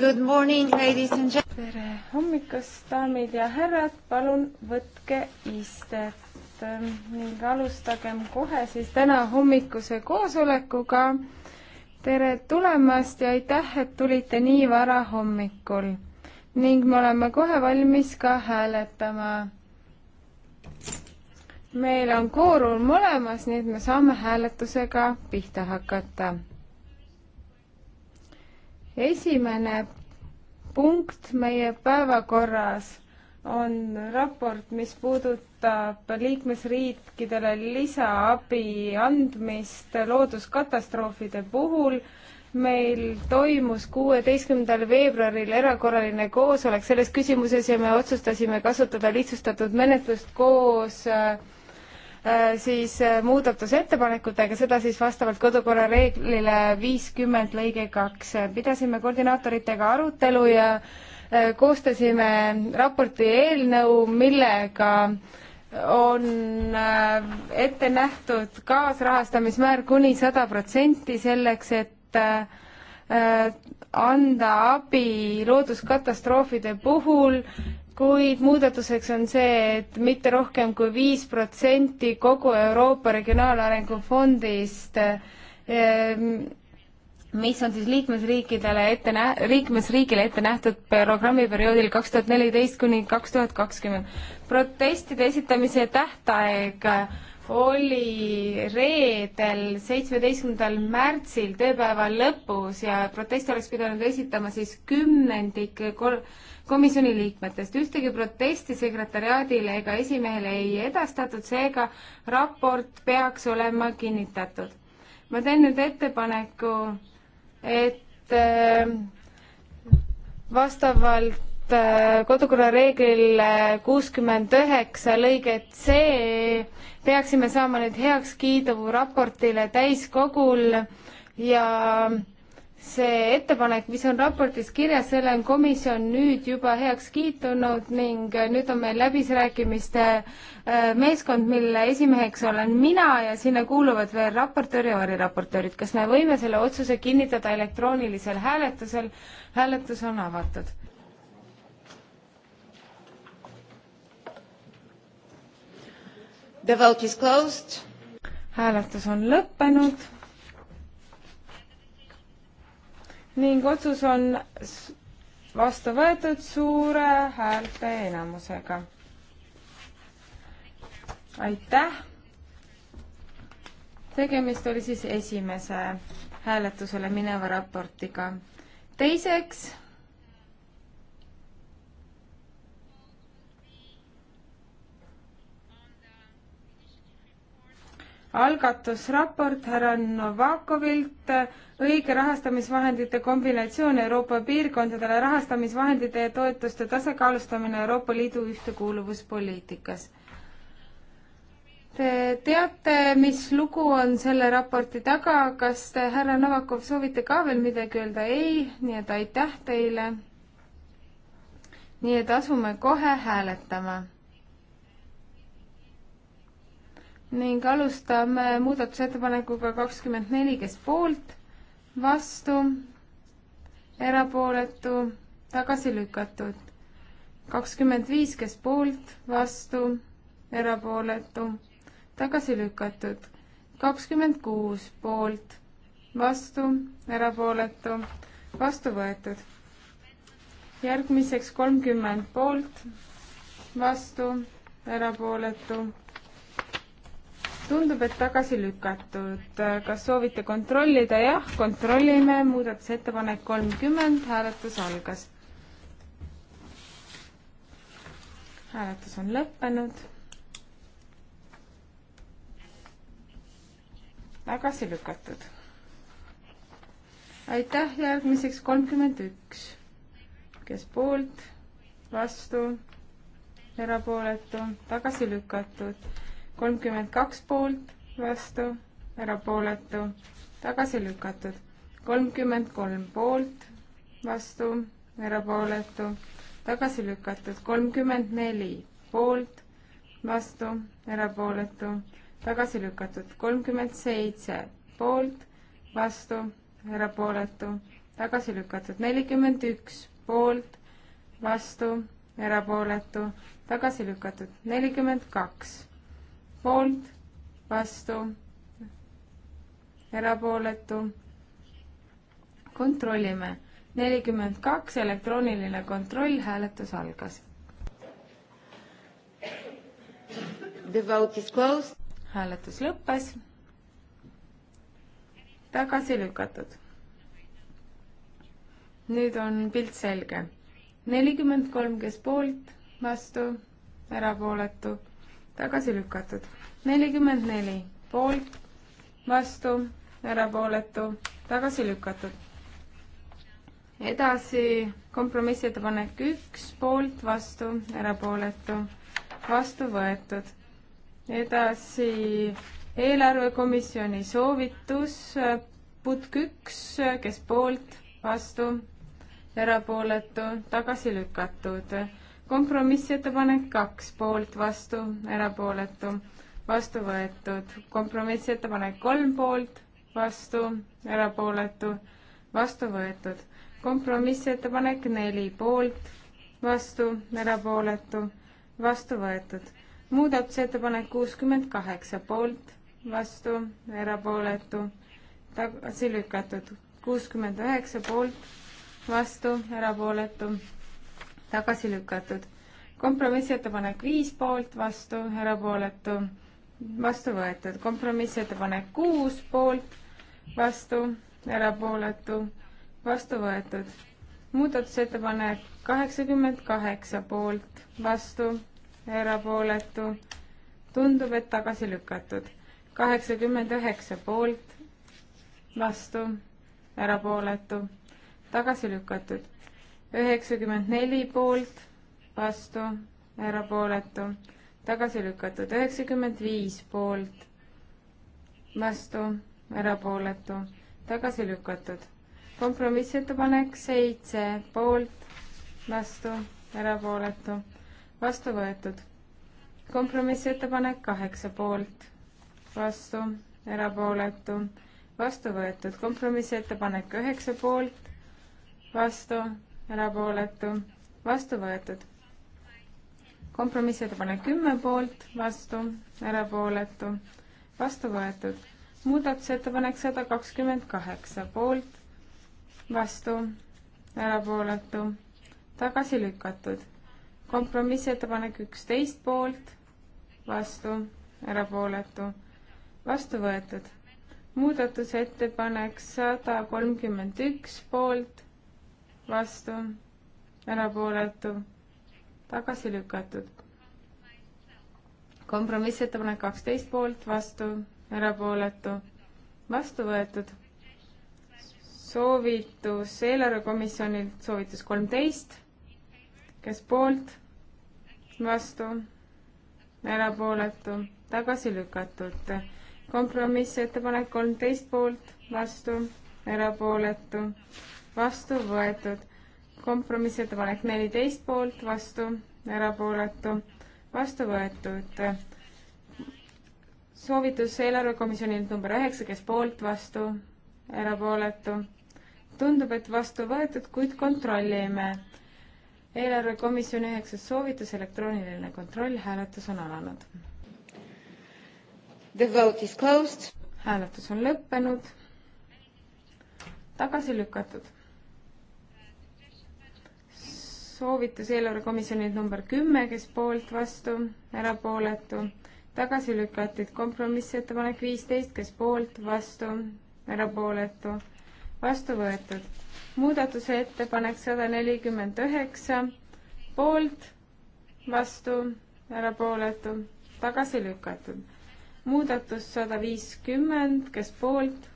Good morning, ladies and gentlemen. tere hommikust, daamid ja härrad, palun võtke istet hm, ning alustagem kohe siis täna hommikuse koosolekuga. tere tulemast ja aitäh, et tulite nii vara hommikul ning me oleme kohe valmis ka hääletama. meil on koorum olemas, nii et me saame hääletusega pihta hakata esimene punkt meie päevakorras on raport, mis puudutab liikmesriikidele lisaabi andmist looduskatastroofide puhul. meil toimus kuueteistkümnendal veebruaril erakorraline koosolek selles küsimuses ja me otsustasime kasutada lihtsustatud menetlust koos äh, Äh, siis äh, muudatusettepanekutega, seda siis vastavalt kodukorra reeglile viiskümmend lõige kaks. pidasime koordinaatoritega arutelu ja äh, koostasime raporti eelnõu, millega on ette nähtud kaasrahastamismäär kuni sada protsenti selleks, et anda abi looduskatastroofide puhul kuid muudatuseks on see, et mitte rohkem kui viis protsenti kogu Euroopa Regionaalarengu Fondist ähm, mis on siis liikmesriikidele ette nä-, liikmesriigile ette nähtud programmiperioodil kaks tuhat neliteist kuni kaks tuhat kakskümmend. protestide esitamise tähtaeg oli reedel, seitsmeteistkümnendal märtsil tööpäeva lõpus ja proteste oleks pidanud esitama siis kümnendik kor-, komisjoni liikmetest. ühtegi protesti sekretäriaadile ega esimehele ei edastatud, seega raport peaks olema kinnitatud. ma teen nüüd ettepaneku et äh, vastavalt äh, kodukorra reeglile kuuskümmend üheksa lõiget C peaksime saama nüüd heakskiidu raportile täiskogul ja see ettepanek, mis on raportis kirjas, selle on komisjon nüüd juba heaks kiitunud ning nüüd on meil läbisrääkimiste äh, meeskond, mille esimeheks olen mina ja sinna kuuluvad veel raportöör ja variraportöörid. kas me võime selle otsuse kinnitada elektroonilisel hääletusel? hääletus on avatud. The vote is closed. hääletus on lõppenud ning otsus on vastu võetud suure häälte enamusega. aitäh! tegemist oli siis esimese hääletusele mineva raportiga. teiseks algatusraport härra Novakovilt, õige rahastamisvahendite kombinatsioon Euroopa piirkondadele, rahastamisvahendite ja toetuste tasakaalustamine Euroopa Liidu ühtekuuluvuspoliitikas. Te teate, mis lugu on selle raporti taga, kas te, härra Novakov, soovite ka veel midagi öelda? ei, nii et aitäh teile. nii et asume kohe hääletama ning alustame muudatusettepanekuga kakskümmend neli, kes poolt, vastu, erapooletu, tagasi lükatud. kakskümmend viis, kes poolt, vastu, erapooletu, tagasi lükatud. kakskümmend kuus poolt, vastu, erapooletu, vastu võetud. järgmiseks kolmkümmend poolt, vastu, erapooletu tundub, et tagasi lükatud. kas soovite kontrollida? jah, kontrollime. muudatusettepanek kolmkümmend, hääletus algas. hääletus on lõppenud. tagasi lükatud. aitäh, järgmiseks kolmkümmend üks. kes poolt, vastu, erapooletu, tagasi lükatud kolmkümmend kaks poolt, vastu, erapooletu, tagasi lükatud. kolmkümmend kolm poolt, vastu, erapooletu, tagasi lükatud. kolmkümmend neli poolt, vastu, erapooletu, tagasi lükatud. kolmkümmend seitse poolt, vastu, erapooletu, tagasi lükatud. nelikümmend üks poolt, vastu, erapooletu, tagasi lükatud. nelikümmend kaks poolt, vastu, erapooletu. kontrollime. nelikümmend kaks, elektrooniline kontroll, hääletus algas. The vote is closed. hääletus lõppes. tagasi lükatud. nüüd on pilt selge. nelikümmend kolm, kes poolt, vastu, erapooletu tagasi lükatud. nelikümmend neli poolt, vastu, erapooletu, tagasi lükatud. edasi kompromissettepanek üks, poolt, vastu, erapooletu, vastu võetud. edasi eelarvekomisjoni soovitus, putk üks, kes poolt, vastu, erapooletu, tagasi lükatud kompromissettepanek kaks, poolt, vastu, erapooletu, vastu võetud. kompromissettepanek kolm, poolt, vastu, erapooletu, vastu võetud. kompromissettepanek neli, poolt, vastu, erapooletu, vastu võetud. muudatusettepanek kuuskümmend kaheksa, poolt, vastu, erapooletu, tagasi lükatud. kuuskümmend üheksa, poolt, vastu, erapooletu tagasi lükatud. kompromissettepanek viis poolt, vastu, erapooletu, vastu võetud. kompromissettepanek kuus poolt, vastu, erapooletu, vastu võetud. muudatusettepanek kaheksakümmend kaheksa poolt, vastu, erapooletu, tundub, et tagasi lükatud. kaheksakümmend üheksa poolt, vastu, erapooletu, tagasi lükatud üheksakümmend neli poolt, vastu, erapooletu, tagasi lükatud, üheksakümmend viis poolt, vastu, erapooletu, tagasi lükatud. kompromissettepanek seitse poolt, vastu, erapooletu, vastu võetud. kompromissettepanek kaheksa poolt, vastu, erapooletu, vastu võetud. kompromissettepanek üheksa poolt, vastu, erapooletu, vastu võetud. kompromissettepanek kümme poolt, vastu, erapooletu, vastu võetud. muudatusettepanek sada kakskümmend kaheksa poolt, vastu, erapooletu, tagasi lükatud. kompromissettepanek üksteist poolt, vastu, erapooletu, vastu võetud muudatusettepanek sada kolmkümmend üks poolt, vastu, erapooletu, tagasi lükatud. kompromissettepanek kaksteist poolt, vastu, erapooletu, vastu võetud. soovitus eelarvekomisjonilt, soovitus kolmteist, kes poolt, vastu, erapooletu, tagasi lükatud. kompromissettepanek kolmteist poolt, vastu, erapooletu vastu võetud. kompromissettepanek neliteist poolt, vastu, erapooletu, vastu võetud. soovitus eelarvekomisjonilt number üheksa, kes poolt, vastu, erapooletu. tundub, et vastu võetud, kuid kontrollime. eelarvekomisjoni üheksas soovitus, elektrooniline kontroll, hääletus on alanud. The vote is closed. hääletus on lõppenud tagasi lükatud. soovitus eelarvekomisjonilt number kümme, kes poolt, vastu, erapooletu, tagasi lükatud. kompromissettepanek viisteist, kes poolt, vastu, erapooletu, vastu võetud. muudatuse ettepanek sada nelikümmend üheksa, poolt, vastu, erapooletu, tagasi lükatud. muudatus sada viiskümmend, kes poolt,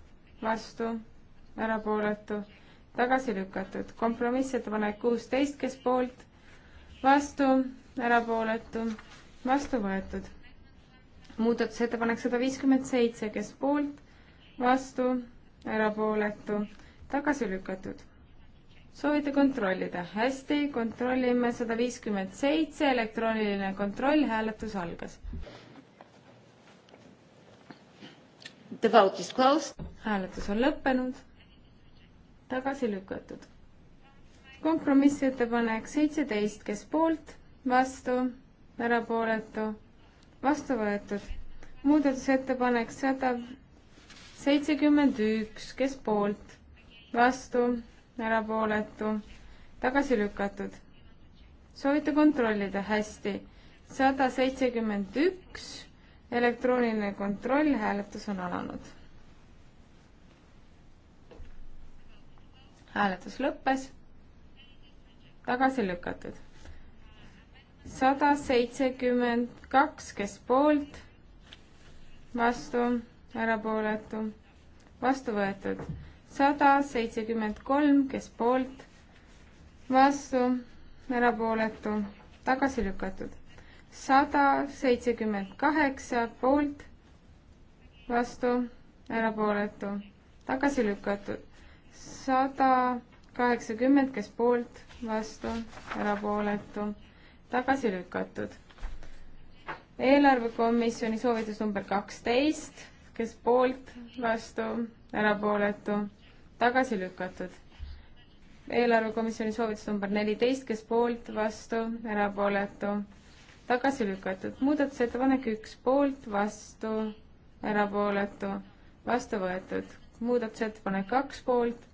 vastu, erapooletu tagasi lükatud. kompromissettepanek kuusteist, kes poolt, vastu, erapooletu, vastu võetud. muudatusettepanek sada viiskümmend seitse, kes poolt, vastu, erapooletu, tagasi lükatud. soovite kontrollida? hästi, kontrollime sada viiskümmend seitse, elektrooniline kontroll, hääletus algas. The vote is closed. hääletus on lõppenud tagasi lükatud. kompromissettepanek seitseteist, kes poolt, vastu, erapooletu, vastu võetud. muudatusettepanek sada seitsekümmend üks, kes poolt, vastu, erapooletu, tagasi lükatud. soovite kontrollida, hästi. sada seitsekümmend üks, elektrooniline kontroll, hääletus on alanud hääletus lõppes, tagasi lükatud. sada seitsekümmend kaks, kes poolt, vastu, erapooletu, vastu võetud. sada seitsekümmend kolm, kes poolt, vastu, erapooletu, tagasi lükatud. sada seitsekümmend kaheksa poolt, vastu, erapooletu, tagasi lükatud sada kaheksakümmend, kes poolt, vastu, erapooletu, tagasi lükatud. eelarvekomisjoni soovitus number kaksteist, kes poolt, vastu, erapooletu, tagasi lükatud. eelarvekomisjoni soovitus number neliteist, kes poolt, vastu, erapooletu, tagasi lükatud. muudatusettepanek üks, poolt, vastu, erapooletu, vastu võetud. muudatusettepanek kaks, poolt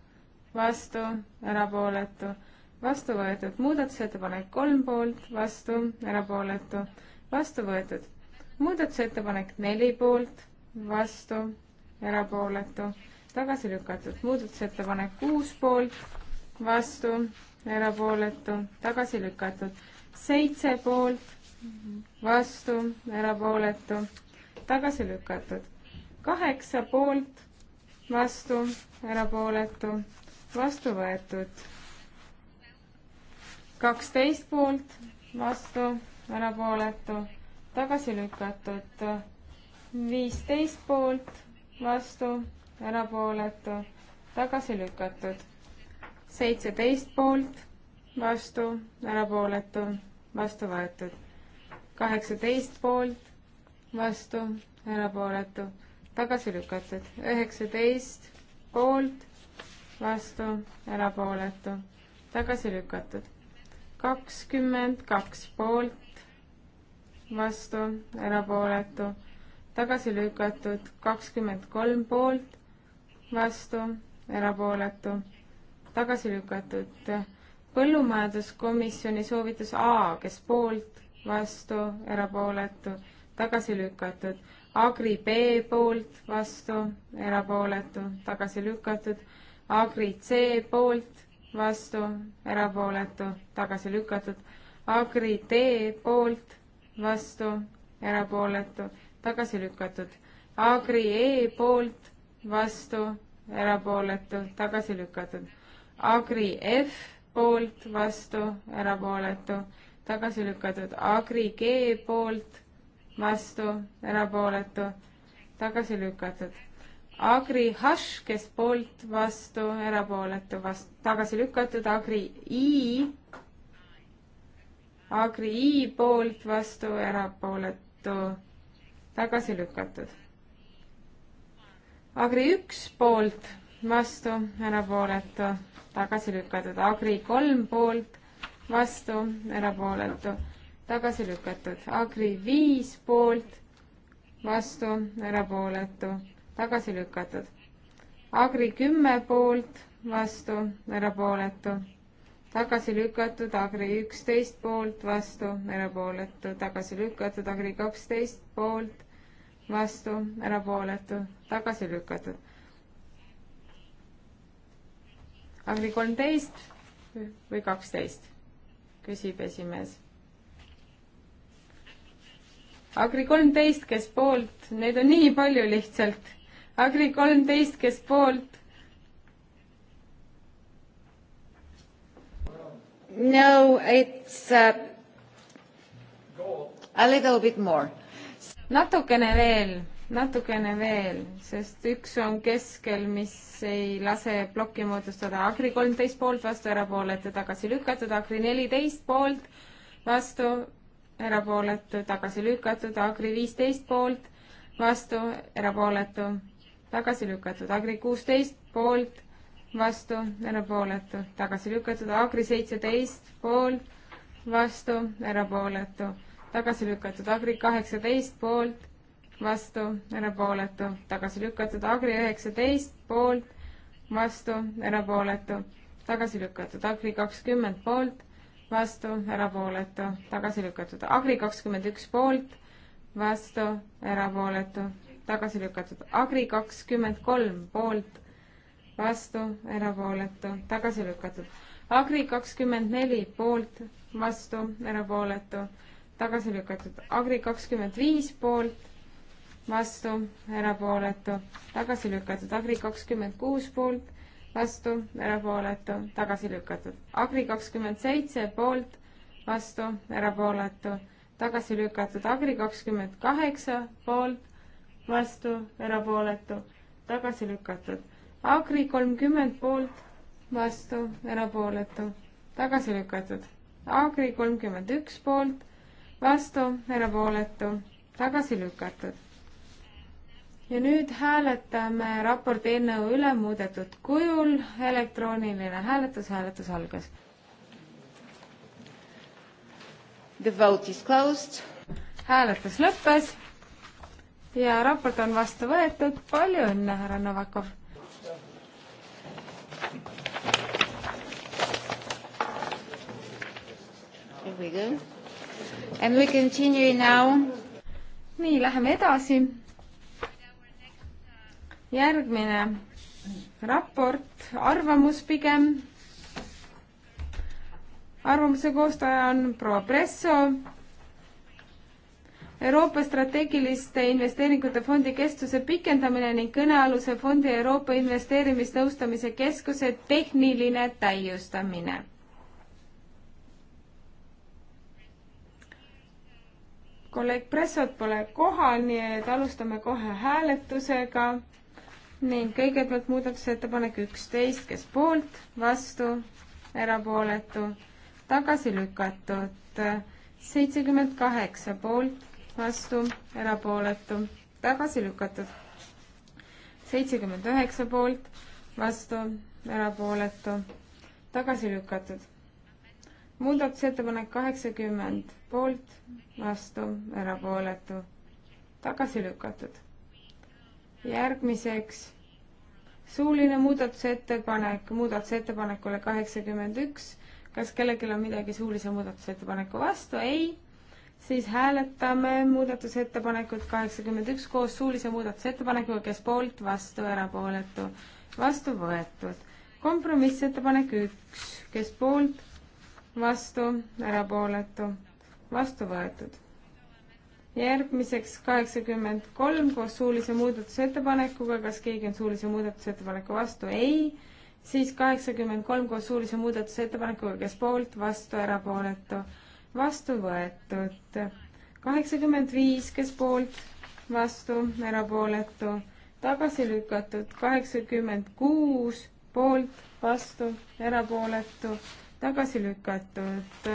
vastu, erapooletu, vastu võetud. muudatusettepanek kolm poolt, vastu, erapooletu, vastu võetud. muudatusettepanek neli poolt, vastu, erapooletu, tagasi lükatud. muudatusettepanek kuus poolt, vastu, erapooletu, tagasi lükatud. seitse poolt, vastu, erapooletu, tagasi lükatud. kaheksa poolt, vastu, erapooletu, vastu võetud. kaksteist poolt, vastu, erapooletu, tagasi lükatud. viisteist poolt, vastu, erapooletu, tagasi lükatud. seitseteist poolt, vastu, erapooletu, vastu võetud. kaheksateist poolt, vastu, erapooletu, tagasi lükatud. üheksateist poolt vastu, erapooletu, tagasi lükatud. kakskümmend kaks poolt, vastu, erapooletu, tagasi lükatud. kakskümmend kolm poolt, vastu, erapooletu, tagasi lükatud. põllumajanduskomisjoni soovitus A, kes poolt, vastu, erapooletu, tagasi lükatud. Agri B poolt, vastu, erapooletu, tagasi lükatud Agri C poolt, vastu, erapooletu, tagasi lükatud. Agri D poolt, vastu, erapooletu, tagasi lükatud. Agri E poolt, vastu, erapooletu, tagasi lükatud. Agri F poolt, vastu, erapooletu, tagasi lükatud. Agri G poolt, vastu, erapooletu, tagasi lükatud Agri Hash, kes poolt, vastu, erapooletu, vastu, tagasi lükatud, Agri I. Agri I poolt, vastu, erapooletu, tagasi lükatud. Agri üks poolt, vastu, erapooletu, tagasi lükatud. Agri kolm poolt, vastu, erapooletu, tagasi lükatud. Agri viis poolt, vastu, erapooletu tagasi lükatud. Agri kümme poolt, vastu, erapooletu, tagasi lükatud, Agri üksteist poolt, vastu, erapooletu, tagasi lükatud, Agri kaksteist poolt, vastu, erapooletu, tagasi lükatud. Agri kolmteist või kaksteist, küsib esimees Agri kolmteist, kes poolt, neid on nii palju lihtsalt. Agri kolmteist, kes poolt? No it's uh, a little bit more. natukene veel, natukene veel, sest üks on keskel, mis ei lase plokki moodustada. Agri kolmteist poolt, vastu, erapooletu, tagasi lükatud. Agri neliteist poolt, vastu, erapooletu, tagasi lükatud. Agri viisteist poolt, vastu, erapooletu tagasi lükatud, Agri kuusteist poolt, vastu, erapooletu, tagasi lükatud, Agri seitseteist poolt, vastu, erapooletu, tagasi lükatud, Agri kaheksateist poolt, vastu, erapooletu, tagasi lükatud, Agri üheksateist poolt, vastu, erapooletu, tagasi lükatud, Agri kakskümmend poolt, vastu, erapooletu, tagasi lükatud, Agri kakskümmend üks poolt, vastu, erapooletu, tagasi lükatud. Agri kakskümmend kolm poolt, vastu, erapooletu, tagasi lükatud. Agri kakskümmend neli poolt, vastu, erapooletu, tagasi lükatud. Agri kakskümmend viis poolt, vastu, erapooletu, tagasi lükatud. Agri kakskümmend kuus poolt, vastu, erapooletu, tagasi lükatud. Agri kakskümmend seitse poolt, vastu, erapooletu, tagasi lükatud. Agri kakskümmend kaheksa poolt vastu, erapooletu, tagasi lükatud. Agri kolmkümmend poolt, vastu, erapooletu, tagasi lükatud. Agri kolmkümmend üks poolt, vastu, erapooletu, tagasi lükatud. ja nüüd hääletame raporti eelnõu üle muudetud kujul, elektrooniline hääletus, hääletus algas. The vote is closed. hääletus lõppes ja raport on vastu võetud, palju õnne, härra Novakov! Here we go. And we continue now. nii, läheme edasi. järgmine raport, arvamus pigem. arvamuse koostaja on proua Presso Euroopa strateegiliste investeeringute fondi kestuse pikendamine ning kõnealuse fondi Euroopa Investeerimisnõustamise Keskuse tehniline täiustamine. kolleeg Pressot pole kohal, nii et alustame kohe hääletusega ning kõigepealt muudatusettepanek üksteist, kes poolt, vastu, erapooletu, tagasi lükatud, seitsekümmend kaheksa poolt vastu, erapooletu, tagasi lükatud. seitsekümmend üheksa poolt, vastu, erapooletu, tagasi lükatud. muudatusettepanek kaheksakümmend poolt, vastu, erapooletu, tagasi lükatud. järgmiseks suuline muudatusettepanek muudatusettepanekule kaheksakümmend üks. kas kellelgi on midagi suulise muudatusettepaneku vastu? ei siis hääletame muudatusettepanekut kaheksakümmend üks koos suulise muudatusettepanekuga, kes poolt, vastu, erapooletu, vastu võetud. kompromissettepanek üks, kes poolt, vastu, erapooletu, vastu võetud. järgmiseks kaheksakümmend kolm koos suulise muudatusettepanekuga, kas keegi on suulise muudatusettepaneku vastu? ei siis kaheksakümmend kolm koos suulise muudatusettepanekuga, kes poolt, vastu, erapooletu vastu võetud. kaheksakümmend viis, kes poolt, vastu, erapooletu, tagasi lükatud. kaheksakümmend kuus, poolt, vastu, erapooletu, tagasi lükatud.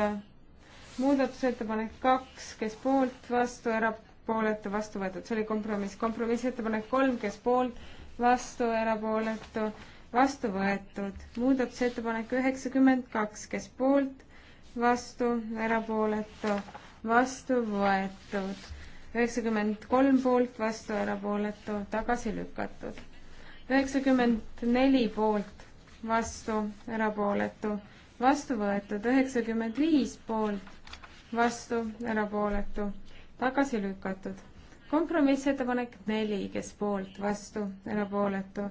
muudatusettepanek kaks, kes poolt, vastu, erapooletu, vastu võetud. see oli kompromiss. kompromissettepanek kolm, kes poolt, vastu, erapooletu vastu võetud. muudatusettepanek üheksakümmend kaks, kes poolt, vastu, erapooletu, vastu võetud. üheksakümmend kolm poolt, vastu, erapooletu, tagasi lükatud. üheksakümmend neli poolt, vastu, erapooletu, vastu võetud. üheksakümmend viis poolt, vastu, erapooletu, tagasi lükatud. kompromissettepanek neli, kes poolt, vastu, erapooletu,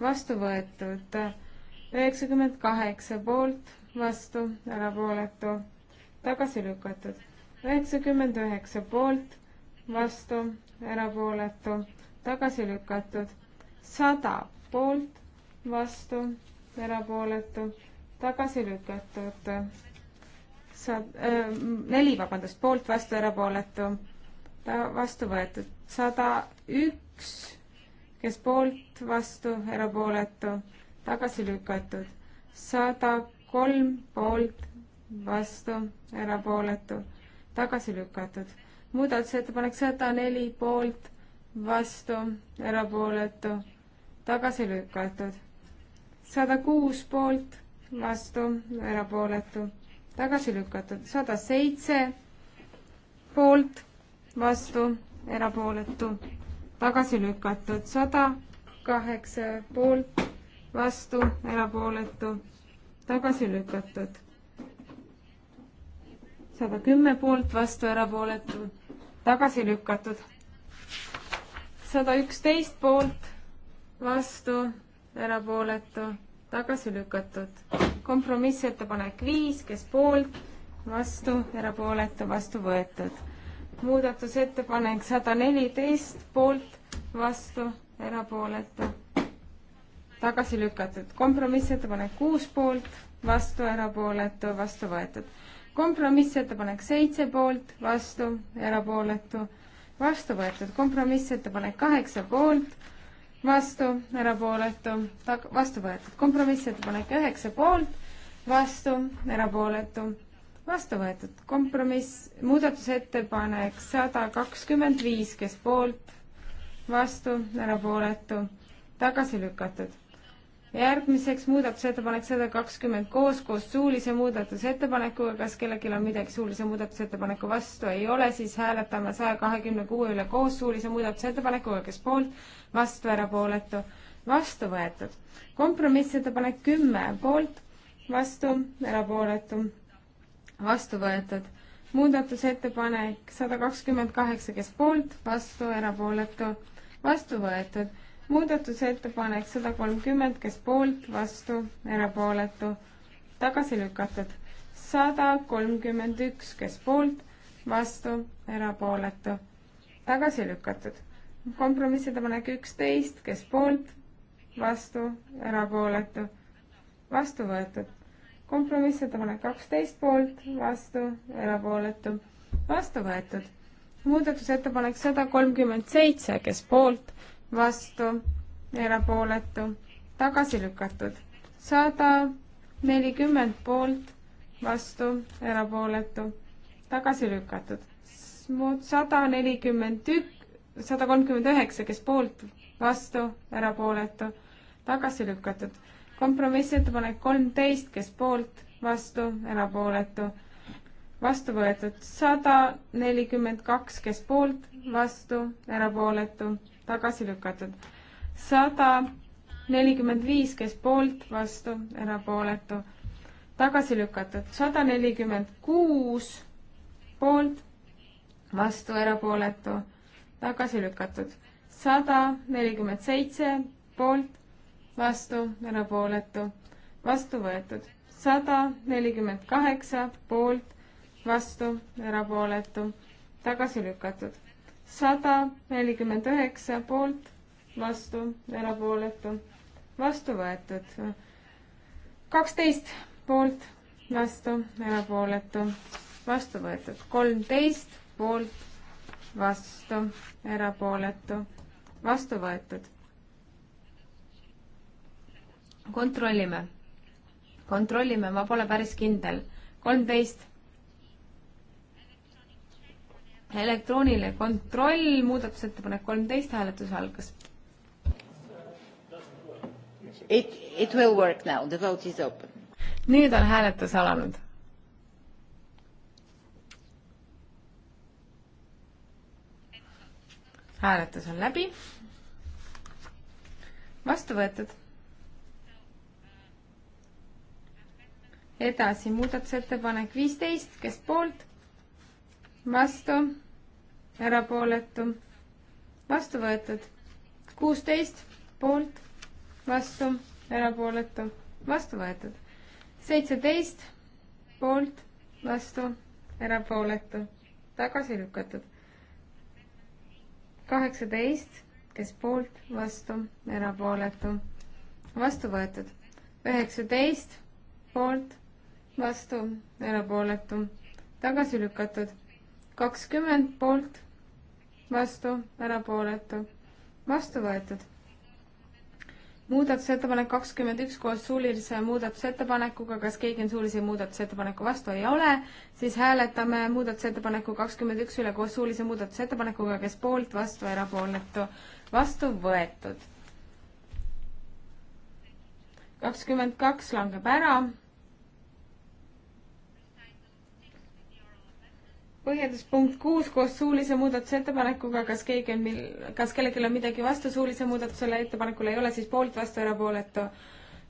vastu võetud üheksakümmend kaheksa poolt, vastu, erapooletu, tagasi lükatud. üheksakümmend üheksa poolt, vastu, erapooletu, tagasi lükatud. sada poolt, vastu, erapooletu, tagasi lükatud. sa- äh,, neli, vabandust, poolt, vastu, erapooletu, ta vastu võetud. sada üks, kes poolt, vastu, erapooletu, tagasi lükatud. sada kolm poolt, vastu, erapooletu, tagasi lükatud. muudatusettepanek sada neli poolt, vastu, erapooletu, tagasi lükatud. sada kuus poolt, vastu, erapooletu, tagasi lükatud. sada seitse poolt, vastu, erapooletu, tagasi lükatud. sada kaheksa poolt, vastu, erapooletu tagasi lükatud. sada kümme poolt, vastu, erapooletu, tagasi lükatud. sada üksteist poolt, vastu, erapooletu, tagasi lükatud. kompromissettepanek viis, kes poolt, vastu, erapooletu, vastu võetud muudatusettepanek sada neliteist, poolt, vastu, erapooletu, tagasi lükatud. kompromissettepanek kuus poolt, vastu, erapooletu, vastu võetud. kompromissettepanek seitse poolt, vastu, erapooletu, vastu võetud. kompromissettepanek kaheksa poolt, vastu, erapooletu, vastu võetud. kompromissettepanek üheksa poolt, vastu, erapooletu, vastu võetud. kompromiss, muudatusettepanek sada kakskümmend viis, kes poolt, vastu, erapooletu tagasi lükatud järgmiseks muudatusettepanek sada kakskümmend koos, koos suulise muudatusettepanekuga, kas kellelgi on midagi suulise muudatusettepaneku vastu, ei ole, siis hääletame saja kahekümne kuue üle koos suulise muudatusettepanekuga, kes poolt, vastu, erapooletu, vastu võetud. kompromissettepanek kümme, poolt, vastu, erapooletu, vastu võetud. muudatusettepanek sada kakskümmend kaheksa, kes poolt, vastu, erapooletu, vastu võetud muudatusettepanek sada kolmkümmend, kes poolt, vastu, erapooletu, tagasi lükatud. sada kolmkümmend üks, kes poolt, vastu, erapooletu, tagasi lükatud. kompromissettepanek üksteist, kes poolt, vastu, erapooletu, vastu võetud. kompromissettepanek kaksteist poolt, vastu, erapooletu, vastu võetud. muudatusettepanek sada kolmkümmend seitse, kes poolt, vastu, erapooletu, tagasi lükatud. sada nelikümmend poolt, vastu, erapooletu, tagasi lükatud. sada nelikümmend ük-, sada kolmkümmend üheksa, kes poolt, vastu, erapooletu, tagasi lükatud. kompromissettepanek kolmteist, kes poolt, vastu, erapooletu, vastu võetud. sada nelikümmend kaks, kes poolt, vastu, erapooletu tagasi lükatud. sada nelikümmend viis, kes poolt, vastu, erapooletu, tagasi lükatud. sada nelikümmend kuus poolt, vastu, erapooletu, tagasi lükatud. sada nelikümmend seitse poolt, vastu, erapooletu, vastu võetud. sada nelikümmend kaheksa poolt, vastu, erapooletu, tagasi lükatud sada nelikümmend üheksa poolt, vastu, erapooletu, vastu võetud. kaksteist poolt, vastu, erapooletu, vastu võetud. kolmteist poolt, vastu, erapooletu, vastu võetud. kontrollime, kontrollime, ma pole päris kindel. kolmteist elektrooniline kontroll, muudatusettepanek kolmteist, hääletus algas. It, it will work now, the vote is open. nüüd on hääletus alanud. hääletus on läbi. vastu võetud. edasi muudatusettepanek viisteist, kes poolt? vastu erapooletu, vastu võetud. kuusteist poolt, vastu, erapooletu, vastu võetud. seitseteist poolt, vastu, erapooletu, tagasi lükatud. kaheksateist, kes poolt, vastu, erapooletu, vastu võetud. üheksateist poolt, vastu, erapooletu, tagasi lükatud. kakskümmend poolt vastu, erapooletu, vastu võetud. muudatusettepanek kakskümmend üks koos suulise muudatusettepanekuga, kas keegi on suulise muudatusettepaneku vastu, ei ole, siis hääletame muudatusettepaneku kakskümmend üks üle koos suulise muudatusettepanekuga, kes poolt, vastu, erapooletu, vastu võetud. kakskümmend kaks langeb ära põhjendus punkt kuus koos suulise muudatusettepanekuga, kas keegi on mil-, kas kellelgi on midagi vastu suulise muudatusele, ettepanekule ei ole, siis poolt, vastu, erapooletu.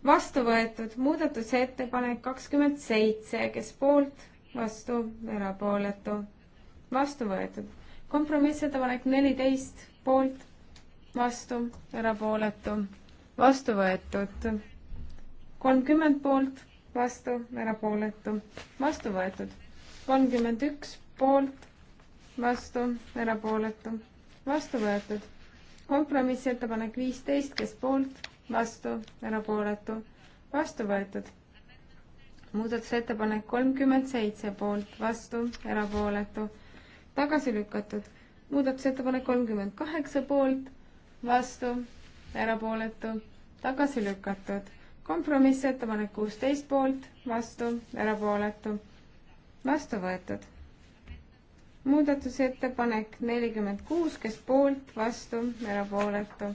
vastu võetud muudatusettepanek kakskümmend seitse, kes poolt, vastu, erapooletu. vastu võetud. kompromissettepanek neliteist, poolt, vastu, erapooletu. vastu võetud. kolmkümmend poolt, vastu, erapooletu. vastu võetud. kolmkümmend üks poolt, vastu, erapooletu, vastu võetud. kompromissettepanek viisteist, kes poolt, vastu, erapooletu, vastu võetud. muudatusettepanek kolmkümmend seitse poolt, vastu, erapooletu, tagasi lükatud. muudatusettepanek kolmkümmend kaheksa poolt, vastu, erapooletu, tagasi lükatud. kompromissettepanek kuusteist poolt, vastu, erapooletu, vastu võetud muudatusettepanek nelikümmend kuus, kes poolt, vastu, erapooletu,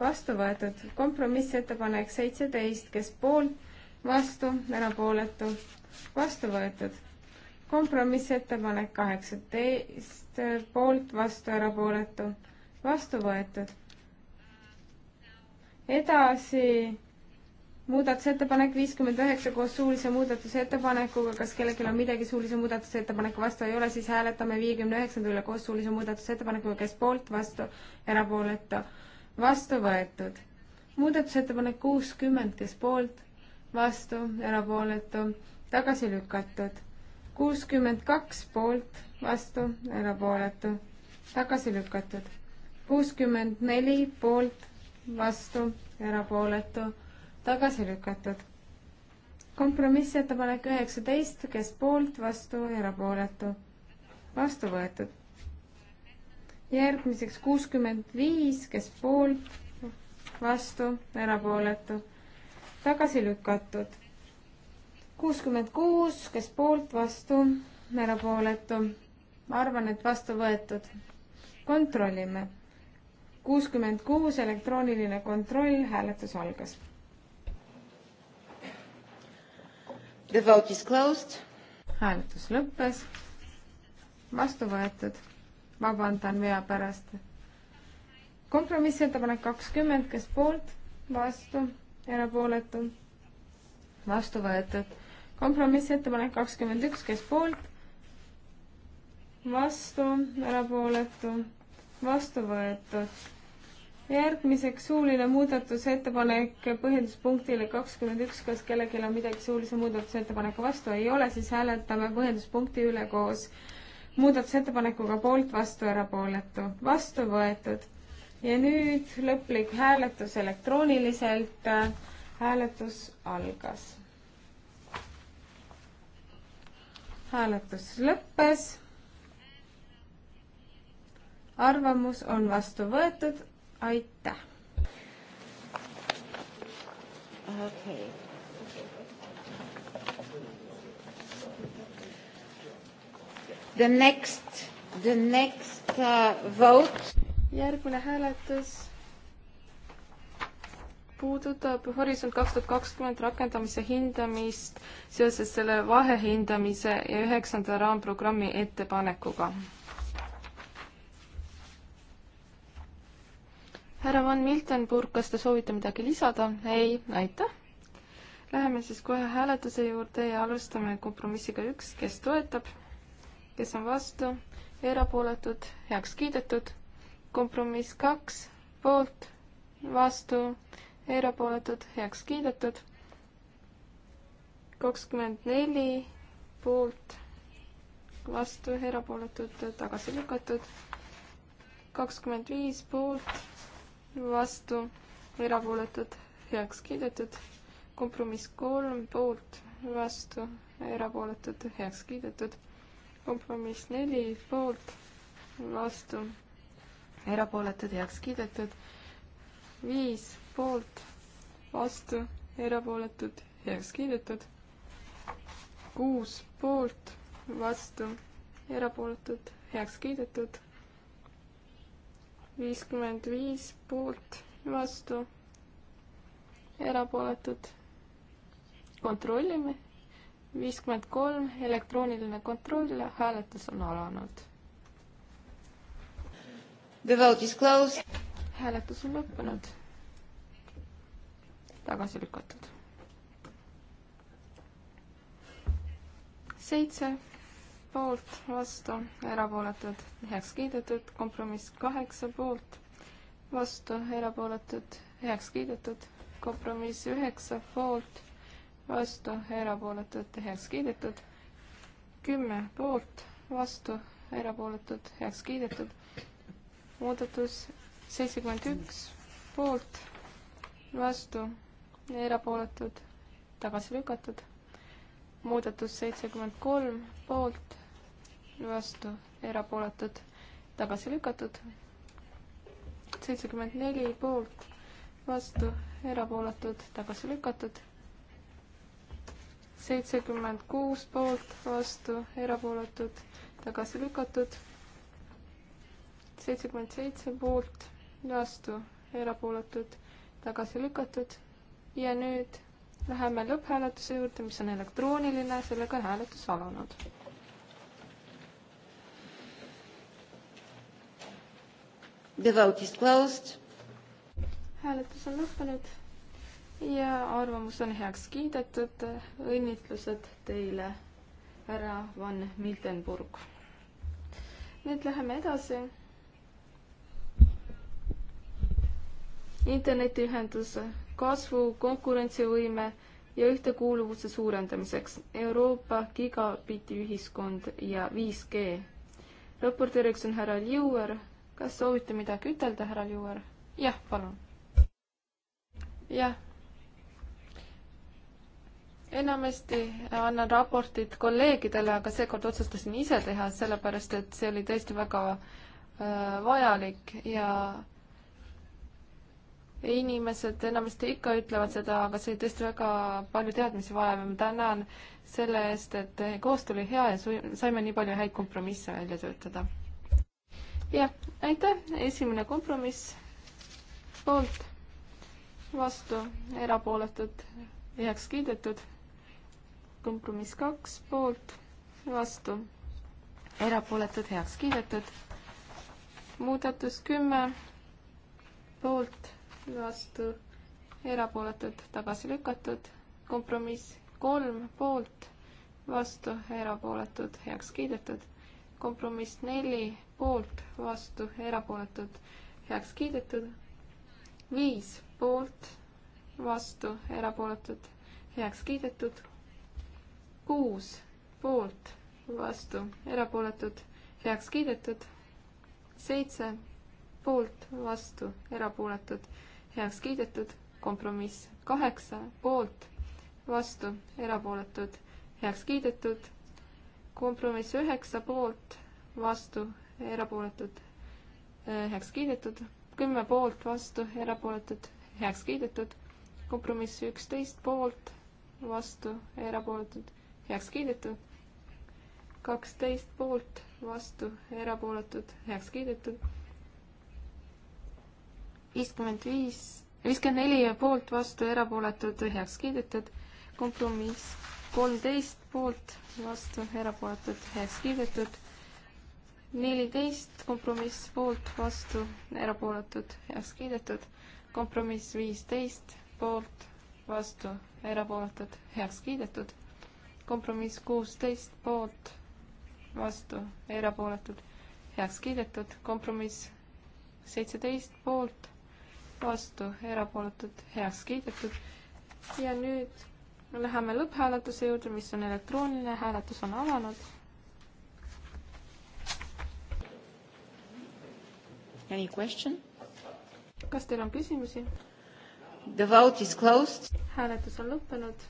vastu võetud. kompromissettepanek seitseteist, kes poolt, vastu, erapooletu, vastu võetud. kompromissettepanek kaheksateist, poolt, vastu, erapooletu, vastu võetud. edasi muudatusettepanek viiskümmend üheksa koos suulise muudatusettepanekuga, kas kellelgi on midagi suulise muudatusettepaneku vastu ei ole, siis hääletame viiekümne üheksanda üle koos suulise muudatusettepanekuga, kes poolt, vastu, erapooletu, vastu võetud. muudatusettepanek kuuskümmend, kes poolt, vastu, erapooletu, tagasi lükatud. kuuskümmend kaks poolt, vastu, erapooletu, tagasi lükatud. kuuskümmend neli poolt, vastu, erapooletu tagasi lükatud. kompromissettepanek üheksateist, kes poolt, vastu, erapooletu, vastu võetud. järgmiseks kuuskümmend viis, kes poolt, vastu, erapooletu, tagasi lükatud. kuuskümmend kuus, kes poolt, vastu, erapooletu, ma arvan, et vastu võetud. kontrollime kuuskümmend kuus elektrooniline kontroll, hääletus algas. The vote is closed. hääletus lõppes. vastu võetud. vabandan vea pärast. kompromissettepanek kakskümmend, kes poolt, vastu, erapooletu, vastu võetud. kompromissettepanek kakskümmend üks, kes poolt, vastu, erapooletu, vastu võetud järgmiseks suuline muudatusettepanek põhjenduspunktile kakskümmend üks, kas kellelgi on midagi suulise muudatusettepaneku vastu, ei ole, siis hääletame põhjenduspunkti üle koos muudatusettepanekuga poolt, vastu, erapooletu, vastu võetud. ja nüüd lõplik hääletus elektrooniliselt. hääletus algas. hääletus lõppes. arvamus on vastu võetud aitäh! okei okay.. The next, the next uh, vote. järgmine hääletus puudutab Horisont kaks tuhat kakskümmend rakendamise hindamist seoses selle vahehindamise ja üheksanda raamprogrammi ettepanekuga härra Van Miltenburg, kas te soovite midagi lisada? ei, aitäh. Läheme siis kohe hääletuse juurde ja alustame kompromissiga üks, kes toetab, kes on vastu, erapooletud, heaks kiidetud. kompromiss kaks, poolt, vastu, erapooletud, heaks kiidetud. kakskümmend neli, poolt, vastu, erapooletud, tagasi lükatud. kakskümmend viis, poolt vastu, erapooletud, heaks kiidetud. kompromiss kolm poolt, vastu, erapooletud, heaks kiidetud. kompromiss neli poolt, vastu, erapooletud, heaks kiidetud. viis poolt, vastu, erapooletud, heaks kiidetud. kuus poolt, vastu, erapooletud, heaks kiidetud viiskümmend viis poolt, vastu, erapooletud. kontrollime. viiskümmend kolm, elektrooniline kontroll ja hääletus on alanud. The vote is closed. hääletus on lõppenud. tagasi lükatud. seitse poolt, vastu, erapooletud, heaks kiidetud, kompromiss kaheksa poolt, vastu, erapooletud, heaks kiidetud, kompromiss üheksa poolt, vastu, erapooletud, heaks kiidetud, kümme poolt, vastu, erapooletud, heaks kiidetud, muudatus seitsekümmend üks poolt, vastu, erapooletud, tagasi lükatud muudatus seitsekümmend kolm poolt, vastu, erapooletud, tagasi lükatud. seitsekümmend neli poolt, vastu, erapooletud, tagasi lükatud. seitsekümmend kuus poolt, vastu, erapooletud, tagasi lükatud. seitsekümmend seitse poolt, vastu, erapooletud, tagasi lükatud. ja nüüd läheme lõpphääletuse juurde, mis on elektrooniline, sellega hääletus alanud The vote is closed. hääletus on lõppenud ja arvamus on heaks kiidetud. õnnitlused teile, härra Van Miltenburg. nüüd läheme edasi. internetiühenduse kasvu, konkurentsivõime ja ühtekuuluvuse suurendamiseks Euroopa gigabitti ühiskond ja 5G. raportööriks on härra Liuer kas soovite midagi ütelda, härra Liuer? jah, palun. jah. enamasti annan raportid kolleegidele, aga seekord otsustasin ise teha, sellepärast et see oli tõesti väga äh, vajalik ja inimesed enamasti ikka ütlevad seda, aga see tõesti väga palju teadmisi vajab ja ma tänan selle eest, et koostöö oli hea ja saime nii palju häid kompromisse välja töötada jah, aitäh, esimene kompromiss poolt, vastu, erapooletud, heaks kiidetud. kompromiss kaks poolt, vastu, erapooletud, heaks kiidetud. muudatus kümme poolt, vastu, erapooletud, tagasi lükatud. kompromiss kolm poolt, vastu, erapooletud, heaks kiidetud kompromiss neli poolt, vastu, erapooletud, heaks kiidetud. viis poolt, vastu, erapooletud, heaks kiidetud. kuus poolt, vastu, erapooletud, heaks kiidetud. seitse poolt, vastu, erapooletud, heaks kiidetud. kompromiss kaheksa poolt, vastu, erapooletud, heaks kiidetud kompromiss üheksa poolt, vastu, erapooletud, äh, heaks kiidetud, kümme poolt, vastu, erapooletud, heaks kiidetud, kompromiss üksteist poolt, vastu, erapooletud, heaks kiidetud, kaksteist poolt, vastu, erapooletud, heaks kiidetud, viiskümmend viis, viiskümmend neli poolt, vastu, erapooletud, heaks kiidetud, kompromiss kolmteist poolt, vastu, erapooletud, heaks kiidetud. neliteist kompromiss poolt, vastu, erapooletud, heaks kiidetud. kompromiss viisteist poolt, vastu, erapooletud, heaks kiidetud. kompromiss kuusteist poolt, vastu, erapooletud, heaks kiidetud. kompromiss seitseteist poolt, vastu, erapooletud, heaks kiidetud. ja nüüd Läheme lõpphääletuse juurde, mis on elektrooniline, hääletus on alanud. Any question? kas teil on küsimusi? The vote is closed. hääletus on lõppenud.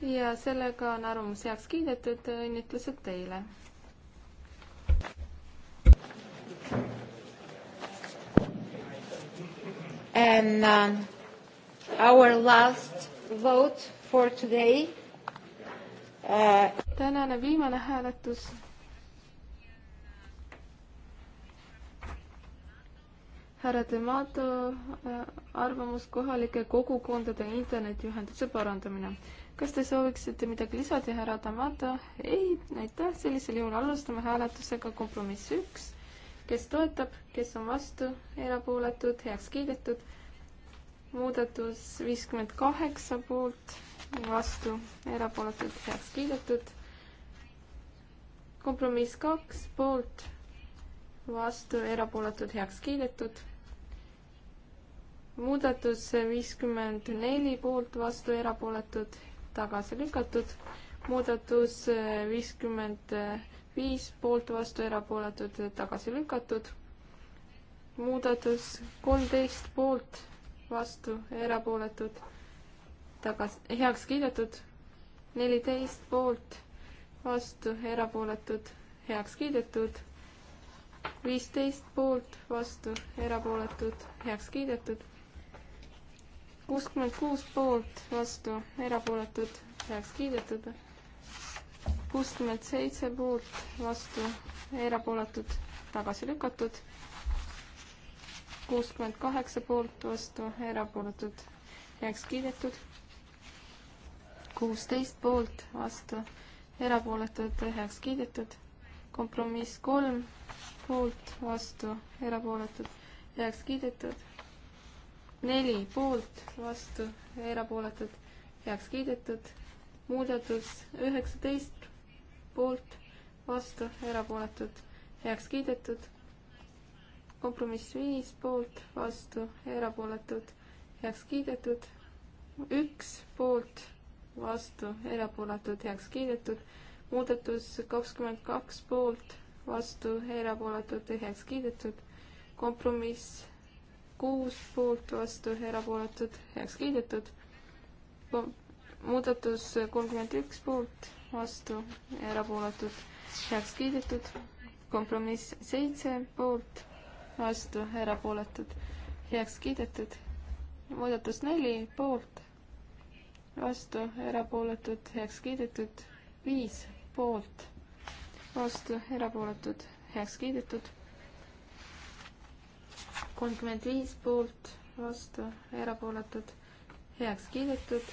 ja sellega on arvamus heaks kiidetud, õnnitlused teile. And um, Our last vote for today uh.... tänane viimane hääletus. härra Demato äh, arvamus kohalike kogukondade internetiühenduse parandamine. kas te sooviksite midagi lisada, härra Demato? ei, aitäh, sellisel juhul alustame hääletusega kompromiss üks. kes toetab, kes on vastu, erapooletud, heaks kiidetud muudatus viiskümmend kaheksa poolt, vastu, erapooletud, heaks kiidetud. kompromiss kaks poolt, vastu, erapooletud, heaks kiidetud. muudatus viiskümmend neli poolt, vastu, erapooletud, tagasi lükatud. muudatus viiskümmend viis poolt, vastu, erapooletud, tagasi lükatud. muudatus kolmteist poolt vastu, erapooletud, tagas-, heaks kiidetud, neliteist poolt, vastu, erapooletud, heaks kiidetud, viisteist poolt, vastu, erapooletud, heaks kiidetud, kuuskümmend kuus poolt, vastu, erapooletud, heaks kiidetud, kuuskümmend seitse poolt, vastu, erapooletud, tagasi lükatud kuuskümmend kaheksa poolt, vastu, erapooletud, heaks kiidetud. kuusteist poolt, vastu, erapooletud, heaks kiidetud. kompromiss kolm poolt, vastu, erapooletud, heaks kiidetud. neli poolt, vastu, erapooletud, heaks kiidetud. muudatus üheksateist poolt, vastu, erapooletud, heaks kiidetud kompromiss viis poolt, vastu, erapooletud, heaks kiidetud. üks poolt, vastu, erapooletud, heaks kiidetud. muudatus kakskümmend kaks poolt, vastu, erapooletud, heaks kiidetud. kompromiss kuus poolt, vastu, erapooletud, heaks kiidetud. muudatus kolmkümmend üks poolt, vastu, erapooletud, heaks kiidetud. kompromiss seitse poolt vastu, erapooletud, heaks kiidetud. muudatus neli, poolt, vastu, erapooletud, heaks kiidetud. viis, poolt, vastu, erapooletud, heaks kiidetud. kolmkümmend viis, poolt, vastu, erapooletud, heaks kiidetud.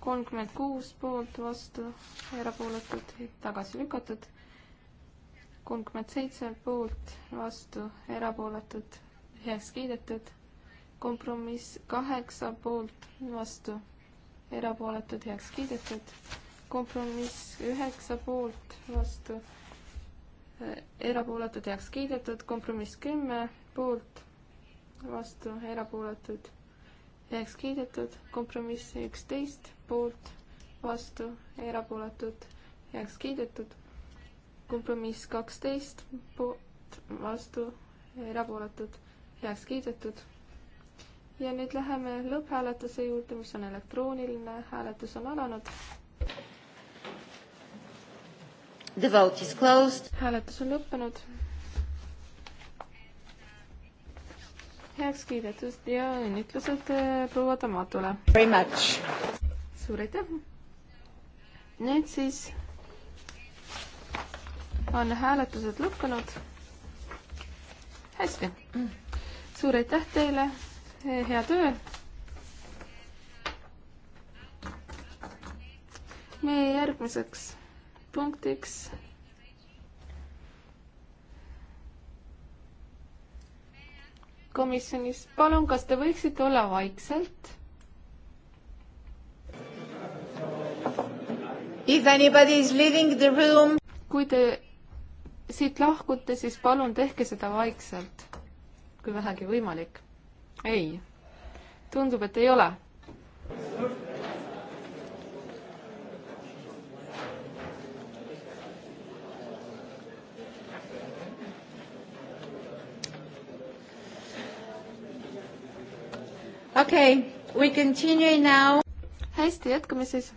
kolmkümmend kuus, poolt, vastu, erapooletud, tagasi lükatud kolmkümmend seitse poolt, vastu, erapooletud, heaks kiidetud. kompromiss kaheksa poolt, vastu, erapooletud, heaks kiidetud. kompromiss üheksa poolt, vastu, erapooletud, heaks kiidetud. kompromiss kümme poolt, vastu, erapooletud, heaks kiidetud. kompromiss üksteist poolt, vastu, erapooletud, heaks kiidetud kompromiss kaksteist poolt, vastu, erapooletud, heaks kiidetud. ja nüüd läheme lõpphääletuse juurde, mis on elektrooniline, hääletus on alanud. The vote is closed. hääletus on lõppenud. heaks kiidetud ja õnnitlused äh, proua Tamatule. Very much. suur aitäh. nüüd siis on hääletused lõppenud. hästi, suur aitäh teile, hea töö. meie järgmiseks punktiks komisjonis. palun, kas te võiksite olla vaikselt? If anybody is leaving the room. kui te siit lahkute, siis palun tehke seda vaikselt, kui vähegi võimalik. ei, tundub, et ei ole. okei okay,, we continue now. hästi, jätkame siis.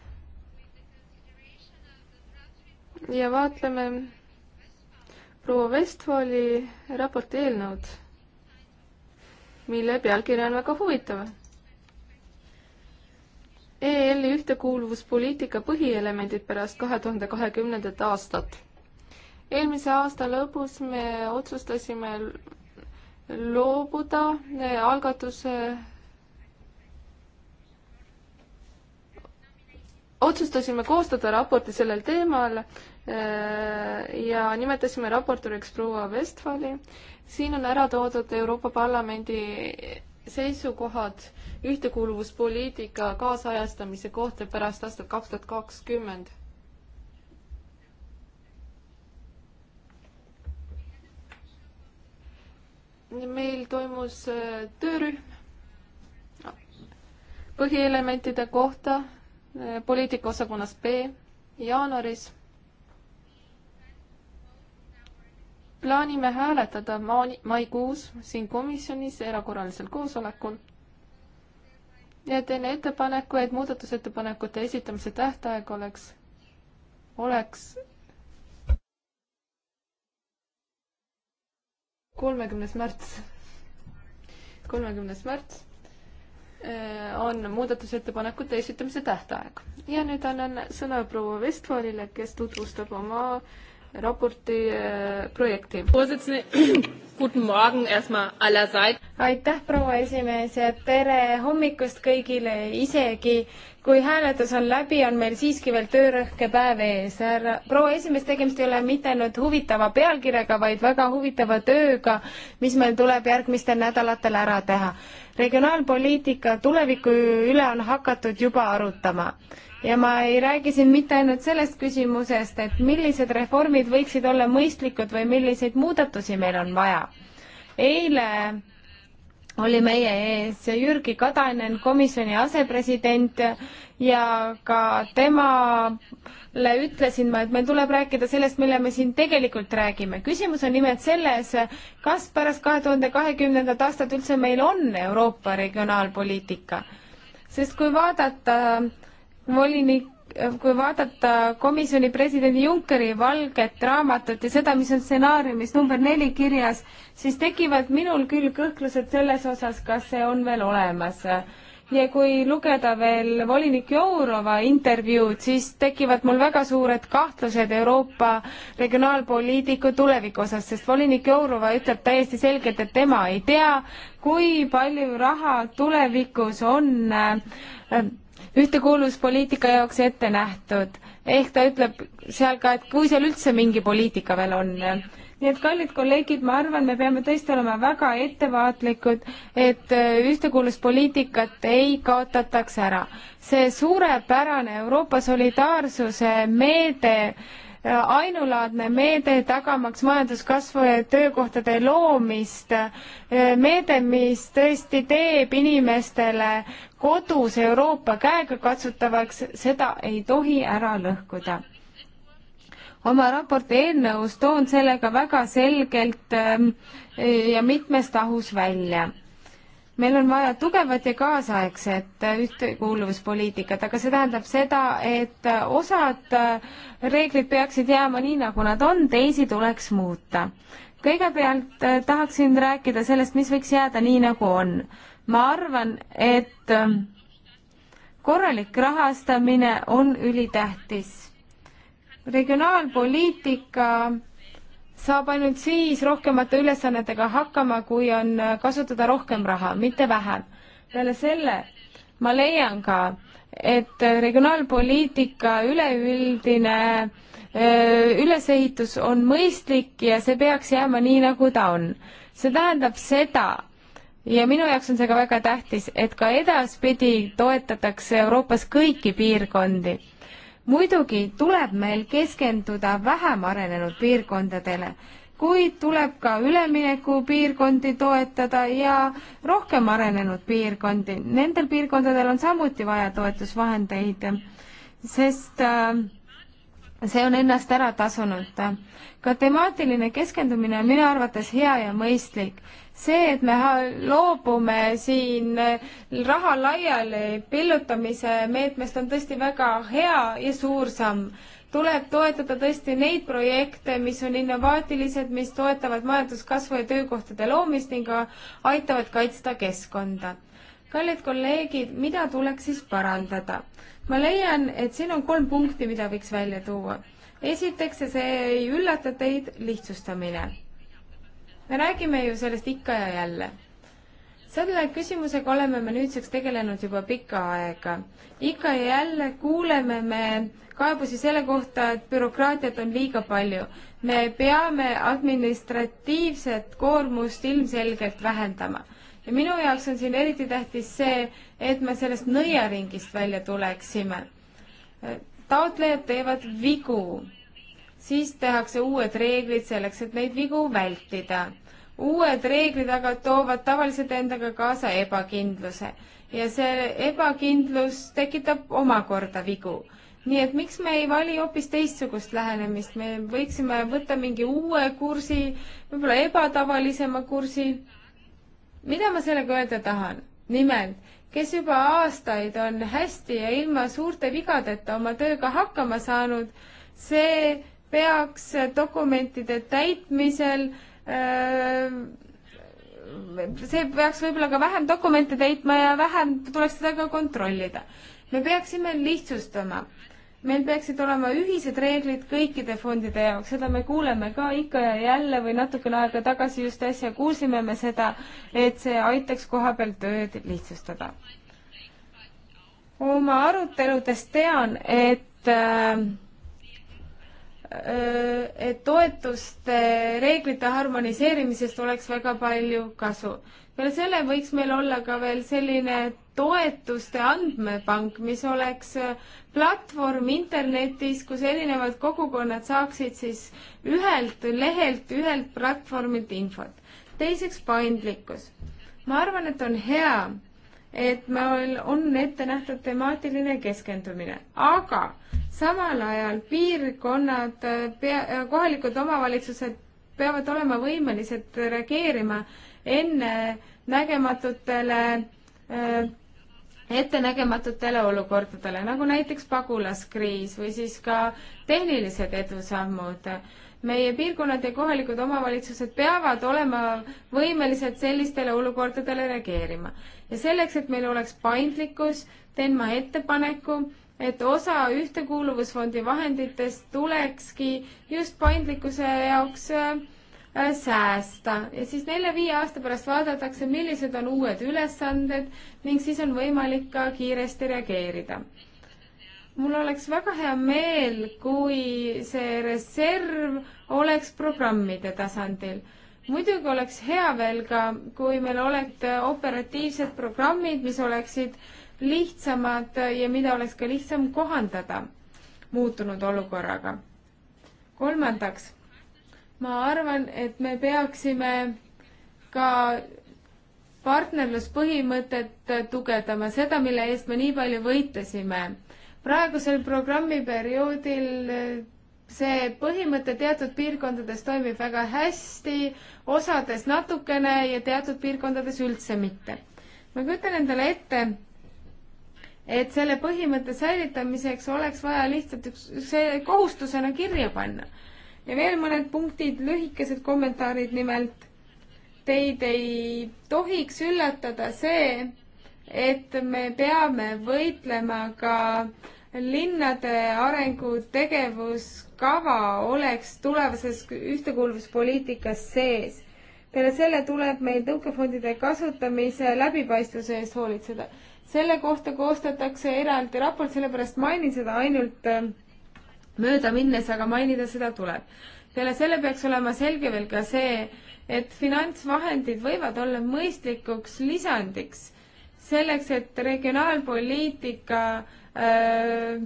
ja vaatleme proua Westfali raporti eelnõud, mille pealkiri on väga huvitav. EL-i ühtekuuluvuspoliitika põhielemendid pärast kahe tuhande kahekümnendat aastat. eelmise aasta lõpus me otsustasime loobuda algatuse otsustasime koostada raporti sellel teemal Äh, ja nimetasime raportööriks proua Westfali. siin on ära toodud Euroopa Parlamendi seisukohad ühtekuuluvuspoliitika kaasajastamise kohta pärast aastat kaks tuhat kakskümmend meil toimus äh, töörühm põhielementide kohta äh, poliitikaosakonnas B jaanuaris plaanime hääletada maikuus siin komisjonis erakorralisel koosolekul ja teen ettepaneku, et muudatusettepanekute esitamise tähtaeg oleks, oleks kolmekümnes märts, kolmekümnes märts äh, on muudatusettepanekute esitamise tähtaeg ja nüüd annan sõna proua Vestfalile, kes tutvustab oma raporti äh, projekti. aitäh, proua esimees ja tere hommikust kõigile, isegi kui hääletus on läbi, on meil siiski veel töörõhke päev ees. härra proua esimees, tegemist ei ole mitte ainult huvitava pealkirjaga, vaid väga huvitava tööga, mis meil tuleb järgmistel nädalatel ära teha. regionaalpoliitika tuleviku üle on hakatud juba arutama ja ma ei räägi siin mitte ainult sellest küsimusest, et millised reformid võiksid olla mõistlikud või milliseid muudatusi meil on vaja. eile oli meie ees Jürgi Katainen, komisjoni asepresident ja ka temale ütlesin ma, et meil tuleb rääkida sellest, mille me siin tegelikult räägime. küsimus on nimelt selles, kas pärast kahe tuhande kahekümnendat aastat üldse meil on Euroopa regionaalpoliitika. sest kui vaadata äh, volinik, kui vaadata komisjoni presidendi Junckeri valget raamatut ja seda, mis on stsenaariumis number neli kirjas, siis tekivad minul küll kõhklused selles osas, kas see on veel olemas. ja kui lugeda veel volinik Jourova intervjuud, siis tekivad mul väga suured kahtlused Euroopa regionaalpoliitiku tuleviku osas, sest volinik Jourova ütleb täiesti selgelt, et tema ei tea, kui palju raha tulevikus on äh, ühtekuuluvuspoliitika jaoks ette nähtud. ehk ta ütleb seal ka, et kui seal üldse mingi poliitika veel on. nii et kallid kolleegid, ma arvan, me peame tõesti olema väga ettevaatlikud, et ühtekuuluvuspoliitikat ei kaotataks ära. see suurepärane Euroopa solidaarsuse meede äh, ainulaadne meede tagamaks majanduskasvu ja töökohtade loomist, meede, mis tõesti teeb inimestele kodus Euroopa käegakatsutavaks, seda ei tohi ära lõhkuda. oma raporti eelnõus toon sellega väga selgelt ähm, ja mitmes tahus välja meil on vaja tugevat ja kaasaegset äh, ühtekuuluvuspoliitikat, aga see tähendab seda, et äh, osad äh, reeglid peaksid jääma nii, nagu nad on, teisi tuleks muuta. kõigepealt tahaksin rääkida sellest, mis võiks jääda nii, nagu on. ma arvan, et korralik rahastamine on ülitähtis. regionaalpoliitika saab ainult siis rohkemate ülesannetega hakkama, kui on äh, kasutada rohkem raha, mitte vähem. peale selle ma leian ka, et äh, regionaalpoliitika üleüldine äh, ülesehitus on mõistlik ja see peaks jääma nii, nagu ta on. see tähendab seda, ja minu jaoks on see ka väga tähtis, et ka edaspidi toetatakse Euroopas kõiki piirkondi muidugi tuleb meil keskenduda vähem arenenud piirkondadele, kuid tuleb ka üleminekupiirkondi toetada ja rohkem arenenud piirkondi. Nendel piirkondadel on samuti vaja toetusvahendeid, sest äh, see on ennast ära tasunud. ka temaatiline keskendumine on minu arvates hea ja mõistlik see, et me loobume siin raha laiali pillutamise meetmest, on tõesti väga hea ja suur samm. tuleb toetada tõesti neid projekte, mis on innovaatilised, mis toetavad majanduskasvu ja töökohtade loomist ning aitavad kaitsta keskkonda. kallid kolleegid, mida tuleks siis parandada? ma leian, et siin on kolm punkti, mida võiks välja tuua. esiteks, ja see ei üllata teid, lihtsustamine me räägime ju sellest ikka ja jälle. selle küsimusega oleme me nüüdseks tegelenud juba pikka aega. ikka ja jälle kuuleme me kaebusi selle kohta, et bürokraatiat on liiga palju. me peame administratiivset koormust ilmselgelt vähendama. ja minu jaoks on siin eriti tähtis see, et me sellest nõiaringist välja tuleksime. taotlejad teevad vigu siis tehakse uued reeglid selleks, et neid vigu vältida. uued reeglid aga toovad tavaliselt endaga kaasa ebakindluse ja see ebakindlus tekitab omakorda vigu. nii et miks me ei vali hoopis teistsugust lähenemist, me võiksime võtta mingi uue kursi, võib-olla ebatavalisema kursi. mida ma sellega öelda tahan? nimelt, kes juba aastaid on hästi ja ilma suurte vigadeta oma tööga hakkama saanud, see peaks dokumentide täitmisel äh, see peaks võib-olla ka vähem dokumente täitma ja vähem tuleks seda ka kontrollida. me peaksime lihtsustama. meil peaksid olema ühised reeglid kõikide fondide jaoks, seda me kuuleme ka ikka ja jälle või natukene aega tagasi just äsja kuulsime me seda, et see aitaks kohapeal tööd lihtsustada. oma aruteludes tean, et äh, Äh, et toetuste reeglite harmoniseerimisest oleks väga palju kasu. peale selle võiks meil olla ka veel selline toetuste andmepank, mis oleks äh, platvorm internetis, kus erinevad kogukonnad saaksid siis ühelt lehelt, ühelt platvormilt infot. teiseks paindlikkus. ma arvan, et on hea, et meil on ette nähtud temaatiline keskendumine, aga samal ajal piirkonnad, pea, kohalikud omavalitsused peavad olema võimelised reageerima ennenägematutele äh, ettenägematutele olukordadele, nagu näiteks pagulaskriis või siis ka tehnilised edusammud meie piirkonnad ja kohalikud omavalitsused peavad olema võimelised sellistele olukordadele reageerima. ja selleks, et meil oleks paindlikkus, teen ma ettepaneku, et osa Ühtekuuluvusfondi vahenditest tulekski just paindlikkuse jaoks äh, äh, säästa ja siis nelja-viie aasta pärast vaadatakse, millised on uued ülesanded ning siis on võimalik ka kiiresti reageerida mul oleks väga hea meel, kui see reserv oleks programmide tasandil. muidugi oleks hea veel ka, kui meil oleks operatiivsed programmid, mis oleksid lihtsamad ja mida oleks ka lihtsam kohandada muutunud olukorraga. kolmandaks, ma arvan, et me peaksime ka partnerluspõhimõtet tugevdama, seda, mille eest me nii palju võitlesime praegusel programmiperioodil see põhimõte teatud piirkondades toimib väga hästi, osades natukene ja teatud piirkondades üldse mitte. ma kujutan endale ette, et selle põhimõtte säilitamiseks oleks vaja lihtsalt üks, see kohustusena kirja panna. ja veel mõned punktid, lühikesed kommentaarid nimelt. Teid ei tohiks üllatada see, et me peame võitlema ka äh, linnade arengutegevuskava oleks tulevases ühtekuuluvuspoliitikas sees. peale selle tuleb meil tõukefondide kasutamise läbipaistvuse eest hoolitseda. selle kohta koostatakse eraldi raport, sellepärast mainin seda ainult äh, mööda minnes, aga mainida seda tuleb. peale selle peaks olema selge veel ka see, et finantsvahendid võivad olla mõistlikuks lisandiks selleks, et regionaalpoliitika Äh,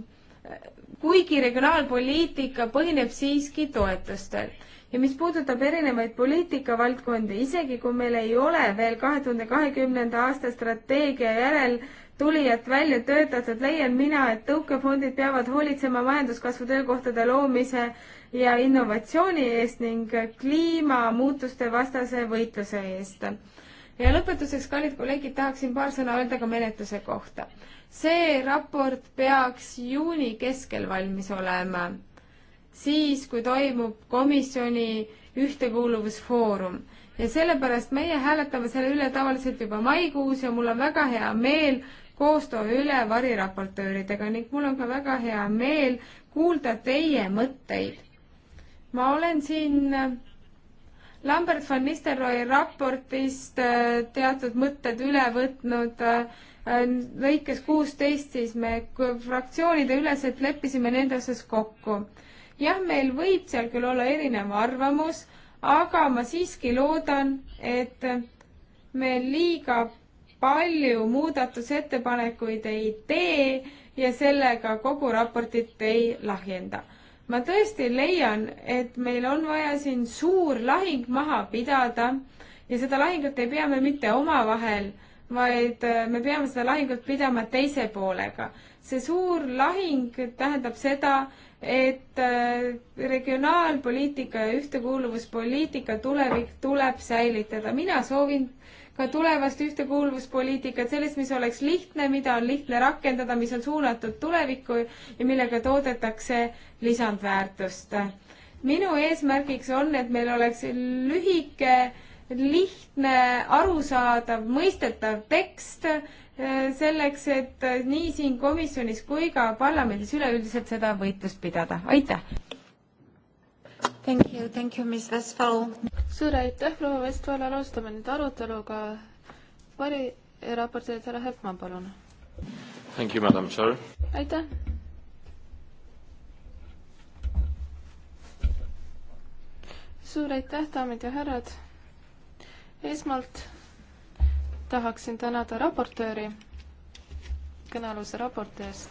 kuigi regionaalpoliitika põhineb siiski toetustel. ja mis puudutab erinevaid poliitikavaldkondi, isegi kui meil ei ole veel kahe tuhande kahekümnenda aasta strateegia järel tulijat välja töötatud, leian mina, et tõukefondid peavad hoolitsema majanduskasvu töökohtade loomise ja innovatsiooni eest ning kliimamuutuste vastase võitluse eest. ja lõpetuseks, kallid kolleegid, tahaksin paar sõna öelda ka menetluse kohta see raport peaks juuni keskel valmis olema, siis kui toimub komisjoni ühtekuuluvusfoorum ja sellepärast meie hääletame selle üle tavaliselt juba maikuus ja mul on väga hea meel koostöö üle variraportööridega ning mul on ka väga hea meel kuulda teie mõtteid. ma olen siin Lambert van Nistelrooy raportist äh, teatud mõtted üle võtnud äh, Äh, lõikes kuusteist siis me fraktsioonide üleselt leppisime nende osas kokku. jah, meil võib seal küll olla erinev arvamus, aga ma siiski loodan, et me liiga palju muudatusettepanekuid ei tee ja sellega kogu raportit ei lahjenda. ma tõesti leian, et meil on vaja siin suur lahing maha pidada ja seda lahingut ei pea me mitte omavahel äh, vaid äh, me peame seda lahingut pidama teise poolega. see suur lahing tähendab seda, et äh, regionaalpoliitika ja ühtekuuluvuspoliitika tulevik tuleb säilitada. mina soovin ka tulevast ühtekuuluvuspoliitikat, sellist, mis oleks lihtne, mida on lihtne rakendada, mis on suunatud tulevikku ja millega toodetakse lisandväärtust. minu eesmärgiks on, et meil oleks lühike lihtne, arusaadav, mõistetav tekst eh, selleks, et eh, nii siin komisjonis kui ka parlamendis üleüldiselt seda võitlust pidada. aitäh! Thank you, thank you, Miss Westfall. suur aitäh, proua Westfall, alustame nüüd aruteluga. Mari raportööd härra Hepman, palun. Thank you, madam chair. aitäh. suur aitäh, daamid ja härrad esmalt tahaksin tänada raportööri kõnealuse raporti eest.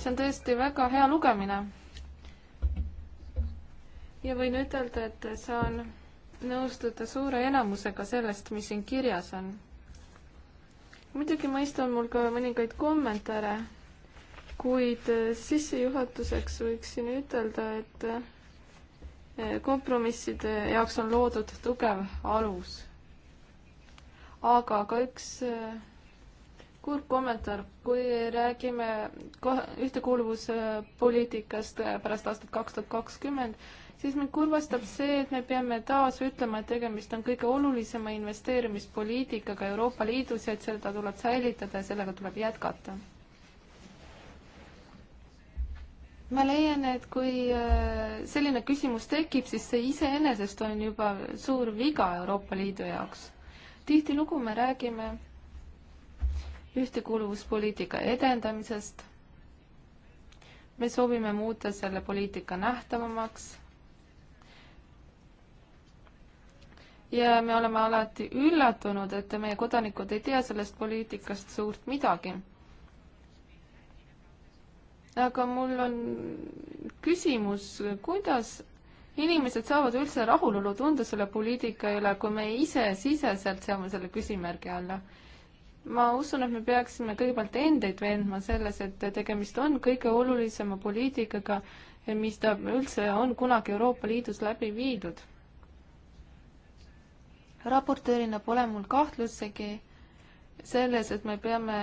see on tõesti väga hea lugemine. ja võin ütelda, et saan nõustuda suure enamusega sellest, mis siin kirjas on. muidugi mõistan mul ka mõningaid kommentaare, kuid sissejuhatuseks võiksin ütelda, et kompromisside jaoks on loodud tugev alus. aga ka üks äh, kurb kommentaar, kui räägime ühtekuuluvuspoliitikast äh, pärast aastat kaks tuhat kakskümmend, siis mind kurvastab see, et me peame taas ütlema, et tegemist on kõige olulisema investeerimispoliitikaga Euroopa Liidus ja et seda tuleb säilitada ja sellega tuleb jätkata ma leian, et kui äh, selline küsimus tekib, siis see iseenesest on juba suur viga Euroopa Liidu jaoks. tihtilugu me räägime ühtekuuluvuspoliitika edendamisest. me soovime muuta selle poliitika nähtavamaks. ja me oleme alati üllatunud, et meie kodanikud ei tea sellest poliitikast suurt midagi aga mul on küsimus, kuidas inimesed saavad üldse rahulolu tunda selle poliitika üle, kui me ise siseselt seame selle küsimärgi alla? ma usun, et me peaksime kõigepealt endeid veendma selles, et tegemist on kõige olulisema poliitikaga, mis ta üldse on kunagi Euroopa Liidus läbi viidud. raportöörina pole mul kahtlusegi selles, et me peame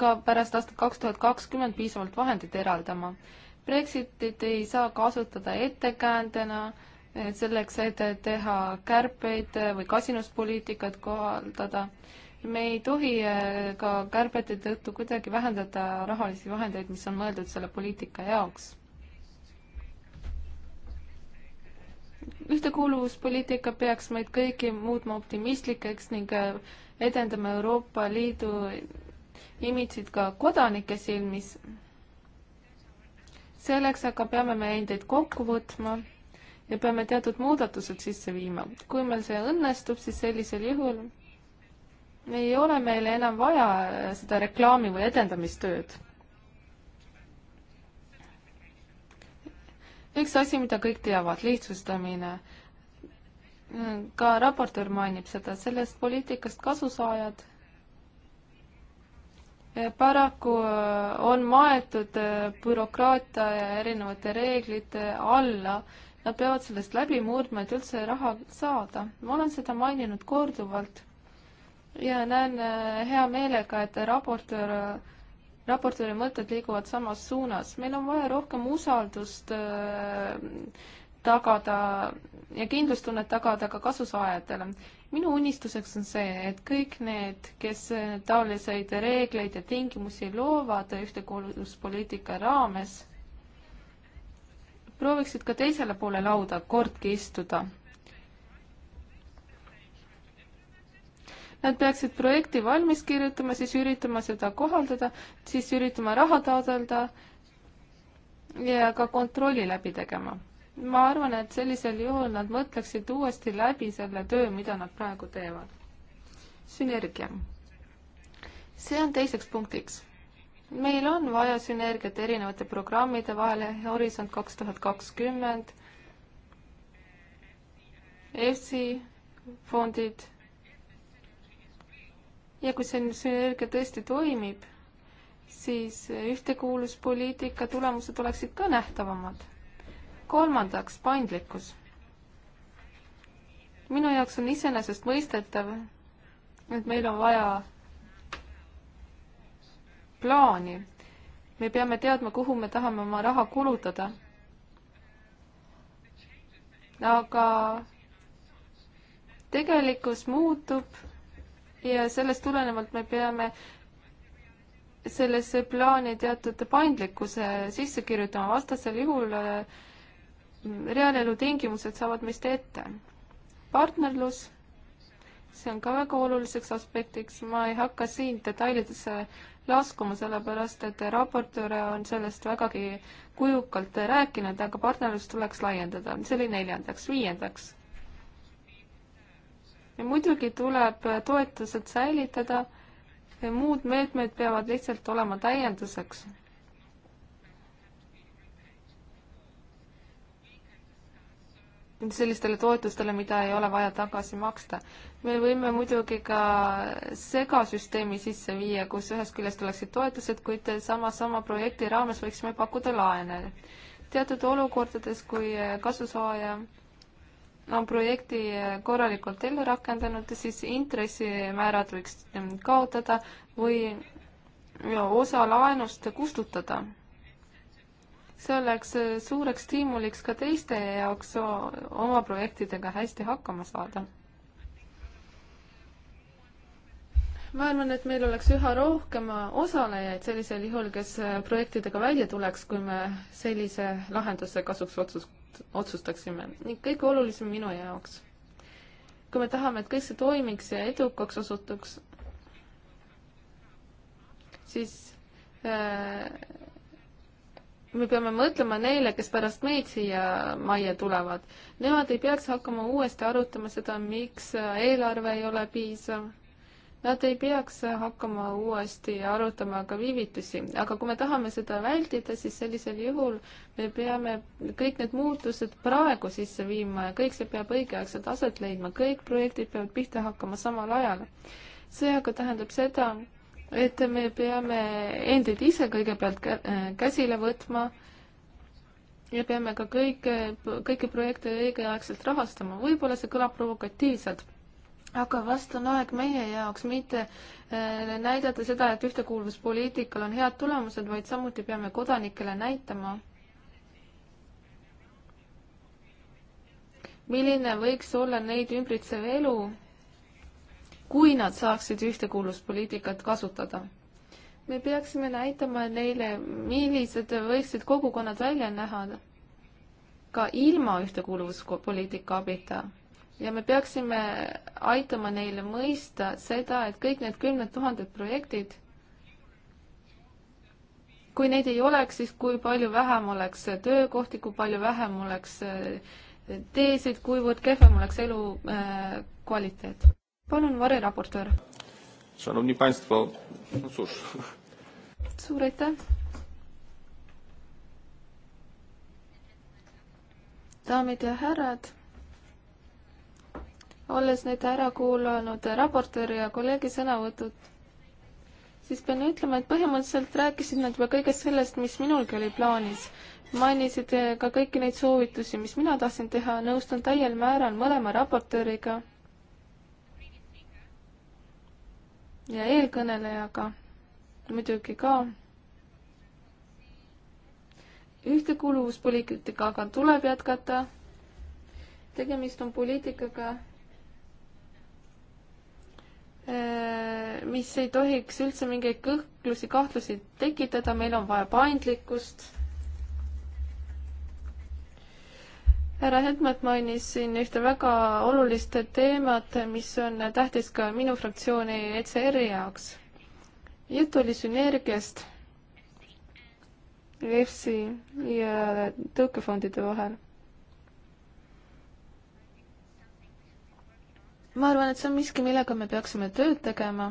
ka pärast aastat kaks tuhat kakskümmend piisavalt vahendeid eraldama. Brexitit ei saa kasutada ettekäändena eh, selleks, et teha kärpeid eh, või kasinuspoliitikat kohaldada. me ei tohi eh, ka kärbete tõttu kuidagi vähendada rahalisi vahendeid, mis on mõeldud selle poliitika jaoks. ühtekuuluvuspoliitika peaks meid kõiki muutma optimistlikeks ning edendama Euroopa Liidu imitsid ka kodanike silmis. selleks aga peame me endid kokku võtma ja peame teatud muudatused sisse viima. kui meil see õnnestub, siis sellisel juhul ei ole meil enam vaja seda reklaami või edendamistööd. üks asi, mida kõik teavad, lihtsustamine ka raportöör mainib seda, sellest poliitikast kasusaajad paraku äh, on maetud äh, bürokraatia ja erinevate reeglite alla. Nad peavad sellest läbi murdma, et üldse raha saada. ma olen seda maininud korduvalt ja näen äh, hea meelega, et raportöör, raportööri mõtted liiguvad samas suunas. meil on vaja rohkem usaldust äh, tagada ja kindlustunnet tagada ka kasusaajatele. minu unistuseks on see, et kõik need, kes taoliseid reegleid ja tingimusi loovad ühtekuuluvuspoliitika raames, prooviksid ka teisele poole lauda kordki istuda. Nad peaksid projekti valmis kirjutama, siis üritama seda kohaldada, siis üritama raha taotleda ja ka kontrolli läbi tegema ma arvan, et sellisel juhul nad mõtleksid uuesti läbi selle töö, mida nad praegu teevad. sünergia. see on teiseks punktiks. meil on vaja sünergiat erinevate programmide vahel, Horisont kaks tuhat kakskümmend, EFSI fondid. ja kui see sünergia tõesti toimib, siis ühtekuuluvuspoliitika tulemused oleksid ka nähtavamad kolmandaks, paindlikkus. minu jaoks on iseenesestmõistetav, et meil on vaja plaani. me peame teadma, kuhu me tahame oma raha kulutada. aga tegelikkus muutub ja sellest tulenevalt me peame sellesse plaani teatud paindlikkuse sisse kirjutama, vastasel juhul äh, reaalelu tingimused saavad meist ette. partnerlus, see on ka väga oluliseks aspektiks, ma ei hakka siin detailidesse laskuma, sellepärast et raportöör on sellest vägagi kujukalt rääkinud, aga partnerlust tuleks laiendada, see oli neljandaks, viiendaks. ja muidugi tuleb toetused säilitada, muud meetmed peavad lihtsalt olema täienduseks sellistele toetustele, mida ei ole vaja tagasi maksta. me võime muidugi ka segasüsteemi sisse viia, kus ühest küljest oleksid toetused, kuid samas sama projekti raames võiksime pakkuda laene. teatud olukordades, kui kasusaaja on projekti korralikult ellu rakendanud, siis intressimäärad võiks kaotada või osa laenust kustutada see oleks äh, suureks stiimuliks ka teiste jaoks oma projektidega hästi hakkama saada. ma arvan, et meil oleks üha rohkem osalejaid sellisel juhul, kes äh, projektidega välja tuleks, kui me sellise lahenduse kasuks otsust, otsustaksime ning kõige olulisem minu jaoks. kui me tahame, et kõik see toimiks ja edukaks osutuks, siis äh, me peame mõtlema neile, kes pärast meid siia majja tulevad. Nemad ei peaks hakkama uuesti arutama seda, miks eelarve ei ole piisav. Nad ei peaks hakkama uuesti arutama ka viivitusi, aga kui me tahame seda vältida, siis sellisel juhul me peame kõik need muutused praegu sisse viima ja kõik see peab õigeaegselt aset leidma, kõik projektid peavad pihta hakkama samal ajal. see aga tähendab seda, et me peame endid ise kõigepealt äh, käsile võtma ja peame ka kõike, kõiki projekte õigeaegselt rahastama. võib-olla see kõlab provokatiivselt, aga vast on aeg meie jaoks mitte äh, näidata seda, et ühtekuuluvuspoliitikal on head tulemused, vaid samuti peame kodanikele näitama, milline võiks olla neid ümbritsev elu kui nad saaksid ühtekuuluvuspoliitikat kasutada. me peaksime näitama neile, millised võiksid kogukonnad välja näha ka ilma ühtekuuluvuspoliitika abita ja me peaksime aitama neile mõista seda, et kõik need kümned tuhanded projektid, kui neid ei oleks, siis kui palju vähem oleks töökohti, kui palju vähem oleks teesid, kuivõrd kehvem oleks elu äh, kvaliteet palun, variraportöör. suur aitäh. daamid ja härrad, olles nüüd ära kuulanud raportööri ja kolleegi sõnavõtud, siis pean ütlema, et põhimõtteliselt rääkisid nad juba kõigest sellest, mis minulgi oli plaanis mainisid ka kõiki neid soovitusi, mis mina tahtsin teha, nõustun täiel määral mõlema raportööriga ja eelkõnelejaga muidugi ka. ühtekuuluvuspoliitikaga tuleb jätkata. tegemist on poliitikaga, eh, mis ei tohiks üldse mingeid kõhklusi, kahtlusi tekitada, meil on vaja paindlikkust härra Helmet mainis siin ühte väga olulist teemat, mis on tähtis ka minu fraktsiooni ECR-i jaoks. jutt oli sünergiast EFSi ja tõukefondide vahel ma arvan, et see on miski, millega me peaksime tööd tegema.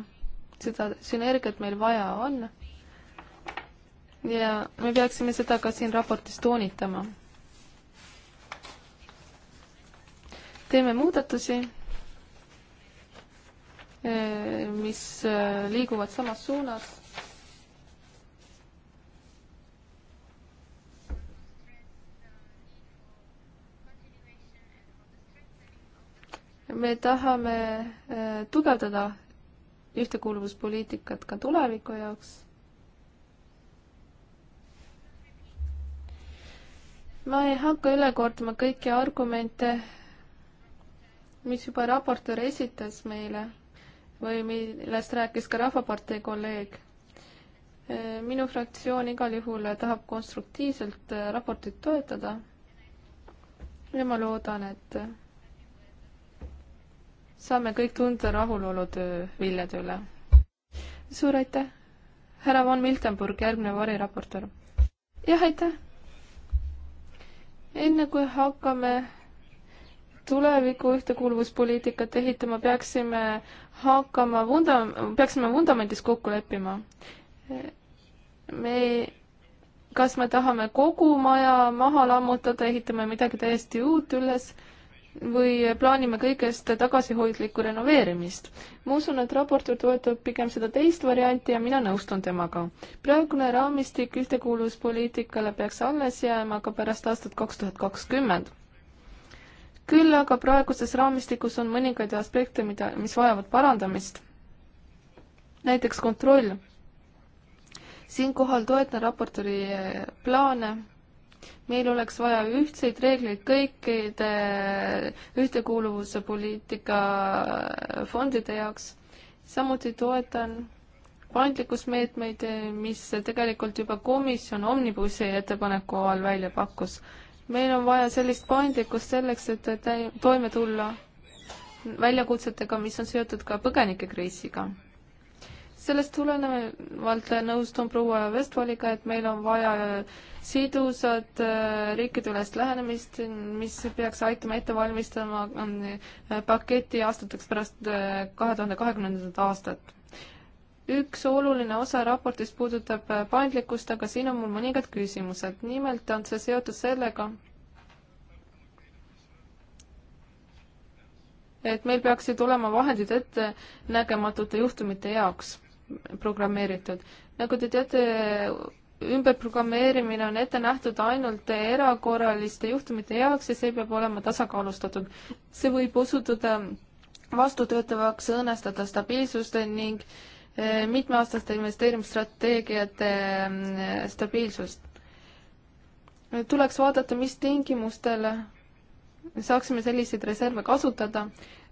seda sünergiat meil vaja on. ja me peaksime seda ka siin raportis toonitama. teeme muudatusi, eh, mis eh, liiguvad samas suunas. me tahame eh, tugevdada ühtekuuluvuspoliitikat ka tuleviku jaoks ma ei hakka üle kordama kõiki argumente, mis juba raportöör esitas meile või millest rääkis ka Rahvapartei kolleeg. minu fraktsioon igal juhul tahab konstruktiivselt raportit toetada. ja ma loodan, et saame kõik tunda rahulolu töö viljade üle. suur aitäh, härra von Miltenburg, järgmine variraportöör. jah, aitäh. enne kui hakkame tuleviku ühtekuuluvuspoliitikat ehitama, peaksime hakkama vunda-, peaksime vundamendis kokku leppima. me, kas me tahame kogu maja maha lammutada, ehitame midagi täiesti uut üles või plaanime kõigest tagasihoidlikku renoveerimist. ma usun, et raportöör toetab pigem seda teist varianti ja mina nõustun temaga. praegune raamistik ühtekuuluvuspoliitikale peaks alles jääma ka pärast aastat kaks tuhat kakskümmend küll aga praeguses raamistikus on mõningaid aspekte, mida, mis vajavad parandamist. näiteks kontroll. siinkohal toetan raportööri plaane. meil oleks vaja ühtseid reegleid kõikide ühtekuuluvuse poliitika fondide jaoks. samuti toetan paindlikkusmeetmeid, mis tegelikult juba komisjon Omnibussi ettepaneku all välja pakkus meil on vaja sellist paindlikkust selleks, et täi-, toime tulla väljakutsetega, mis on seotud ka põgenikekriisiga. sellest tulenevalt nõustun proua Vestvaliga, et meil on vaja sidusat äh, riikideülest lähenemist, mis peaks aitama ette valmistama äh, paketi aastateks pärast äh, kahe tuhande kahekümnendat aastat üks oluline osa raportist puudutab äh, paindlikkust, aga siin on mul mõningad küsimused. nimelt on see seotud sellega, et meil peaksid olema vahendid ettenägematute juhtumite jaoks programmeeritud. nagu te teate, ümberprogrammeerimine on ette nähtud ainult erakorraliste juhtumite jaoks ja see peab olema tasakaalustatud. see võib osutuda vastutöötavaks, õõnestada stabiilsust ning äh, mitmeaastaste investeerimisstrateegiate mm, stabiilsust. tuleks vaadata, mis tingimustel saaksime selliseid reserve kasutada.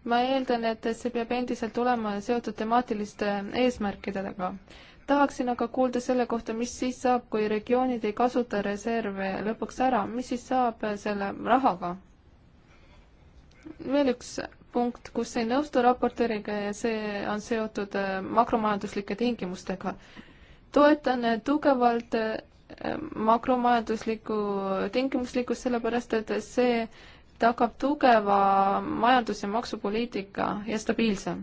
ma eeldan, et see peab endiselt olema seotud temaatiliste eesmärkidega. tahaksin aga kuulda selle kohta, mis siis saab, kui regioonid ei kasuta reserve lõpuks ära, mis siis saab selle rahaga? veel üks punkt, kus ei nõustu raportööriga ja see on seotud äh, makromajanduslike tingimustega. toetan äh, tugevalt äh, makromajanduslikku tingimuslikkust, sellepärast et see tagab tugeva majandus- ja maksupoliitika ja stabiilse.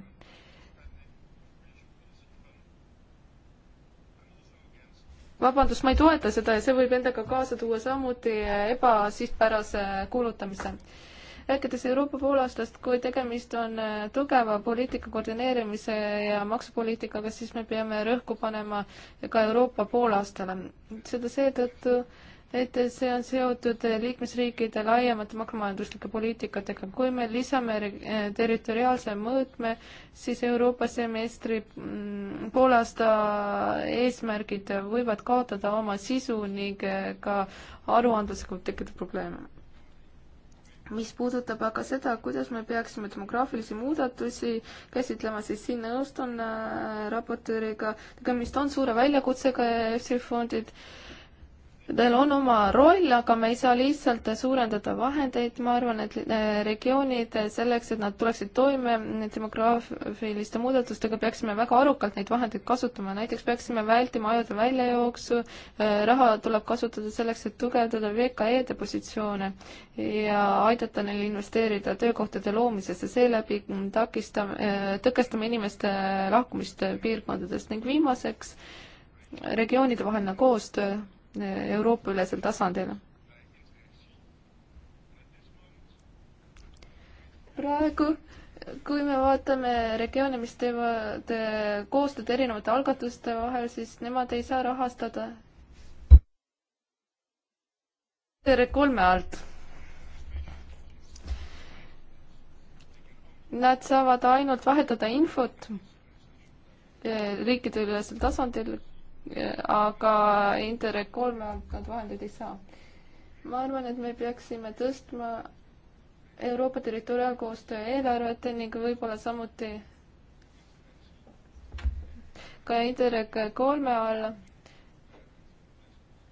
vabandust, ma ei toeta seda ja see võib endaga kaasa tuua samuti ebasihtpärase kuulutamise rääkides Euroopa poolaastast, kui tegemist on äh, tugeva poliitika koordineerimise ja maksupoliitikaga, siis me peame rõhku panema ka Euroopa poolaastale. seda seetõttu, et see on seotud liikmesriikide laiemate makromajanduslike poliitikatega. kui me lisame äh, territoriaalse mõõtme, siis Euroopa semestri mm, poolaasta eesmärgid võivad kaotada oma sisu ning äh, ka aruandlusega võib tekkida probleeme mis puudutab aga seda, kuidas me peaksime demograafilisi muudatusi käsitlema, siis siin nõustun äh, raportööriga, tegemist on suure väljakutsega ja äh, EFSI fondid äh, tal on oma roll, aga me ei saa lihtsalt suurendada vahendeid, ma arvan, et äh, regioonid selleks, et nad tuleksid toime demograafiliste muudatustega, peaksime väga arukalt neid vahendeid kasutama, näiteks peaksime vältima ajude väljajooksu, äh, raha tuleb kasutada selleks, et tugevdada VKE-de positsioone ja aidata neil investeerida töökohtade loomisesse, seeläbi takistame, äh, tõkestame inimeste lahkumist piirkondadest ning viimaseks, regioonide vaheline koostöö Euroopa-ülesel tasandil. praegu, kui me vaatame regioone, mis teevad koostööd erinevate algatuste vahel, siis nemad ei saa rahastada kolme alt. Nad saavad ainult vahetada infot eh, riikideülesel tasandil aga Interreg kolme alt nad vahendeid ei saa. ma arvan, et me peaksime tõstma Euroopa territoriaalkoostöö eelarvet ning võib-olla samuti ka Interreg kolme alla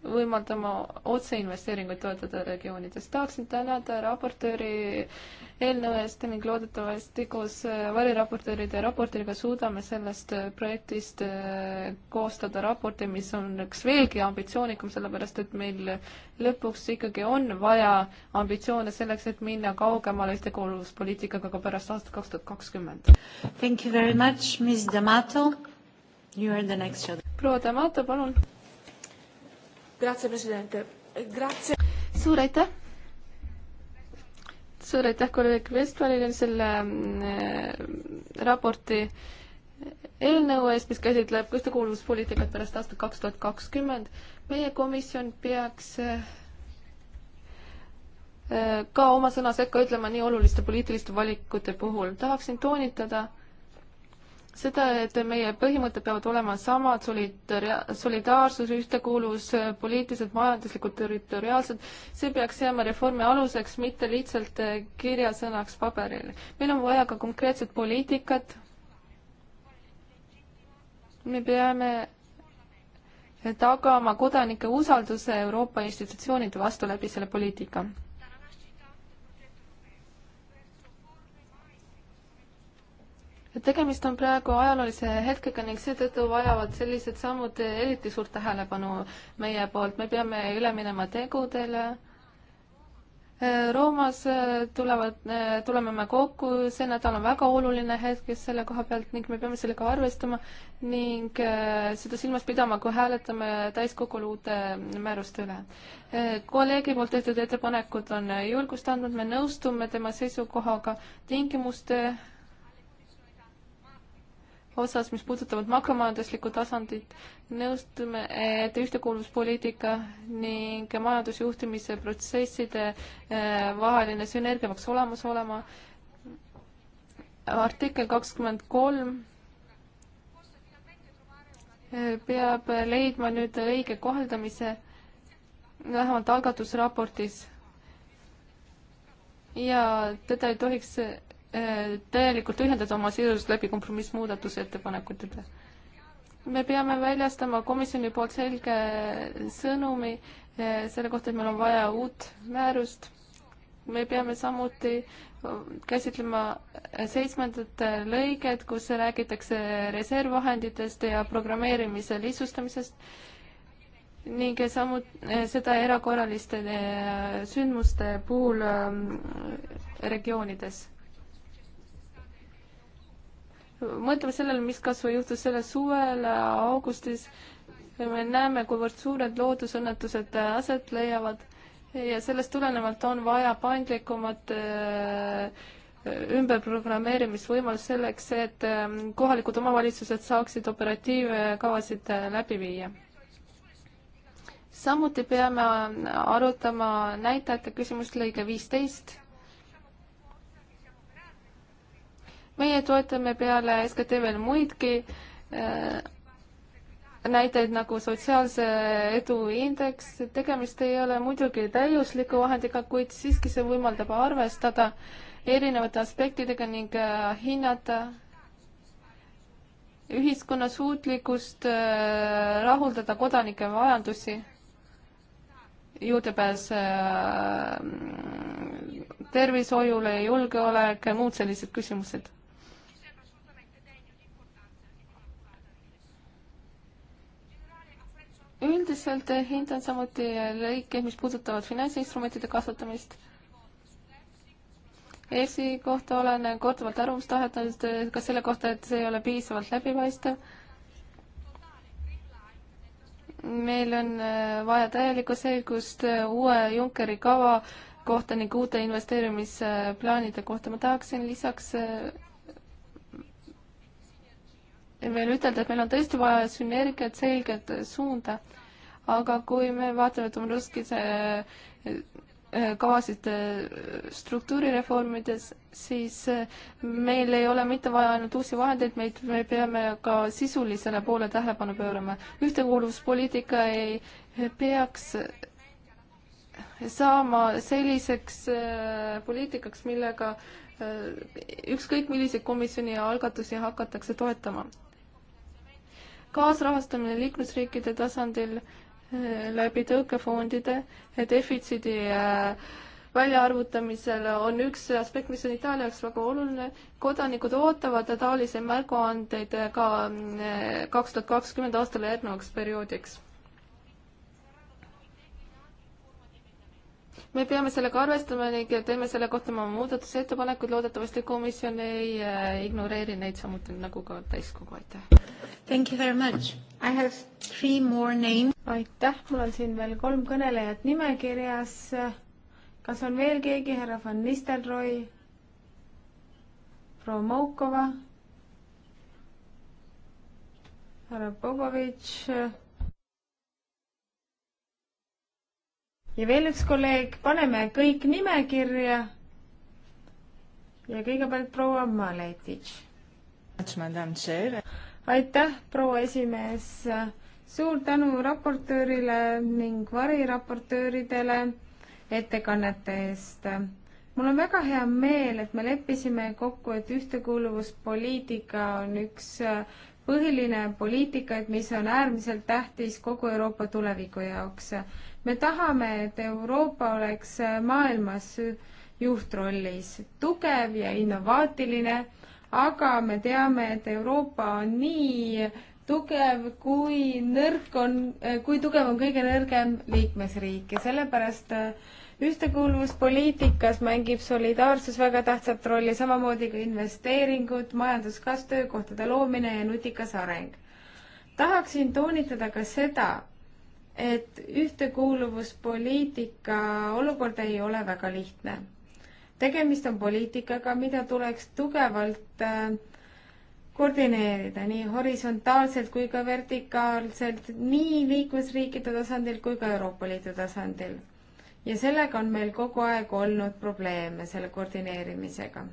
võimaldama otseinvesteeringuid toetada regioonides. tahaksin tänada raportööri eelnõu eest ning loodetavasti koos äh, variraportööride ja raportööriga suudame sellest äh, projektist äh, koostada raporti, mis on üks veelgi ambitsioonikum, sellepärast et meil lõpuks ikkagi on vaja ambitsioone selleks, et minna kaugemale ühtekuuluvuspoliitikaga ka pärast aastat kaks tuhat kakskümmend. Thank you very much, Miss D'Amato. You are the next. proua D'Amato, palun Eh, suur aitäh! suur aitäh kolleeg Vestvalile selle mm, eh, raporti eelnõu eest, mis käsitleb ühtekuuluvuspoliitikat pärast aastat kaks tuhat kakskümmend. meie komisjon peaks eh, ka oma sõna sekka ütlema nii oluliste poliitiliste valikute puhul. tahaksin toonitada, seda, et meie põhimõtted peavad olema samad, solidaaria-, solidaarsus, ühtekuuluvus, poliitiliselt, majanduslikult, territoriaalselt, see peaks jääma reformi aluseks, mitte lihtsalt kirjasõnaks paberil. meil on vaja ka konkreetset poliitikat, me peame tagama kodanike usalduse Euroopa institutsioonide vastu läbi selle poliitika tegemist on praegu ajaloolise hetkega ning seetõttu vajavad sellised sammud eriti suurt tähelepanu meie poolt. me peame üle minema tegudele. Roomas äh, tulevad, äh, tuleme me kokku, see nädal on väga oluline hetk just selle koha pealt ning me peame sellega arvestama ning äh, seda silmas pidama, kui hääletame täiskogul uute määruste üle. kolleegi poolt tehtud ettepanekud on julgust andnud, me nõustume tema seisukohaga tingimuste osas, mis puudutavad makromajanduslikku tasandit, nõustume, et ühtekuuluvuspoliitika ning majandusjuhtimise protsesside äh, vaheline sünergia peaks olemas olema. artikkel kakskümmend kolm äh, peab leidma nüüd õige kohaldamise vähemalt algatusraportis ja teda ei tohiks Äh, täielikult ühendada oma sidusust läbi kompromissmuudatuse ettepanekutega. me peame väljastama komisjoni poolt selge sõnumi äh, selle kohta, et meil on vaja uut määrust. me peame samuti äh, käsitlema seitsmendat lõiget, kus räägitakse reservvahenditest ja programmeerimise lihtsustamisest ning samuti seda erakorraliste sündmuste puhul ähm, regioonides mõtleme sellele, mis kas või juhtus sellel suvel augustis, me näeme, kuivõrd suured loodusõnnetused aset leiavad ja sellest tulenevalt on vaja paindlikumat äh, ümberprogrammeerimisvõimalus selleks, et ähm, kohalikud omavalitsused saaksid operatiivkavasid äh, läbi viia. samuti peame arutama näitajate küsimust lõige viisteist meie toetame peale SKT veel muidki äh, näiteid nagu sotsiaalse edu indeks, tegemist ei ole muidugi täiusliku vahendiga, kuid siiski see võimaldab arvestada erinevate aspektidega ning äh, hinnata ühiskonna suutlikkust äh, rahuldada kodanike vajadusi, juurdepääs tervishoiule, julgeolek ja muud sellised küsimused üldiselt hindan samuti lõike, mis puudutavad finantsinstrumentide kasutamist. EFSi kohta olen korduvalt arvamust tahetanud ka selle kohta, et see ei ole piisavalt läbipaistev. meil on äh, vaja täielikku selgust äh, uue Junckeri kava kohta ning uute investeerimisplaanide kohta. ma tahaksin lisaks äh, veel ütelda, et meil on tõesti vaja sünergiat, selget suunda. aga kui me vaatame Tomruskise kavasid eh, eh, eh, struktuurireformides, siis meil ei ole mitte vaja ainult uusi vahendeid, meid, me peame ka sisulisele poole tähelepanu pöörama. ühtekuuluvuspoliitika ei peaks saama selliseks poliitikaks, millega ükskõik milliseid komisjoni algatusi hakatakse toetama kaasrahastamine liikmesriikide tasandil eh, läbi tõukefondide eh, defitsiidi eh, väljaarvutamisel on üks aspekt, mis on Itaalia jaoks väga oluline. kodanikud ootavad taolisi märguandeid ka kaks tuhat kakskümmend aastale järgnevaks perioodiks. me peame sellega arvestama ning teeme selle kohta oma muudatusettepanekud, loodetavasti komisjon ei äh, ignoreeri neid samuti nagu ka täiskogu, aitäh. Thank you very much. I have three more names. aitäh, mul on siin veel kolm kõnelejat nimekirjas. kas on veel keegi, härra Van Nistelrooy? proua Moukova? härra Popovitš? ja veel üks kolleeg, paneme kõik nimekirja. ja kõigepealt proua Maletitš. aitäh, proua esimees. suur tänu raportöörile ning variraportööridele ettekannete eest. mul on väga hea meel, et me leppisime kokku, et ühtekuuluvuspoliitika on üks põhiline poliitika, et mis on äärmiselt tähtis kogu Euroopa tuleviku jaoks me tahame, et Euroopa oleks maailmas juhtrollis tugev ja innovaatiline, aga me teame, et Euroopa on nii tugev, kui nõrk on, kui tugev on kõige nõrgem liikmesriik ja sellepärast äh, ühtekuuluvuspoliitikas mängib solidaarsus väga tähtsat rolli, samamoodi kui investeeringud, majanduskasv, töökohtade loomine ja nutikas areng. tahaksin toonitada ka seda, et ühtekuuluvuspoliitika olukord ei ole väga lihtne. tegemist on poliitikaga, mida tuleks tugevalt äh, koordineerida nii horisontaalselt kui ka vertikaalselt, nii liikmesriikide tasandil kui ka Euroopa Liidu tasandil. ja sellega on meil kogu aeg olnud probleeme, selle koordineerimisega.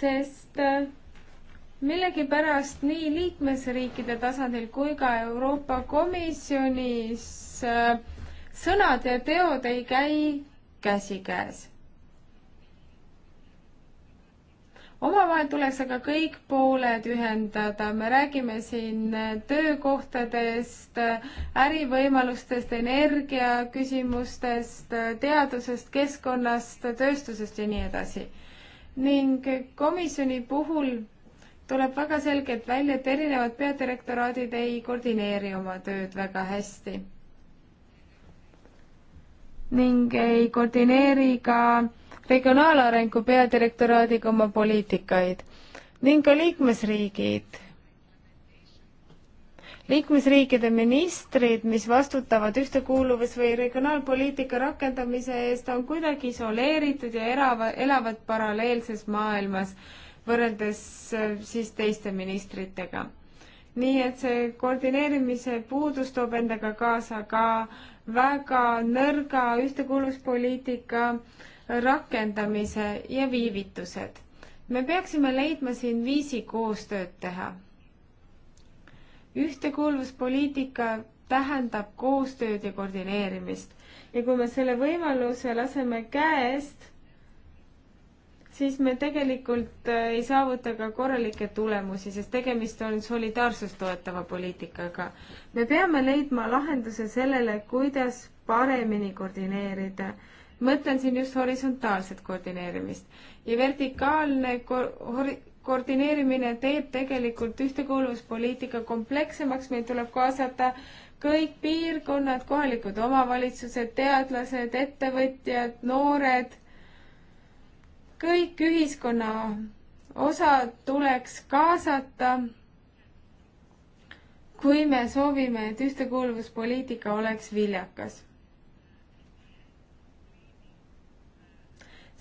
sest äh, millegipärast nii liikmesriikide tasandil kui ka Euroopa Komisjonis äh, sõnad ja teod ei käi käsikäes. omavahel tuleks aga kõik pooled ühendada, me räägime siin töökohtadest, ärivõimalustest, energiaküsimustest, teadusest, keskkonnast, tööstusest ja nii edasi. ning komisjoni puhul tuleb väga selgelt välja, et erinevad peadirektoraadid ei koordineeri oma tööd väga hästi. ning ei koordineeri ka regionaalarengu peadirektoraadiga oma poliitikaid ning ka liikmesriigid liikmesriikide ministrid, mis vastutavad ühtekuuluvus- või regionaalpoliitika rakendamise eest, on kuidagi isoleeritud ja erava, elavad paralleelses maailmas võrreldes äh, siis teiste ministritega. nii et see koordineerimise puudus toob endaga kaasa ka väga nõrga ühtekuuluvuspoliitika rakendamise ja viivitused. me peaksime leidma siin viisi koostööd teha. ühtekuuluvuspoliitika tähendab koostööd ja koordineerimist ja kui me selle võimaluse laseme käest, siis me tegelikult äh, ei saavuta ka korralikke tulemusi, sest tegemist on solidaarsust toetava poliitikaga. me peame leidma lahenduse sellele, kuidas paremini koordineerida. mõtlen siin just horisontaalset koordineerimist ja vertikaalne ko-, koordineerimine teeb tegelikult ühtekuuluvuspoliitika komplekssemaks, meil tuleb kaasata kõik piirkonnad, kohalikud omavalitsused, teadlased, ettevõtjad, noored kõik ühiskonna osad tuleks kaasata, kui me soovime, et ühtekuuluvuspoliitika oleks viljakas.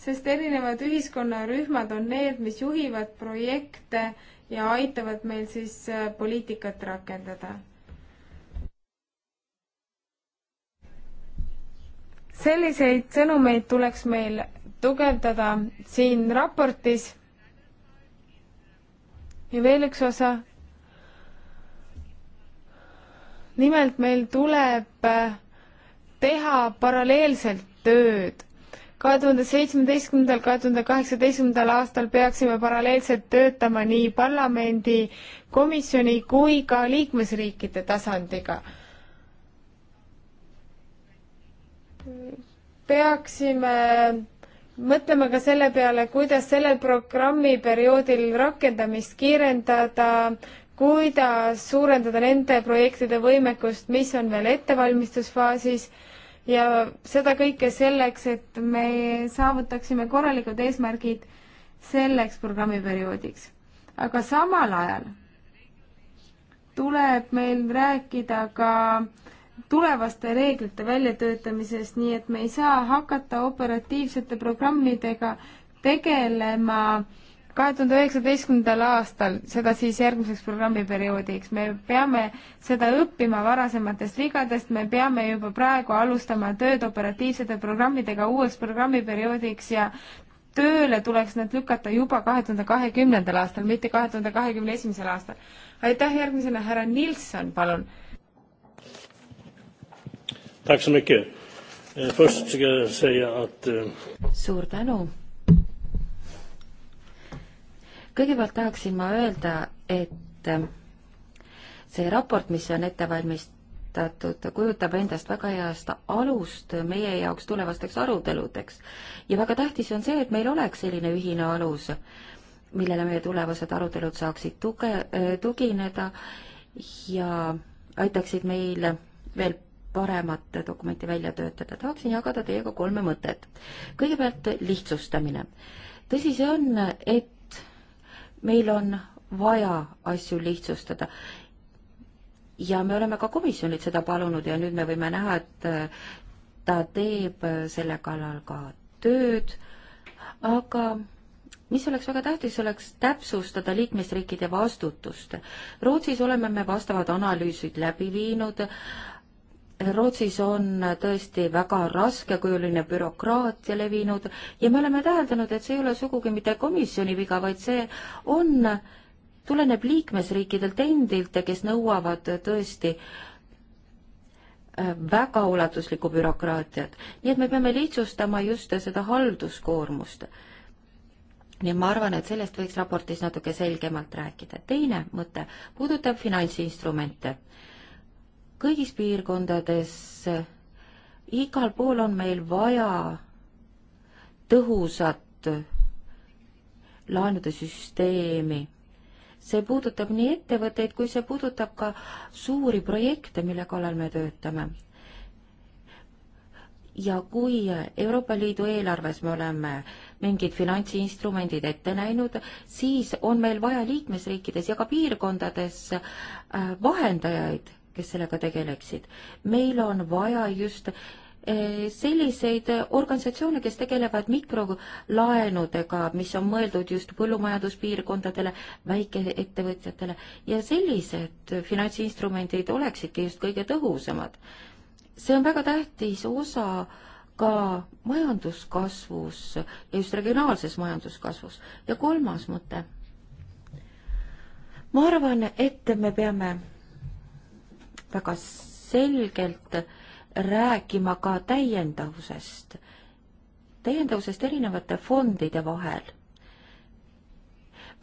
sest erinevad ühiskonnarühmad on need, mis juhivad projekte ja aitavad meil siis äh, poliitikat rakendada. selliseid sõnumeid tuleks meil tugevdada siin raportis. ja veel üks osa. nimelt meil tuleb äh, teha paralleelselt tööd. kahe tuhande seitsmeteistkümnendal, kahe tuhande kaheksateistkümnendal aastal peaksime paralleelselt töötama nii parlamendi, komisjoni kui ka liikmesriikide tasandiga peaksime mõtlema ka selle peale, kuidas sellel programmiperioodil rakendamist kiirendada, kuidas suurendada nende projektide võimekust, mis on veel ettevalmistusfaasis ja seda kõike selleks, et me saavutaksime korralikud eesmärgid selleks programmiperioodiks. aga samal ajal tuleb meil rääkida ka äh, tulevaste reeglite väljatöötamisest, nii et me ei saa hakata operatiivsete programmidega tegelema kahe tuhande üheksateistkümnendal aastal, seda siis järgmiseks programmiperioodiks. me peame seda õppima varasematest vigadest, me peame juba praegu alustama tööd operatiivsete programmidega uueks programmiperioodiks ja tööle tuleks need lükata juba kahe tuhande kahekümnendal aastal, mitte kahe tuhande kahekümne esimesel aastal. aitäh, järgmisena härra Nilsson, palun Tack så mycket. Eh, först ska jag säga att... Eh, Suur tänu. Kõigepealt tahaksin ma öelda, et eh, see raport, mis on ette valmistatud, kujutab endast väga heast alust meie jaoks tulevasteks aruteludeks. ja väga tähtis on see, et meil oleks selline ühine alus, millele meie tulevased arutelud saaksid tuge, tugineda ja aitaksid meil veel paremat dokumenti välja töötada. tahaksin jagada teiega kolme mõtet. kõigepealt lihtsustamine. tõsi see on, et meil on vaja asju lihtsustada ja me oleme ka komisjonilt seda palunud ja nüüd me võime näha, et ta teeb selle kallal ka tööd, aga mis oleks väga tähtis, oleks täpsustada liikmesriikide vastutust. Rootsis oleme me vastavad analüüsid läbi viinud, Rootsis on tõesti väga raskekujuline bürokraatia levinud ja me oleme täheldanud, et see ei ole sugugi mitte komisjoni viga, vaid see on, tuleneb liikmesriikidelt endilt, kes nõuavad tõesti äh, väga ulatuslikku bürokraatiat. nii et me peame lihtsustama just seda halduskoormust. nii et ma arvan, et sellest võiks raportis natuke selgemalt rääkida. teine mõte puudutab finantsinstrumente kõigis piirkondades, igal pool on meil vaja tõhusat laenude süsteemi. see puudutab nii ettevõtteid kui see puudutab ka suuri projekte, mille kallal me töötame. ja kui Euroopa Liidu eelarves me oleme mingid finantsinstrumendid ette näinud, siis on meil vaja liikmesriikides ja ka piirkondades äh, vahendajaid kes sellega tegeleksid. meil on vaja just eh, selliseid organisatsioone, kes tegelevad mikrolaenudega, mis on mõeldud just põllumajanduspiirkondadele, väikeettevõtjatele ja sellised finantsinstrumendid oleksidki just kõige tõhusamad. see on väga tähtis osa ka majanduskasvus ja just regionaalses majanduskasvus. ja kolmas mõte. ma arvan, et me peame väga selgelt rääkima ka täiendavusest, täiendavusest erinevate fondide vahel.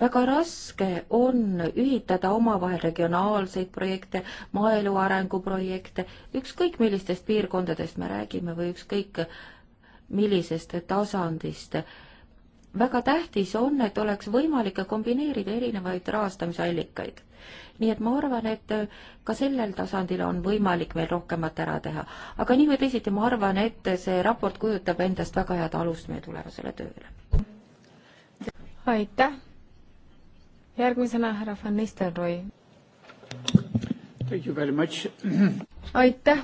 väga raske on ühitada omavahel regionaalseid projekte, maaelu arenguprojekte, ükskõik millistest piirkondadest me räägime või ükskõik millisest tasandist väga tähtis on, et oleks võimalik kombineerida erinevaid rahastamisallikaid nii et ma arvan, et äh, ka sellel tasandil on võimalik meil rohkemat ära teha. aga nii või teisiti, ma arvan, et see raport kujutab endast väga head alust meie tulevasele tööle. aitäh! järgmisena härra Van Nistelrooy. aitäh!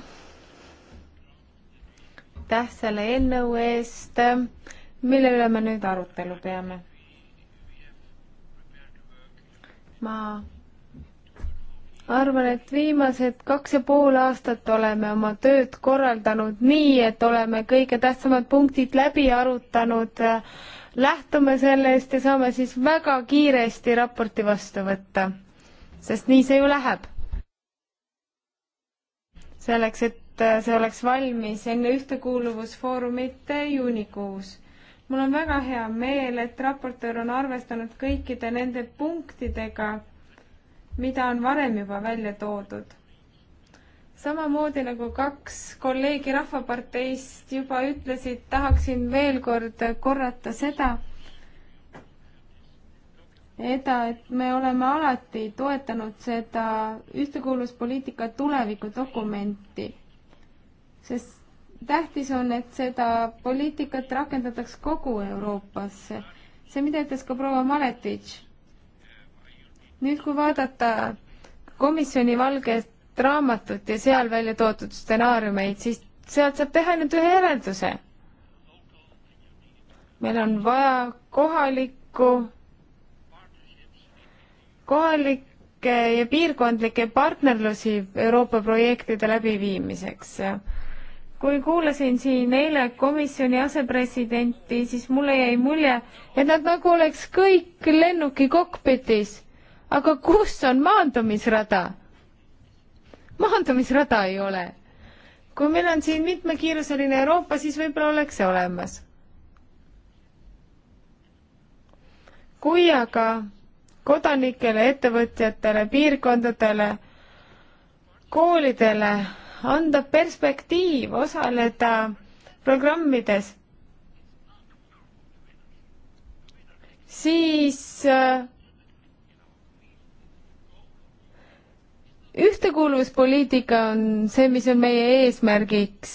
aitäh selle eelnõu eest, mille üle me nüüd arutelu peame. ma arvan, et viimased kaks ja pool aastat oleme oma tööd korraldanud nii, et oleme kõige tähtsamad punktid läbi arutanud, lähtume sellest ja saame siis väga kiiresti raporti vastu võtta. sest nii see ju läheb. selleks, et see oleks valmis enne Ühtekuuluvusfoorumit juunikuus mul on väga hea meel, et raportöör on arvestanud kõikide nende punktidega mida on varem juba välja toodud. samamoodi nagu kaks kolleegi Rahvaparteist juba ütlesid, tahaksin veel kord korrata seda, Eda, et me oleme alati toetanud seda ühtekuuluvuspoliitika tulevikudokumenti, sest tähtis on, et seda poliitikat rakendataks kogu Euroopas. see, mida ütles ka proua Maletitš nüüd, kui vaadata komisjoni valget raamatut ja seal välja toodud stsenaariumeid, siis sealt saab teha ainult ühe järelduse. meil on vaja kohalikku, kohalikke ja piirkondlikke partnerlusi Euroopa projektide läbiviimiseks. kui kuulasin siin eile komisjoni asepresidenti, siis mulle jäi mulje, et nad nagu oleks kõik lennuki kokpitis aga kus on maandumisrada? maandumisrada ei ole. kui meil on siin mitmekiiruseline Euroopa, siis võib-olla oleks see olemas. kui aga kodanikele, ettevõtjatele, piirkondadele, koolidele anda perspektiiv osaleda programmides, siis äh, ühtekuuluvuspoliitika on see, mis on meie eesmärgiks.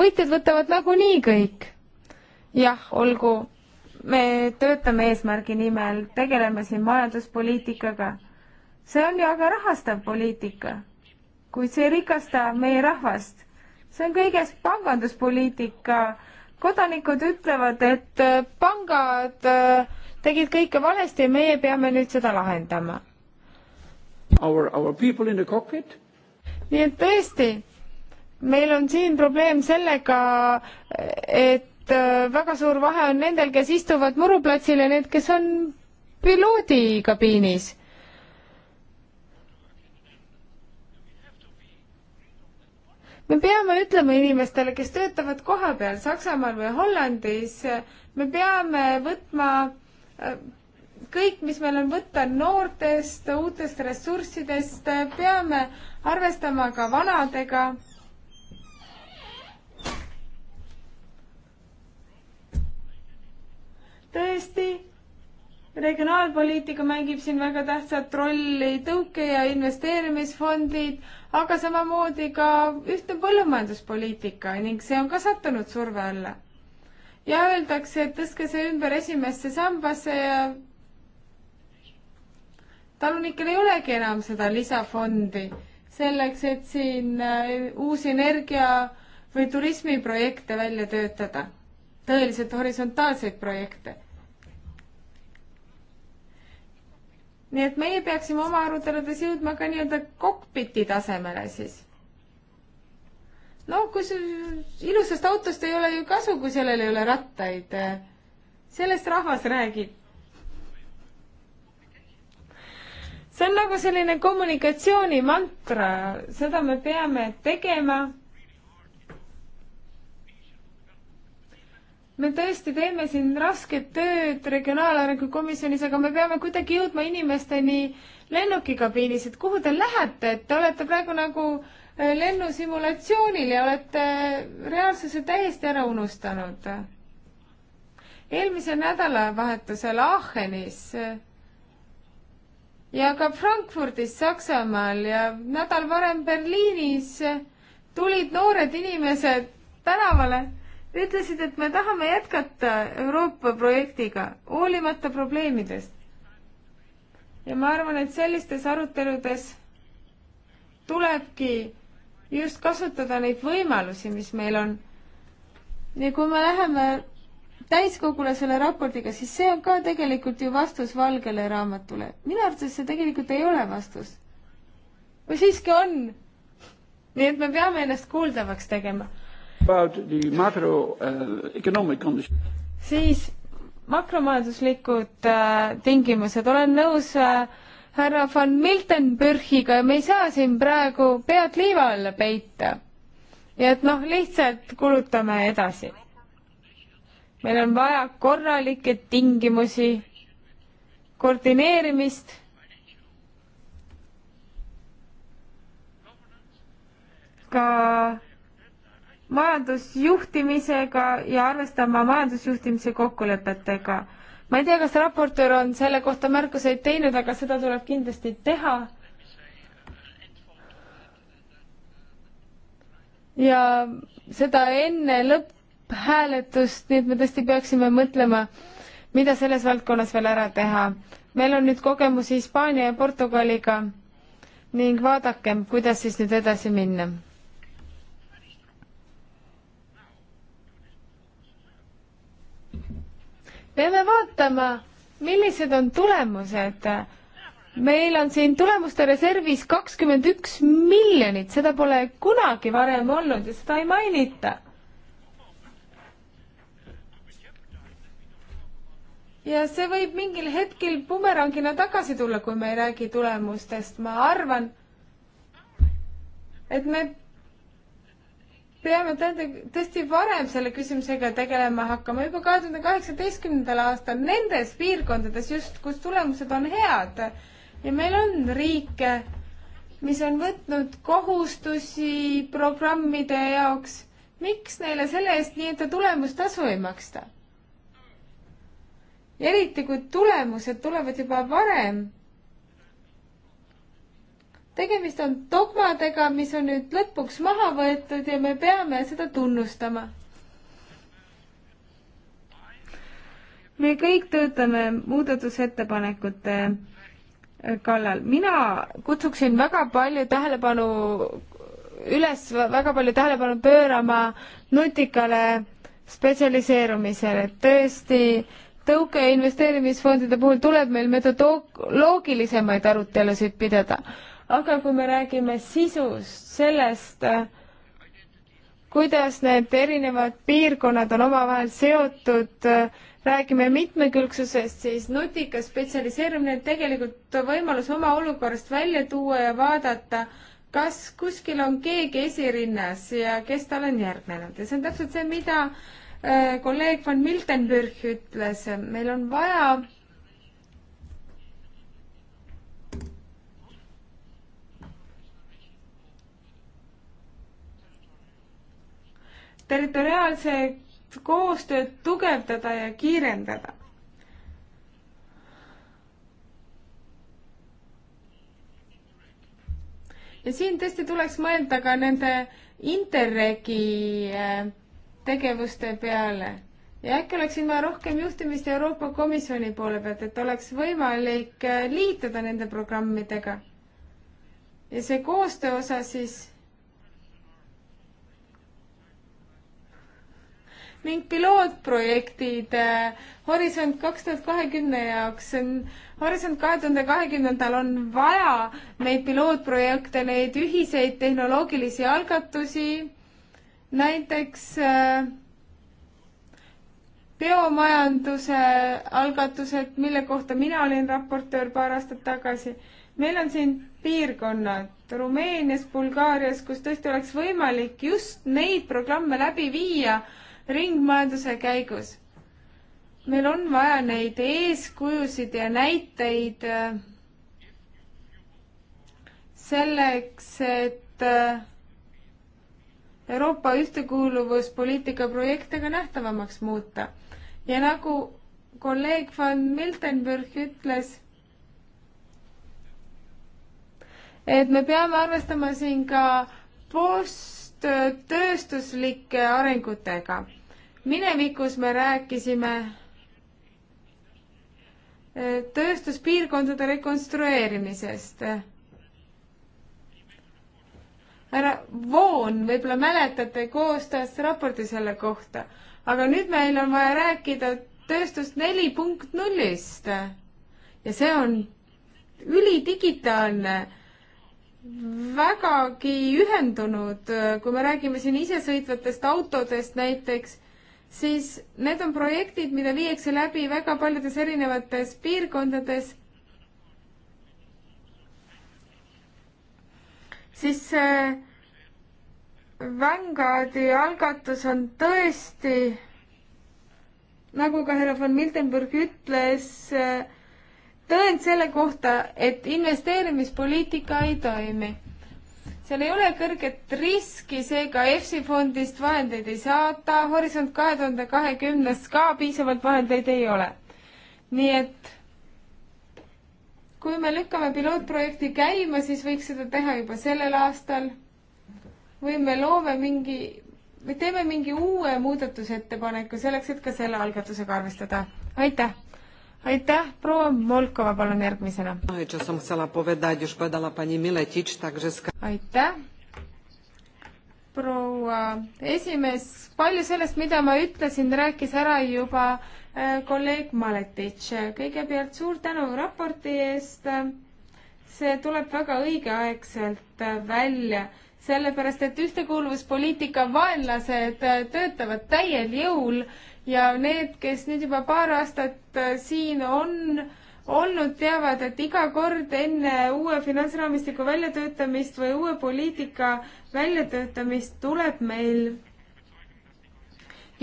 võitjad võtavad nagunii kõik. jah, olgu, me töötame eesmärgi nimel, tegeleme siin majanduspoliitikaga. see on ju aga rahastav poliitika, kuid see ei rikasta meie rahvast. see on kõigest panganduspoliitika. kodanikud ütlevad, et pangad äh, tegid kõike valesti ja meie peame nüüd seda lahendama Our, our people in the cockpit. nii et tõesti, meil on siin probleem sellega, et äh, väga suur vahe on nendel, kes istuvad muruplatsil ja need, kes on piloodi kabiinis me peame ütlema inimestele, kes töötavad kohapeal Saksamaal või Hollandis, me peame võtma äh, kõik, mis meil on võtta noortest, uutest ressurssidest, peame arvestama ka vanadega. tõesti, regionaalpoliitika mängib siin väga tähtsat rolli, tõuke- ja investeerimisfondid, aga samamoodi ka ühtne põllumajanduspoliitika ning see on ka sattunud surve alla. ja öeldakse, et tõstke see ümber esimesse sambasse ja talunikel ei olegi enam seda lisafondi selleks, et siin äh, uusi energia või turismiprojekte välja töötada, tõeliselt horisontaalseid projekte. nii et meie peaksime oma aruteludes jõudma ka nii-öelda kokpiti tasemele siis. no kui ilusast autost ei ole ju kasu, kui sellel ei ole rattaid. sellest rahvas räägib see on nagu selline kommunikatsioonimantra, seda me peame tegema. me tõesti teeme siin rasket tööd Regionaalarengu komisjonis, aga me peame kuidagi jõudma inimesteni lennukikabiinis, et kuhu te lähete, et te olete praegu nagu äh, lennusimulatsioonil ja olete äh, reaalsuse täiesti ära unustanud. eelmisel nädalavahetusel Aachenis äh, ja ka Frankfurdis Saksamaal ja nädal varem Berliinis tulid noored inimesed tänavale, ütlesid, et me tahame jätkata Euroopa projektiga, hoolimata probleemidest. ja ma arvan, et sellistes aruteludes tulebki just kasutada neid võimalusi, mis meil on. ja kui me läheme täiskogule selle raportiga, siis see on ka tegelikult ju vastus valgele raamatule. minu arvates see tegelikult ei ole vastus. või siiski on? nii et me peame ennast kuuldavaks tegema. Uh, siis makromajanduslikud äh, tingimused, olen nõus äh, härra von Miltenbürchiga ja me ei saa siin praegu pead liiva alla peita. ja et noh, lihtsalt kulutame edasi meil on vaja korralikke tingimusi, koordineerimist, ka majandusjuhtimisega ja arvestama majandusjuhtimise kokkulepetega. ma ei tea, kas raportöör on selle kohta märkuseid teinud, aga seda tuleb kindlasti teha ja seda enne lõpp, lõpphääletust, nii et me tõesti peaksime mõtlema, mida selles valdkonnas veel ära teha. meil on nüüd kogemus Hispaania ja Portugaliga ning vaadakem, kuidas siis nüüd edasi minna. peame vaatama, millised on tulemused meil on siin tulemuste reservis kakskümmend üks miljonit, seda pole kunagi varem olnud ja seda ei mainita. ja see võib mingil hetkel bumerangina tagasi tulla, kui me ei räägi tulemustest, ma arvan, et me peame tõesti varem selle küsimusega tegelema hakkama, juba kahe tuhande kaheksateistkümnendal aastal nendes piirkondades just, kus tulemused on head ja meil on riike, mis on võtnud kohustusi programmide jaoks, miks neile selle eest nii-öelda tulemustasu ei maksta? eriti kui tulemused tulevad juba varem. tegemist on dogmadega, mis on nüüd lõpuks maha võetud ja me peame seda tunnustama. me kõik töötame muudatusettepanekute kallal. mina kutsuksin väga palju tähelepanu üles väga palju tähelepanu pöörama nutikale spetsialiseerumisele, et tõesti äh, tõuke investeerimisfondide puhul tuleb meil metodoloogilisemaid arutelusid pidada. aga kui me räägime sisust, sellest, kuidas need erinevad piirkonnad on omavahel seotud, räägime mitmekülgsusest, siis nutikas spetsialiseerumine on tegelikult võimalus oma olukorrast välja tuua ja vaadata, kas kuskil on keegi esirinnas ja kes tal on järgnenud ja see on täpselt see, mida Äh, kolleeg von Miltenburg ütles, meil on vaja territoriaalset koostööd tugevdada ja kiirendada. ja siin tõesti tuleks mõelda ka nende Interregi äh, tegevuste peale ja äkki oleks siin vaja rohkem juhtimist Euroopa Komisjoni poole pealt, et oleks võimalik äh, liituda nende programmidega. ja see koostöö osa siis ning pilootprojektid Horisont kaks tuhat kahekümne jaoks on, Horisont kahe tuhande kahekümnendal on vaja neid pilootprojekte, neid ühiseid tehnoloogilisi algatusi näiteks äh, biomajanduse algatused, mille kohta mina olin raportöör paar aastat tagasi. meil on siin piirkonnad Rumeenias, Bulgaarias, kus tõesti oleks võimalik just neid programme läbi viia ringmajanduse käigus. meil on vaja neid eeskujusid ja näiteid äh, selleks, et äh, Euroopa ühtekuuluvuspoliitika projekte ka nähtavamaks muuta. ja nagu kolleeg van Miltenburg ütles, et me peame arvestama siin ka posttööstuslike arengutega. minevikus me rääkisime eh, tööstuspiirkondade rekonstrueerimisest härra Voon, võib-olla mäletate, koostas raporti selle kohta, aga nüüd meil on vaja rääkida tööstust neli punkt nullist. ja see on ülidigitaalne, vägagi ühendunud, kui me räägime siin isesõitvatest autodest näiteks, siis need on projektid, mida viiakse läbi väga paljudes erinevates piirkondades siis see Vanguardi algatus on tõesti, nagu ka härra von Miltenburg ütles, tõend selle kohta, et investeerimispoliitika ei toimi. seal ei ole kõrget riski, seega EFSI fondist vahendeid ei saada, Horisont kahe tuhande kahekümnes ka piisavalt vahendeid ei ole. nii et kui me lükkame pilootprojekti käima, siis võiks seda teha juba sellel aastal või me loome mingi või teeme mingi uue muudatusettepaneku selleks, et ka selle algatusega arvestada. aitäh! aitäh, proua Molkova, palun järgmisena. aitäh, proua esimees, palju sellest, mida ma ütlesin, rääkis ära juba Äh, kolleeg Maletitš, kõigepealt suur tänu raporti eest. see tuleb väga õigeaegselt välja, sellepärast et ühtekuuluvuspoliitika vaenlased töötavad täiel jõul ja need, kes nüüd juba paar aastat siin on, olnud teavad, et iga kord enne uue finantsraamistiku väljatöötamist või uue poliitika väljatöötamist tuleb meil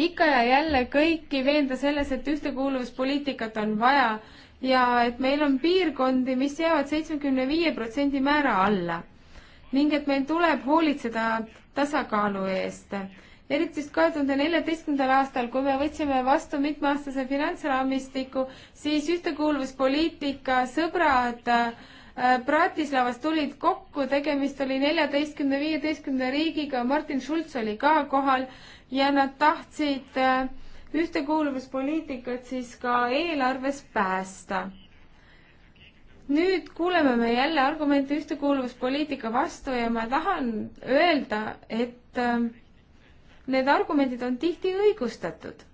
ikka ja jälle kõiki veenda selles, et ühtekuuluvuspoliitikat on vaja ja et meil on piirkondi, mis jäävad seitsmekümne viie protsendi määra alla ning et meil tuleb hoolitseda tasakaalu eest. eriti just kahe tuhande neljateistkümnendal aastal, kui me võtsime vastu mitmeaastase finantsraamistiku, siis ühtekuuluvuspoliitika sõbrad äh, Bratislavas tulid kokku, tegemist oli neljateistkümne, viieteistkümne riigiga, Martin Schulz oli ka kohal ja nad tahtsid äh, ühtekuuluvuspoliitikat siis ka eelarves päästa. nüüd kuuleme me jälle argumente ühtekuuluvuspoliitika vastu ja ma tahan öelda, et äh, need argumendid on tihti õigustatud.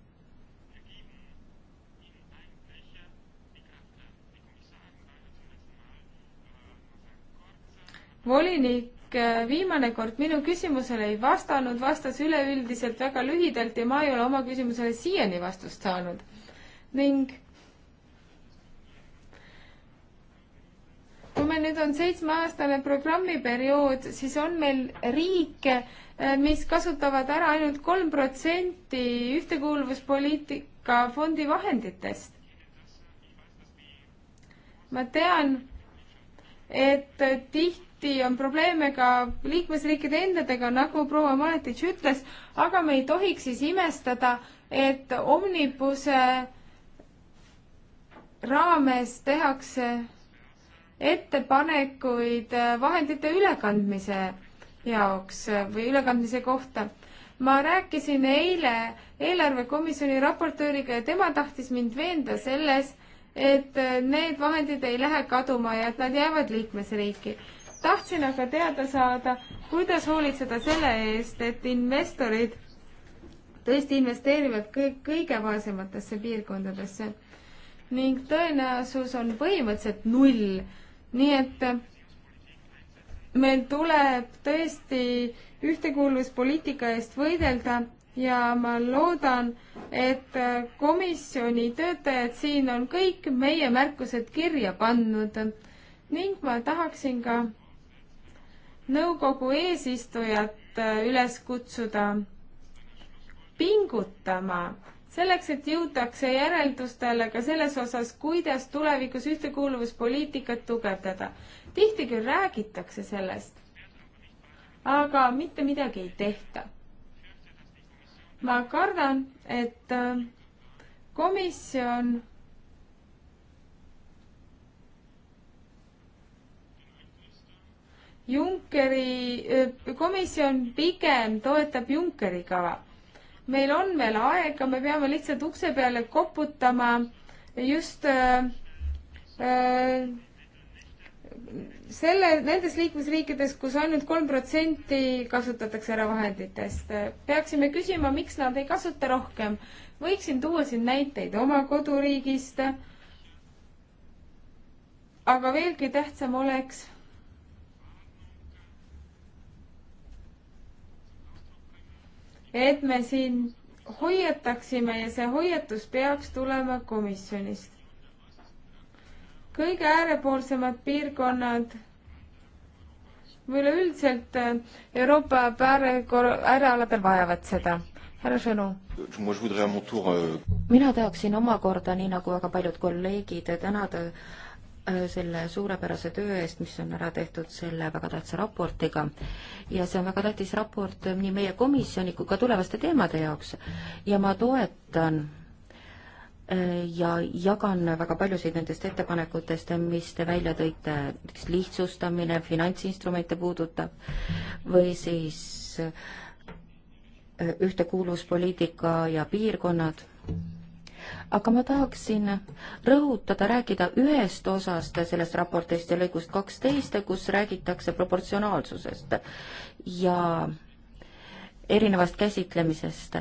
volinik Äh, viimane kord minu küsimusele ei vastanud, vastas üleüldiselt väga lühidalt ja ma ei ole oma küsimusele siiani vastust saanud. ning kui meil nüüd on seitsmeaastane programmiperiood, siis on meil riike, äh, mis kasutavad ära ainult kolm protsenti ühtekuuluvuspoliitika fondi vahenditest. ma tean, et tihti samuti on probleeme ka liikmesriikide endadega, nagu proua Maletitš ütles, aga me ei tohiks siis imestada, et omnibuse raames tehakse ettepanekuid vahendite ülekandmise jaoks või ülekandmise kohta. ma rääkisin eile eelarvekomisjoni raportööriga ja tema tahtis mind veenda selles, et need vahendid ei lähe kaduma ja et nad jäävad liikmesriiki tahtsin aga teada saada, kuidas hoolitseda selle eest, et investorid tõesti investeerivad kõik kõige vaesematesse piirkondadesse ning tõenäosus on põhimõtteliselt null. nii et meil tuleb tõesti ühtekuuluvuspoliitika eest võidelda ja ma loodan, et komisjoni töötajad siin on kõik meie märkused kirja pannud ning ma tahaksin ka nõukogu eesistujat äh, üles kutsuda pingutama selleks, et jõutakse järeldustele ka selles osas, kuidas tulevikus ühtekuuluvuspoliitikat tugevdada. tihti küll räägitakse sellest, aga mitte midagi ei tehta. ma kardan, et äh, komisjon Junckeri, äh, komisjon pigem toetab Junckeri kava. meil on veel aega, me peame lihtsalt ukse peale koputama just äh, äh, selle, nendes liikmesriikides, kus ainult kolm protsenti kasutatakse ära vahenditest, peaksime küsima, miks nad ei kasuta rohkem. võiksin tuua siin näiteid oma koduriigist. aga veelgi tähtsam oleks et me siin hoiataksime ja see hoiatus peaks tulema komisjonist. kõige äärepoolsemad piirkonnad või üleüldiselt äh, Euroopa äärealadel vajavad seda. härra Sõnu. Euh, mina tahaksin omakorda, nii nagu väga paljud kolleegid, tänada Äh, selle suurepärase töö eest, mis on ära tehtud selle väga tähtsa raportiga. ja see on väga tähtis raport nii meie komisjoni kui ka tulevaste teemade jaoks. ja ma toetan äh, ja jagan väga paljusid nendest ettepanekutest, mis te välja tõite, näiteks lihtsustamine, finantsinstrumente puudutab või siis äh, ühtekuuluvuspoliitika ja piirkonnad aga ma tahaksin rõhutada, rääkida ühest osast sellest raportist ja lõigust kaksteist, kus räägitakse proportsionaalsusest ja erinevast käsitlemisest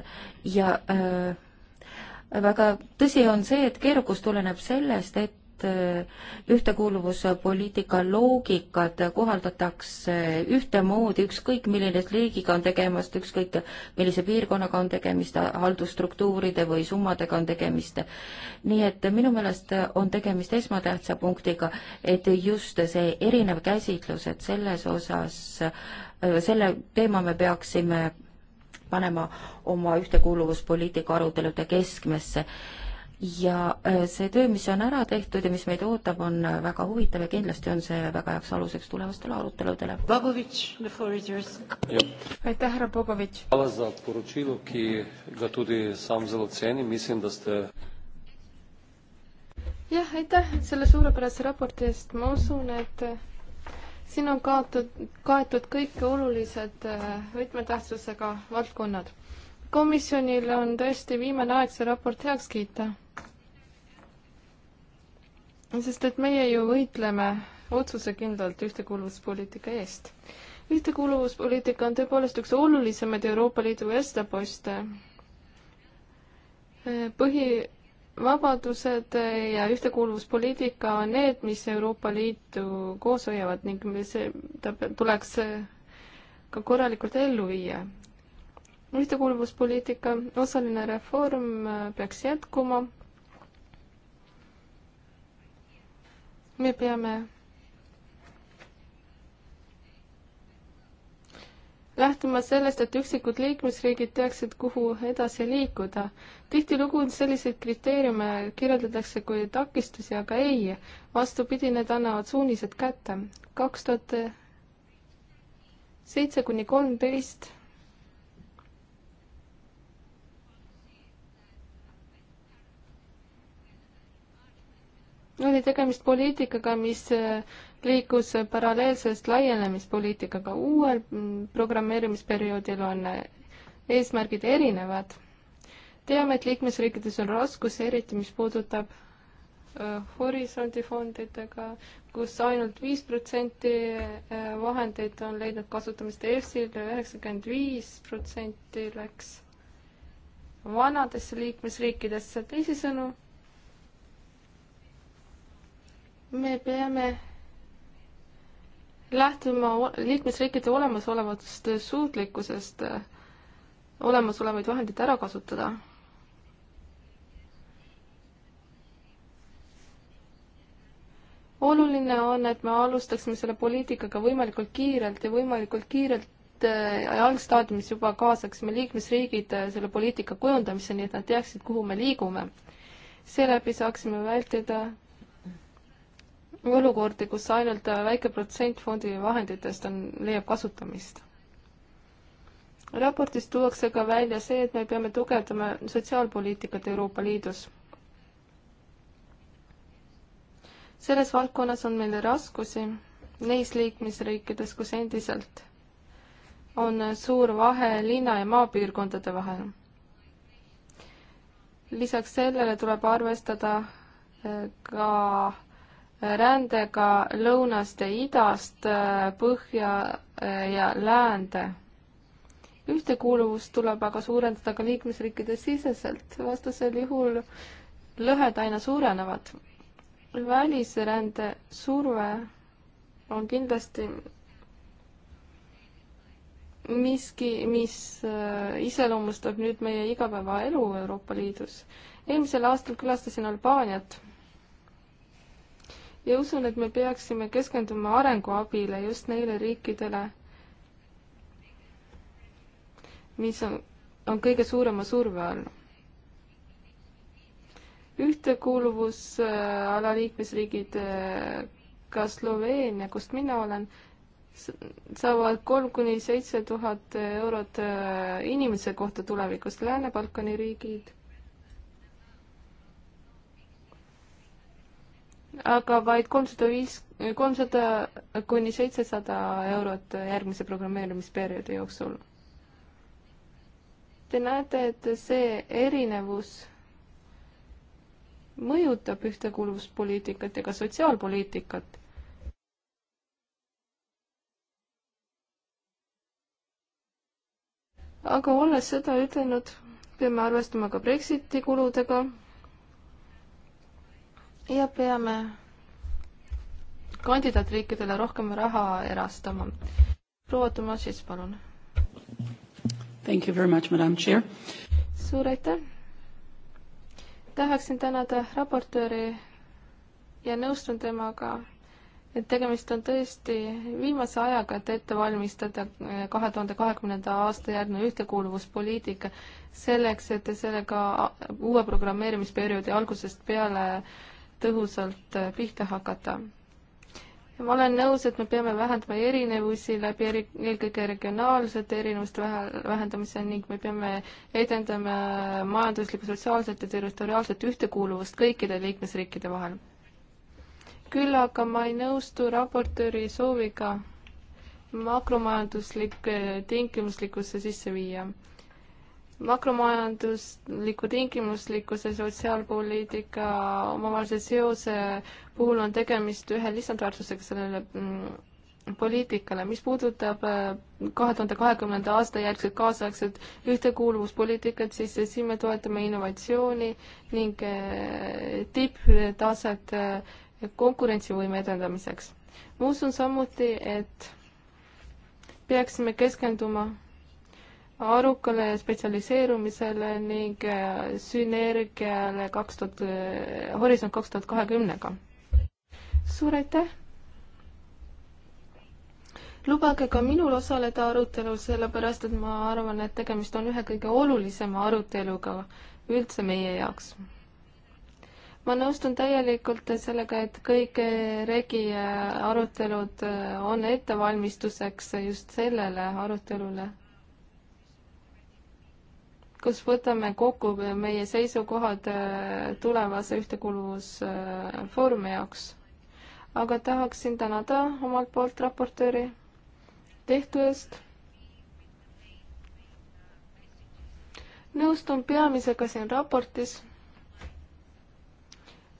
ja öö, äh, väga tõsi on see, et keerukus tuleneb sellest, et et äh, ühtekuuluvuspoliitika loogikat kohaldatakse ühtemoodi, ükskõik milline riigiga on tegemist, ükskõik millise piirkonnaga on tegemist, haldusstruktuuride või summadega on tegemist. nii et minu meelest on tegemist esmatähtsa punktiga, et just see erinev käsitlus, et selles osas, äh, selle teema me peaksime panema oma ühtekuuluvuspoliitika arutelude keskmesse ja äh, see töö, mis on ära tehtud ja mis meid ootab, on äh, väga huvitav ja kindlasti on see väga heaks aluseks tulevastele aruteludele. aitäh, härra Bogovitš! jah, aitäh selle suurepärase raporti eest, ma usun, et äh, siin on kaotud, kaetud kõik olulised võtmetähtsusega valdkonnad komisjonil on tõesti viimane aeg see raport heaks kiita. sest et meie ju võitleme otsusekindlalt ühtekuuluvuspoliitika eest. ühtekuuluvuspoliitika on tõepoolest üks olulisemaid Euroopa Liidu eestaposte. põhivabadused ja ühtekuuluvuspoliitika on need, mis Euroopa Liitu koos hoiavad ning see, ta tuleks ka korralikult ellu viia ühtekuuluvuspoliitika osaline reform äh, peaks jätkuma. me peame lähtuma sellest, et üksikud liikmesriigid teaksid, kuhu edasi liikuda. tihtilugu selliseid kriteeriume kirjeldatakse kui takistusi, aga ei, vastupidi, need annavad suunised kätte. kaks tuhat seitse kuni kolmteist oli tegemist poliitikaga, mis äh, liikus äh, paralleelsest laienemispoliitikaga. uuel mm, programmeerimisperioodil on äh, eesmärgid erinevad. teame, et liikmesriikides on raskusi, eriti mis puudutab Horisondi fondidega, kus ainult viis protsenti vahendeid on leidnud kasutamist EFSil ja üheksakümmend viis protsenti läks vanadesse liikmesriikidesse, teisisõnu me peame lähtuma liikmesriikide olemasolevast suutlikkusest äh, olemasolevaid vahendeid ära kasutada. oluline on, et me alustaksime selle poliitikaga võimalikult kiirelt ja võimalikult kiirelt äh, algstaadiumis juba kaasaksime liikmesriigid äh, selle poliitika kujundamisse, nii et nad teaksid, kuhu me liigume. seeläbi saaksime vältida olukordi, kus ainult väike protsent fondi vahenditest on, leiab kasutamist. raportis tuuakse ka välja see, et me peame tugevdama sotsiaalpoliitikat Euroopa Liidus selles valdkonnas on meil raskusi neis liikmesriikides, kus endiselt on suur vahe linna ja maapiirkondade vahel. lisaks sellele tuleb arvestada eh, ka rändega lõunast ja idast, põhja äh, ja läände. ühtekuuluvust tuleb aga suurendada ka liikmesriikide siseselt, vastasel juhul lõhed aina suurenevad. välisrände surve on kindlasti miski, mis äh, iseloomustab nüüd meie igapäevaelu Euroopa Liidus. eelmisel aastal külastasin Albaaniat ja usun, et me peaksime keskenduma arenguabile just neile riikidele, mis on, on kõige suurema surve all. ühtekuuluvusala liikmesriigid ka Sloveenia, kust mina olen, saavad kolm kuni seitse tuhat eurot äh, inimese kohta tulevikus, Lääne-Balkani riigid aga vaid kolmsada viis, kolmsada kuni seitsesada eurot järgmise programmeerimisperioodi jooksul. Te näete, et see erinevus mõjutab ühtekuuluvuspoliitikat ja ka sotsiaalpoliitikat. aga olles seda ütelnud, peame arvestama ka Brexiti kuludega ja peame kandidaatriikidele rohkem raha erastama. proua Tomašis, palun. Thank you very much, madam chair. suur aitäh. tahaksin tänada raportööri ja nõustun temaga, et tegemist on tõesti viimase ajaga, et ette valmistada eh, kahe tuhande kahekümnenda aasta järgne ühtekuuluvuspoliitika selleks, et sellega uue programmeerimisperioodi algusest peale äh, tõhusalt äh, pihta hakata. ma olen nõus, et me peame vähendama erinevusi läbi eri, eelkõige regionaalsete erinevuste vähendamise ning me peame edendama majanduslikku, sotsiaalset ja territoriaalset ühtekuuluvust kõikide liikmesriikide vahel. küll aga ma ei nõustu raportööri sooviga makromajanduslike äh, tingimuslikkusse sisse viia makromajandusliku tingimuslikkuse sotsiaalpoliitika omavahelise seose puhul on tegemist ühe lisandväärtusega sellele mm, poliitikale, mis puudutab äh, kahe tuhande kahekümnenda aasta järgset kaasaegset ühtekuuluvuspoliitikat, siis siin me toetame innovatsiooni ning äh, tipptaset äh, konkurentsivõime edendamiseks. ma usun samuti, et peaksime keskenduma arukale spetsialiseerumisele ning äh, sünergiale kaks tuhat, äh, Horisont kaks tuhat kahekümnega. suur aitäh! lubage ka minul osaleda arutelul, sellepärast et ma arvan, et tegemist on ühe kõige olulisema aruteluga üldse meie jaoks. ma nõustun täielikult sellega, et kõik regi äh, arutelud on ettevalmistuseks just sellele arutelule kus võtame kokku meie seisukohad äh, tulevase ühtekuuluvusfoorumi jaoks. aga tahaksin tänada omalt poolt raportööri tehtu eest. nõustun peamisega siin raportis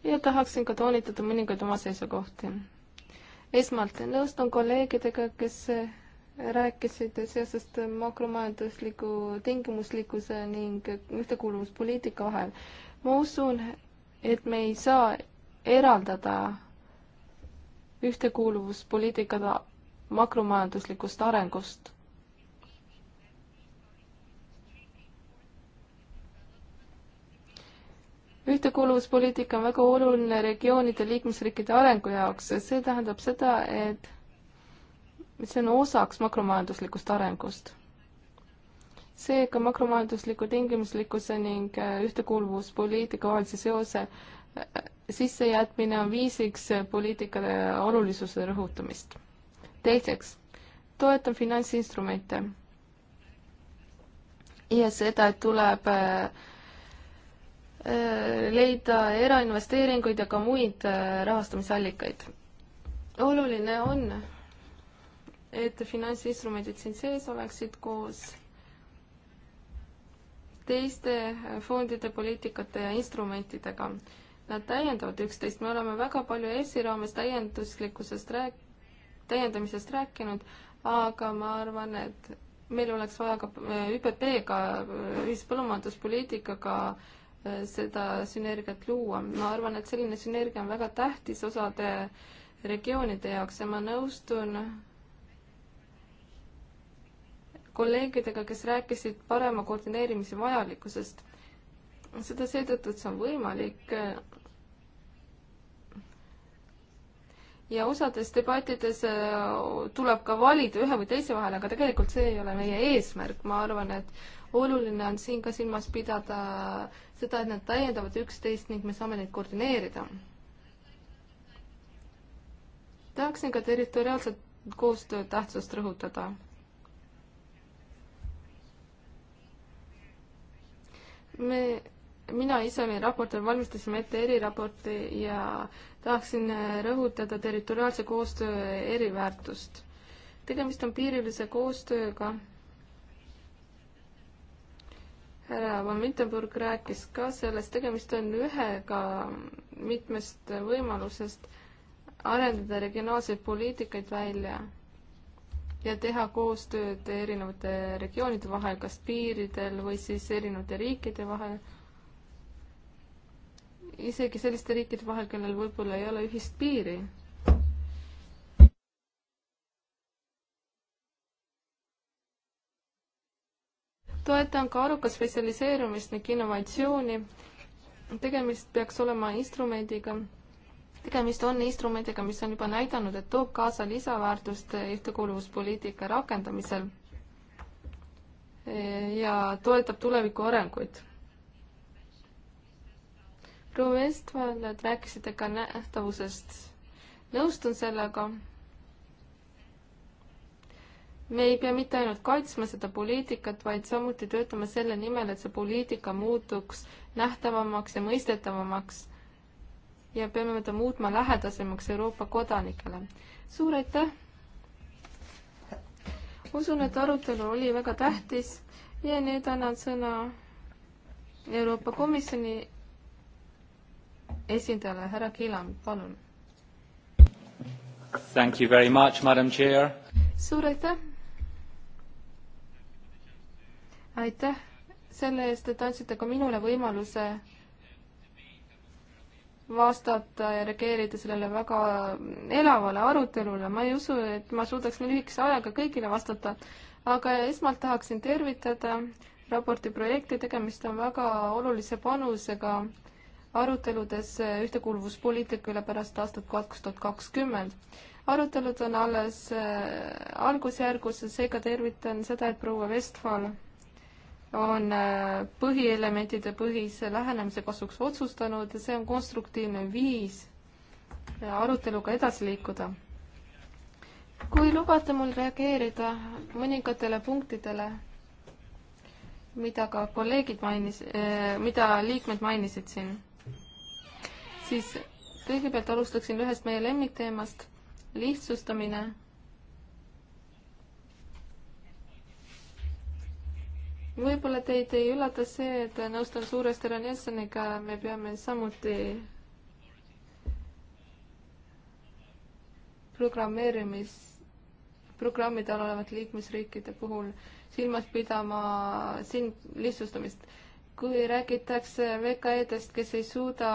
ja tahaksin ka toonitada mõningaid oma seisukohti. esmalt nõustun kolleegidega, kes rääkisite seosest makromajandusliku tingimuslikkuse ning ühtekuuluvuspoliitika vahel. ma usun, et me ei saa eraldada ühtekuuluvuspoliitikada makromajanduslikust arengust. ühtekuuluvuspoliitika on väga oluline regioonide liikmesriikide arengu jaoks, see tähendab seda, et see on osaks makromajanduslikust arengust. seega makromajandusliku tingimuslikkuse ning äh, ühtekuuluvuspoliitika vahelise seose äh, sissejätmine on viisiks poliitikale olulisuse rõhutamist. teiseks, toetan finantsinstrumente ja seda, et tuleb äh, leida erainvesteeringuid ja ka muid rahastamisallikaid. oluline on et finantsinstrumendid siin sees oleksid koos teiste fondide poliitikate ja instrumentidega. Nad täiendavad üksteist, me oleme väga palju ESI raames täienduslikkusest rääk-, täiendamisest rääkinud, aga ma arvan, et meil oleks vaja ka ÜPP-ga, ühispõllumajanduspoliitikaga äh, seda sünergiat luua. ma arvan, et selline sünergia on väga tähtis osade regioonide jaoks ja ma nõustun kolleegidega, kes rääkisid parema koordineerimise vajalikkusest. seda seetõttu, et see on võimalik. ja osades debattides äh, tuleb ka valida ühe või teise vahel, aga tegelikult see ei ole meie eesmärk, ma arvan, et oluline on siin ka silmas pidada seda, et nad täiendavad üksteist ning me saame neid koordineerida. tahaksin ka territoriaalset koostöö tähtsust rõhutada me, mina ise olin raportöör, valmistasime ette eriraporti ja tahaksin äh, rõhutada territoriaalse koostöö eriväärtust. tegemist on piirilise koostööga. härra Van Mittenburg rääkis ka sellest, tegemist on ühega mitmest võimalusest arendada regionaalseid poliitikaid välja ja teha koostööd erinevate regioonide vahel, kas piiridel või siis erinevate riikide vahel. isegi selliste riikide vahel, kellel võib-olla ei ole ühist piiri. toetan ka aruka spetsialiseerumist ning innovatsiooni. tegemist peaks olema instrumendiga tegemist on instrumendiga, mis on juba näidanud, et toob kaasa lisaväärtust ühtekuuluvuspoliitika rakendamisel ja toetab tuleviku arenguid. proua Vestval, et rääkisite ka nähtavusest. nõustun sellega. me ei pea mitte ainult kaitsma seda poliitikat, vaid samuti töötama selle nimel, et see poliitika muutuks nähtavamaks ja mõistetavamaks ja peame ta muutma lähedasemaks Euroopa kodanikele. suur aitäh! usun, et arutelu oli väga tähtis ja nüüd annan sõna Euroopa Komisjoni esindajale, härra Kilam, palun. Thank you very much, madam chair. suur aitäh! aitäh selle eest, et andsite ka minule võimaluse vastata ja reageerida sellele väga elavale arutelule. ma ei usu, et ma suudaks nii lühikese ajaga kõigile vastata, aga esmalt tahaksin tervitada raporti projekti, tegemist on väga olulise panusega aruteludes ühtekuuluvuspoliitika üle pärast aastat kaks tuhat kakskümmend. arutelud on alles äh, algusjärgus ja seega tervitan seda, et proua Vestfal on äh, põhielementide põhise lähenemise kasuks otsustanud ja see on konstruktiivne viis äh, aruteluga edasi liikuda. kui lubate mul reageerida mõningatele punktidele, mida ka kolleegid mainis, äh, mida liikmed mainisid siin, siis kõigepealt alustaksin ühest meie lemmikteemast, lihtsustamine võib-olla teid ei üllata see, et nõustun suure Steranjensoniga, me peame samuti programmeerimis, programmidel olevate liikmesriikide puhul silmas pidama siin lihtsustamist. kui räägitakse VKE-dest, kes ei suuda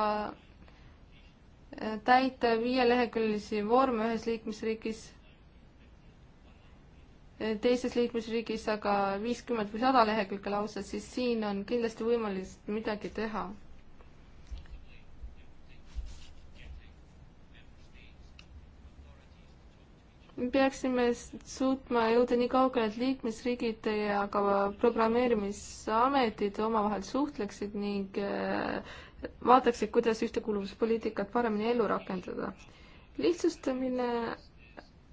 eh, täita viieleheküljelisi vorme ühes liikmesriigis teises liikmesriigis aga viiskümmend või sada lehekülge lausa, siis siin on kindlasti võimalik midagi teha. me peaksime suutma jõuda nii kaugele, et liikmesriigid ja ka programmeerimisametid omavahel suhtleksid ning äh, vaataksid, kuidas ühtekuuluvuspoliitikat paremini ellu rakendada. lihtsustamine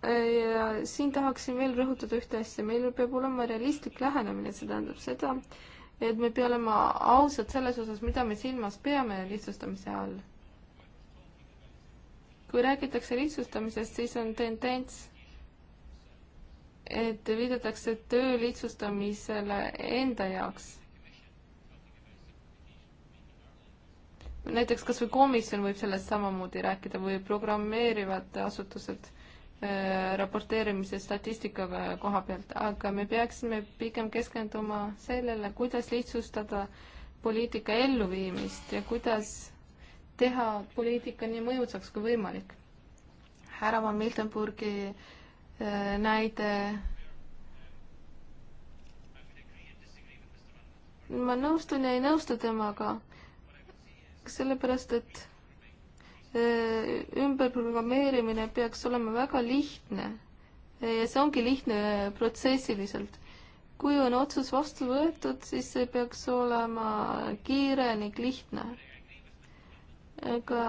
ja siin tahaksin veel rõhutada ühte asja, meil peab olema realistlik lähenemine, see tähendab seda, et me peame olema ausad selles osas, mida me silmas peame lihtsustamise all. kui räägitakse lihtsustamisest, siis on tendents, et viidatakse töö lihtsustamisele enda jaoks näiteks kas või komisjon võib sellest samamoodi rääkida või programmeerivad asutused. Äh, raporteerimise statistika koha pealt, aga me peaksime pigem keskenduma sellele, kuidas lihtsustada poliitika elluviimist ja kuidas teha poliitika nii mõjusaks kui võimalik. härra Van Miltenburgi äh, näide. ma nõustun ja ei nõustu temaga, sellepärast et Äh, ümberprogrammeerimine peaks olema väga lihtne. Äh, ja see ongi lihtne äh, protsessiliselt. kui on otsus vastu võetud, siis see peaks olema kiire ning lihtne. aga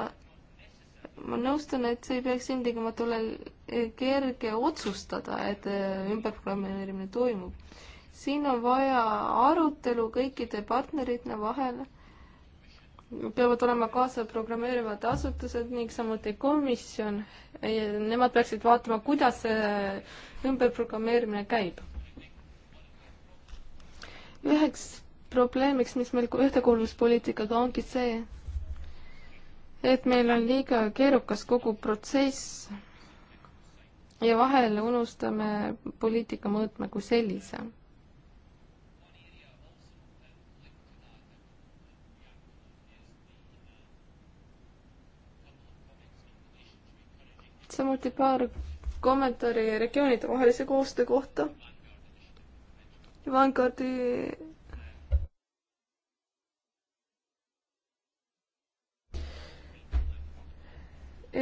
ma nõustun, et see ei peaks ilmtingimata olema kerge otsustada, et ümberprogrammeerimine toimub. siin on vaja arutelu kõikide partnerite vahel peavad olema kaasa programmeerivad asutused ning samuti komisjon. Nemad peaksid vaatama, kuidas see ümberprogrammeerimine käib. üheks probleemiks, mis meil ühtekuuluvuspoliitikaga ongi see, et meil on liiga keerukas kogu protsess ja vahel unustame poliitika mõõtme kui sellise samuti paar kommentaari regioonide vahelise koostöö kohta. Vanguardi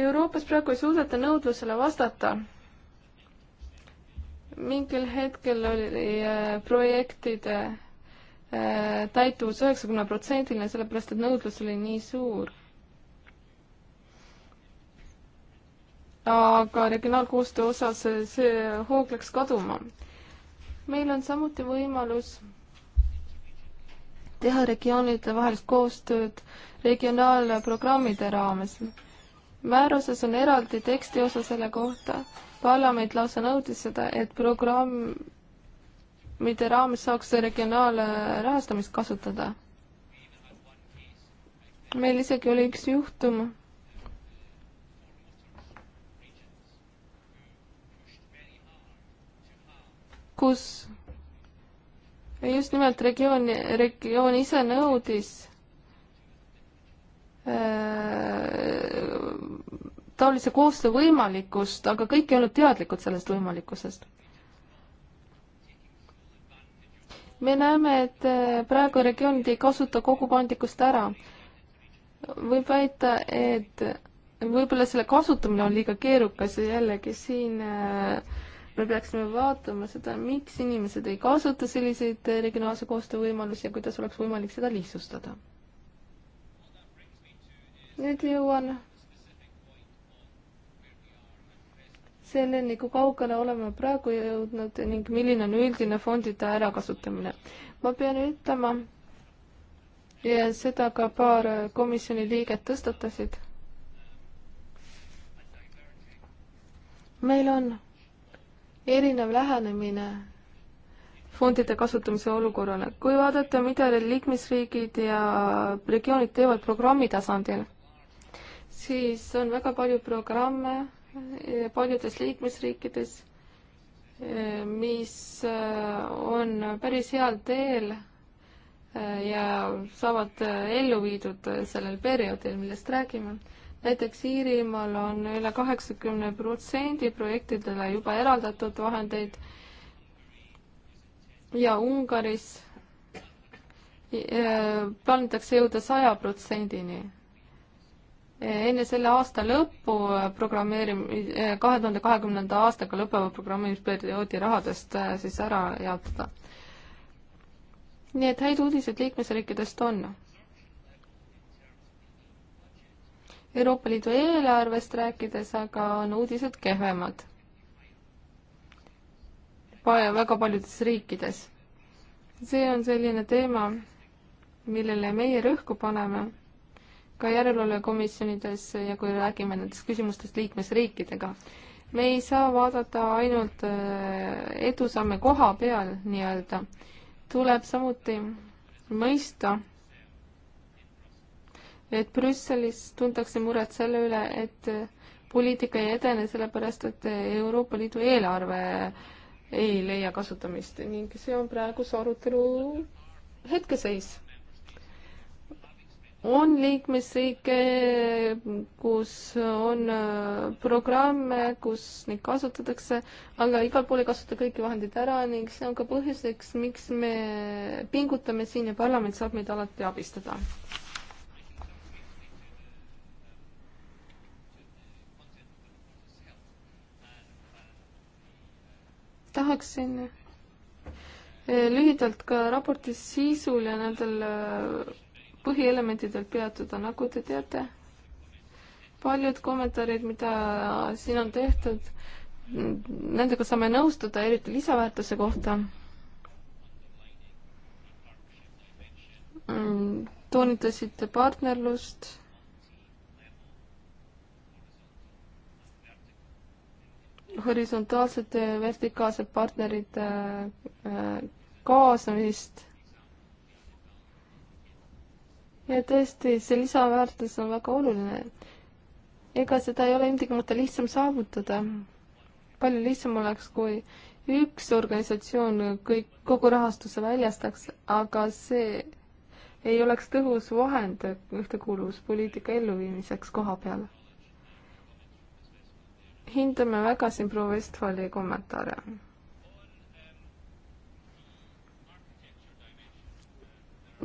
Euroopas praegu ei suudeta nõudlusele vastata. mingil hetkel oli äh, projektide äh, täituvus üheksakümne protsendiline, sellepärast et nõudlus oli nii suur aga regionaalkoostöö osas see hoog läks kaduma. meil on samuti võimalus teha regioonide vahelist koostööd regionaalprogrammide raames. määruses on eraldi teksti osa selle kohta. parlament lausa nõudis seda, et programm, mille raames saaks regionaalrahastamist kasutada. meil isegi oli üks juhtum kus just nimelt regioon, regioon ise nõudis äh, taolise koostöö võimalikkust, aga kõik ei olnud teadlikud sellest võimalikkusest. me näeme, et äh, praegu regioonid ei kasuta kogu paindlikkust ära. võib väita, et võib-olla selle kasutamine on liiga keerukas ja jällegi siin äh, me peaksime vaatama seda, miks inimesed ei kasuta selliseid regionaalse koostöö võimalusi ja kuidas oleks võimalik seda lihtsustada. nüüd jõuan selleni, kui kaugele oleme praegu jõudnud ning milline on üldine fondide ärakasutamine. ma pean ütlema, ja seda ka paar komisjoni liiget tõstatasid. meil on erinev lähenemine fondide kasutamise olukorrale. kui vaadata, mida liikmesriigid ja regioonid teevad programmi tasandil, siis on väga palju programme eh, paljudes liikmesriikides, eh, mis eh, on päris heal teel ja saavad ellu viidud sellel perioodil, millest räägime näiteks Iirimaal on üle kaheksakümne protsendi projektidele juba eraldatud vahendeid ja Ungaris äh, plaanitakse jõuda saja protsendini. enne selle aasta lõppu programmeerim-, äh, kahe tuhande kahekümnenda aastaga lõpeva programmeerimisperioodi rahadest äh, siis ära jaotada. nii et häid uudiseid liikmesriikidest on Euroopa Liidu eelarvest rääkides aga on uudised kehvemad pa. väga paljudes riikides. see on selline teema, millele meie rõhku paneme ka järelevalvekomisjonides ja kui räägime nendest küsimustest liikmesriikidega. me ei saa vaadata ainult äh, edusamme koha peal nii-öelda, tuleb samuti mõista et Brüsselis tuntakse muret selle üle, et poliitika ei edene, sellepärast et Euroopa Liidu eelarve ei leia kasutamist ning see on praeguse arutelu hetkeseis. on liikmesriike, kus on äh, programme, kus neid kasutatakse, aga igal pool ei kasuta kõiki vahendeid ära ning see on ka põhjuseks, miks me pingutame siin ja parlament saab meid alati abistada tahaksin eh, lühidalt ka raporti sisul ja nendel eh, põhielementidel peatuda, nagu te teate, paljud kommentaarid, mida siin on tehtud, nendega saame nõustuda, eriti lisaväärtuse kohta. Mm, toonitasite partnerlust horisontaalsete vertikaalsete partnerite äh, kaasamist. ja tõesti, see lisaväärtus on väga oluline. ega seda ei ole ilmtingimata lihtsam saavutada. palju lihtsam oleks, kui üks organisatsioon kõik, kogu rahastuse väljastaks, aga see ei oleks tõhus vahend ühtekuuluvuspoliitika elluviimiseks koha peal hindame väga siin proua Westfali kommentaare.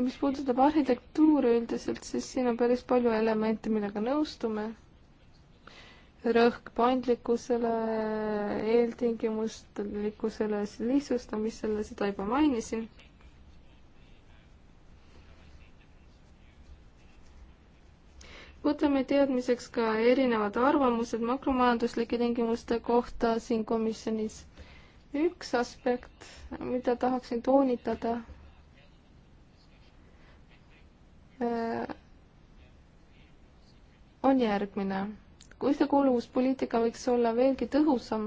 mis puudutab arhitektuuri üldiselt, siis siin on päris palju elemente, millega nõustume. rõhk paindlikkusele, eeltingimuslikkusele, lihtsustamisele, seda juba mainisin võtame teadmiseks ka erinevad arvamused makromajanduslike tingimuste kohta siin komisjonis. üks aspekt, mida tahaksin toonitada, äh, on järgmine. kui see kuuluvuspoliitika võiks olla veelgi tõhusam,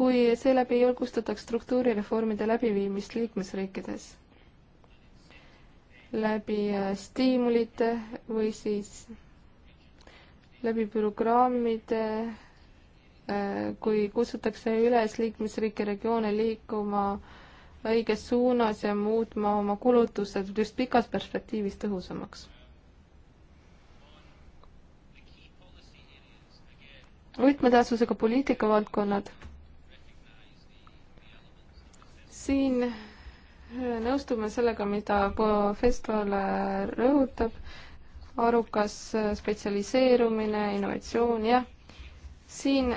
kui seeläbi julgustataks struktuurireformide läbiviimist liikmesriikides läbi äh, stiimulite või siis läbi programmide, äh, kui kutsutakse üles liikmesriike, regioone liikuma õiges suunas ja muutma oma kulutused just pikas perspektiivis tõhusamaks. võtmetähtsusega poliitikavaldkonnad siin nõustume sellega, mida festival rõhutab, arukas spetsialiseerumine, innovatsioon, jah. siin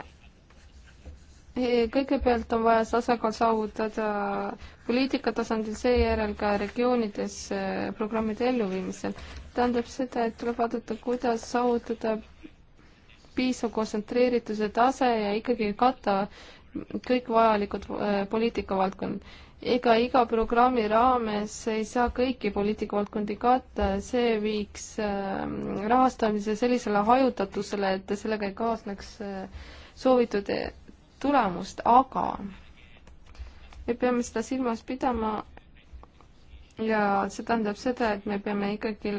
kõigepealt on vaja tasakaal saavutada poliitika tasandil, seejärel ka regioonides programmide elluviimisel. tähendab seda, et tuleb vaadata, kuidas saavutada piisav kontsentreerituse tase ja ikkagi katta kõik vajalikud äh, poliitikavaldkonnad ega iga programmi raames ei saa kõiki poliitikavaldkondi katta, see viiks ähm, rahastamise sellisele hajutatusele, et sellega ei kaasneks äh, soovitud äh, tulemust, aga me peame seda silmas pidama ja see tähendab seda, et me peame ikkagi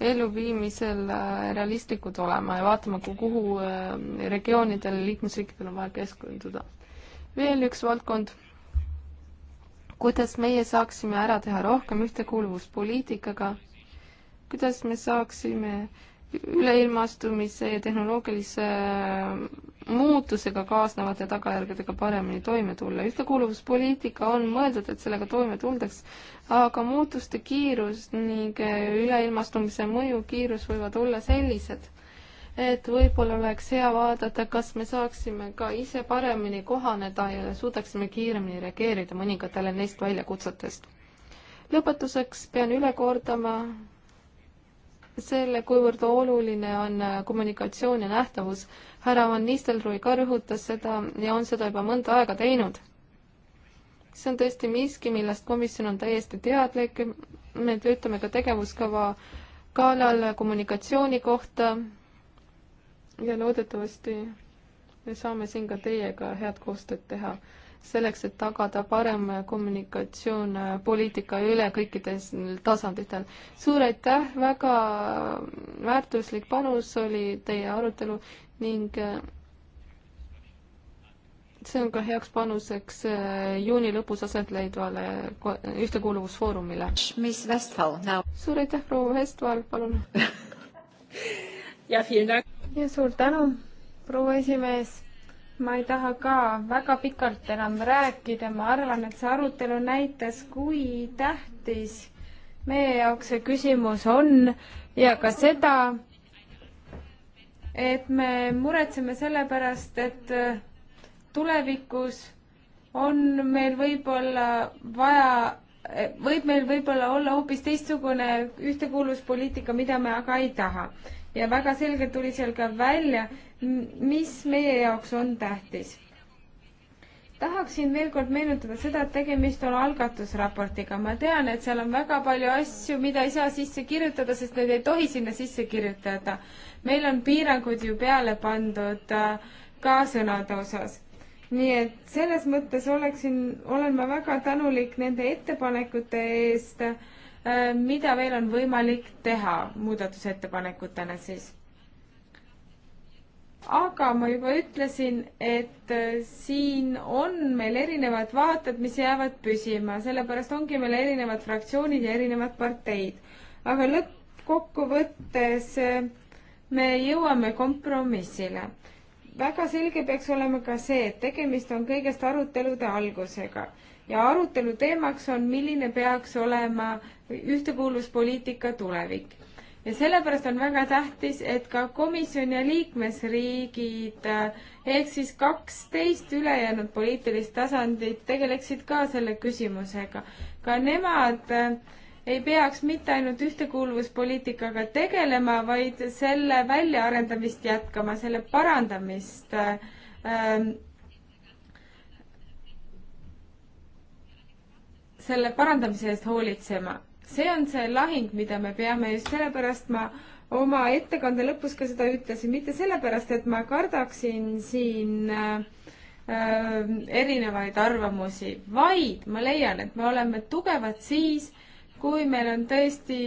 elluviimisel äh, realistlikud olema ja vaatama, kuhu regioonidel, liikmesriikidel on vaja keskenduda. veel üks valdkond kuidas meie saaksime ära teha rohkem ühtekuuluvuspoliitikaga, kuidas me saaksime üleilmastumise ja tehnoloogilise äh, muutusega kaasnevate tagajärgedega paremini toime tulla. ühtekuuluvuspoliitika on mõeldud, et sellega toime tuldaks, aga muutuste kiirus ning äh, üleilmastumise mõju kiirus võivad olla sellised, et võib-olla oleks hea vaadata, kas me saaksime ka ise paremini kohaneda ja suudaksime kiiremini reageerida mõningatele neist väljakutsetest. lõpetuseks pean üle kordama selle, kuivõrd oluline on kommunikatsioon ja nähtavus. härra Van Nistelrooy ka rõhutas seda ja on seda juba mõnda aega teinud. see on tõesti miski, millest komisjon on täiesti teadlik. me töötame ka tegevuskava kallal kommunikatsiooni kohta ja loodetavasti me saame siin ka teiega head koostööd teha, selleks et tagada parem kommunikatsioon poliitika üle kõikides tasanditel. suur aitäh, väga väärtuslik panus oli teie arutelu ning see on ka heaks panuseks juuni lõpus aset leidvale ühtekuuluvusfoorumile. mis Vestfal näo? suur aitäh, proua Vestfal, palun ja, ja suur tänu, proua esimees. ma ei taha ka väga pikalt enam rääkida, ma arvan, et see arutelu näitas, kui tähtis meie jaoks see küsimus on ja ka seda, et me muretseme selle pärast, et tulevikus on meil võib-olla vaja, võib meil võib-olla olla hoopis teistsugune ühtekuuluvuspoliitika, mida me aga ei taha ja väga selgelt tuli seal ka välja, mis meie jaoks on tähtis. tahaksin veel kord meenutada seda, et tegemist on algatusraportiga. ma tean, et seal on väga palju asju, mida ei saa sisse kirjutada, sest neid ei tohi sinna sisse kirjutada. meil on piirangud ju peale pandud äh, ka sõnade osas nii et selles mõttes oleksin, olen ma väga tänulik nende ettepanekute eest äh, Äh, mida veel on võimalik teha muudatusettepanekutena siis? aga ma juba ütlesin, et äh, siin on meil erinevad vaated, mis jäävad püsima, sellepärast ongi meil erinevad fraktsioonid ja erinevad parteid. aga lõppkokkuvõttes äh, me jõuame kompromissile. väga selge peaks olema ka see, et tegemist on kõigest arutelude algusega ja arutelu teemaks on, milline peaks olema ühtekuuluvuspoliitika tulevik. ja sellepärast on väga tähtis, et ka komisjon ja liikmesriigid ehk siis kaksteist ülejäänud poliitilist tasandit tegeleksid ka selle küsimusega. ka nemad eh, ei peaks mitte ainult ühtekuuluvuspoliitikaga tegelema, vaid selle väljaarendamist jätkama, selle parandamist ähm, selle parandamise eest hoolitsema. see on see lahing, mida me peame, just sellepärast ma oma ettekande lõpus ka seda ütlesin, mitte sellepärast, et ma kardaksin siin äh, erinevaid arvamusi, vaid ma leian, et me oleme tugevad siis, kui meil on tõesti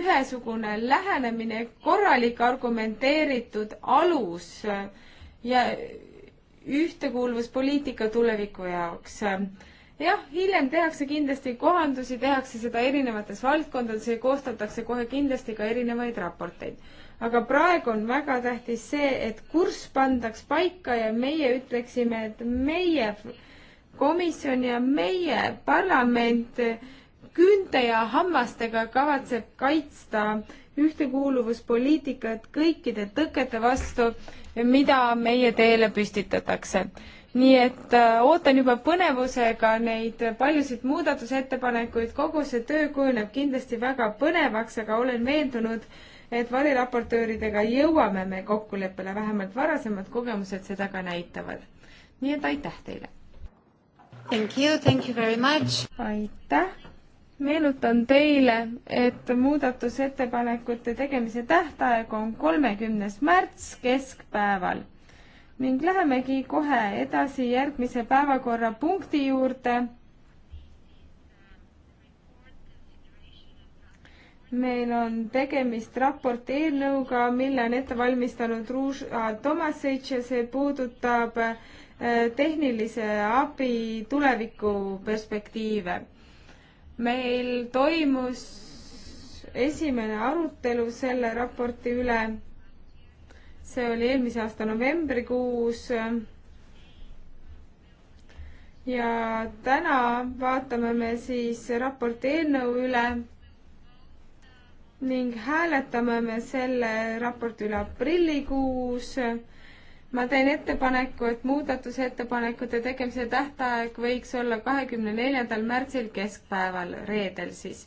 ühesugune lähenemine, korralik argumenteeritud alus äh, ja ühtekuuluvuspoliitika tuleviku jaoks jah, hiljem tehakse kindlasti kohandusi, tehakse seda erinevates valdkondades ja koostatakse kohe kindlasti ka erinevaid raporteid. aga praegu on väga tähtis see, et kurss pandaks paika ja meie ütleksime, et meie komisjon ja meie parlament küünte ja hammastega kavatseb kaitsta ühtekuuluvuspoliitikat kõikide tõkete vastu, mida meie teele püstitatakse nii et äh, ootan juba põnevusega neid paljusid muudatusettepanekuid, kogu see töö kujuneb kindlasti väga põnevaks, aga olen veendunud, et variraportööridega jõuame me kokkuleppele, vähemalt varasemad kogemused seda ka näitavad. nii et aitäh teile! Thank you, thank you very much! aitäh! meenutan teile, et muudatusettepanekute tegemise tähtaeg on kolmekümnes märts keskpäeval ning lähemegi kohe edasi järgmise päevakorrapunkti juurde. meil on tegemist raporti eelnõuga, mille on ette valmistanud Ruža Tomasitš ja see puudutab äh, tehnilise abi tulevikuperspektiive. meil toimus esimene arutelu selle raporti üle see oli eelmise aasta novembrikuus. ja täna vaatame me siis raporti eelnõu üle ning hääletame me selle raporti üle aprillikuus ma teen ettepaneku, et muudatusettepanekute tegemise tähtaeg võiks olla kahekümne neljandal märtsil keskpäeval, reedel siis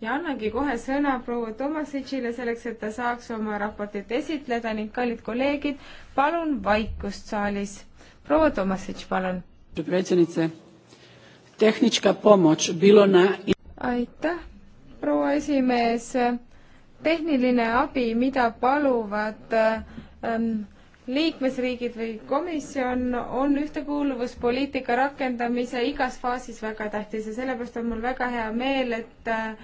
ja annangi kohe sõna proua Tomasitšile selleks, et ta saaks oma raportit esitleda ning kallid kolleegid, palun vaikust saalis. proua Tomasitš, palun. aitäh, proua esimees. tehniline abi, mida paluvad ähm, liikmesriigid või komisjon on ühtekuuluvuspoliitika rakendamise igas faasis väga tähtis ja sellepärast on mul väga hea meel, et äh,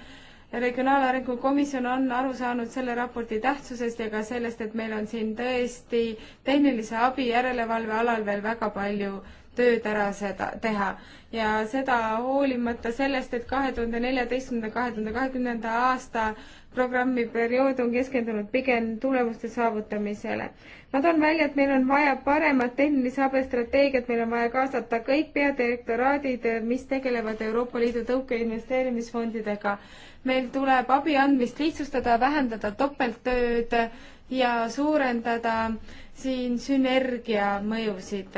regionaalarengu komisjon on aru saanud selle raporti tähtsusest ja ka sellest, et meil on siin tõesti tehnilise abi järelevalve alal veel väga palju tööd ära seda teha ja seda hoolimata sellest, et kahe tuhande neljateistkümnenda, kahe tuhande kahekümnenda aasta programmi periood on keskendunud pigem tulemuste saavutamisele. ma toon välja, et meil on vaja paremat tehnilise abi strateegiat, meil on vaja kaasata kõik peadirektoraadid, mis tegelevad Euroopa Liidu tõukeinvesteerimisfondidega meil tuleb abi andmist lihtsustada, vähendada topelttööd ja suurendada siin sünergia mõjusid.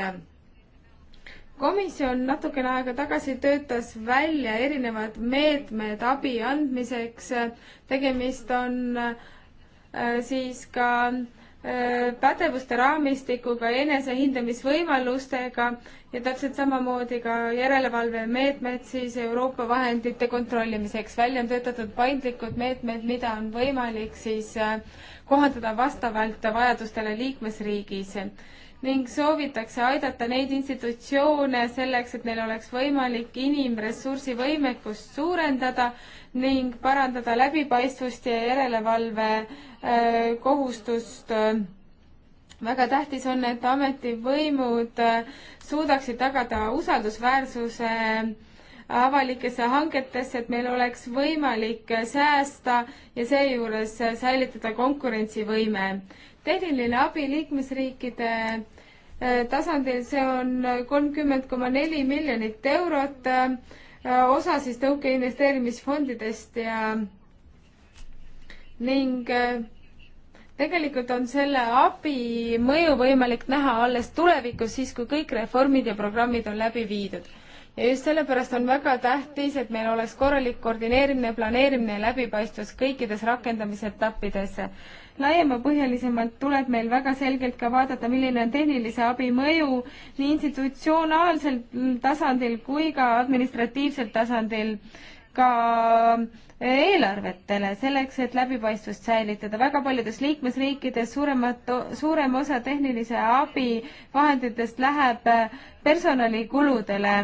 komisjon natukene aega tagasi töötas välja erinevad meetmed abi andmiseks. tegemist on äh, siis ka äh, Äh, pädevuste raamistikuga, enesehindamisvõimalustega ja täpselt samamoodi ka järelevalvemeetmed siis Euroopa vahendite kontrollimiseks. välja on töötatud paindlikud meetmed, mida on võimalik siis äh, kohandada vastavalt vajadustele liikmesriigis ning soovitakse aidata neid institutsioone selleks, et neil oleks võimalik inimressursi võimekust suurendada ning parandada läbipaistvust ja järelevalve äh, kohustust. väga tähtis on, et ametivõimud äh, suudaksid tagada usaldusväärsuse avalikesse hangetesse, et meil oleks võimalik säästa ja seejuures säilitada konkurentsivõime. tehniline abi liikmesriikide äh, tasandil, see on kolmkümmend koma neli miljonit eurot osa siis tõuke investeerimisfondidest ja ning äh, tegelikult on selle abi mõju võimalik näha alles tulevikus, siis kui kõik reformid ja programmid on läbi viidud. ja just sellepärast on väga tähtis, et meil oleks korralik koordineerimine, planeerimine ja läbipaistvus kõikides rakendamise etappides laiemapõhjalisemalt tuleb meil väga selgelt ka vaadata, milline on tehnilise abi mõju nii institutsionaalsel tasandil kui ka administratiivsel tasandil ka eelarvetele, selleks et läbipaistvust säilitada. väga paljudes liikmesriikides suuremat, suurem osa tehnilise abi vahenditest läheb personalikuludele.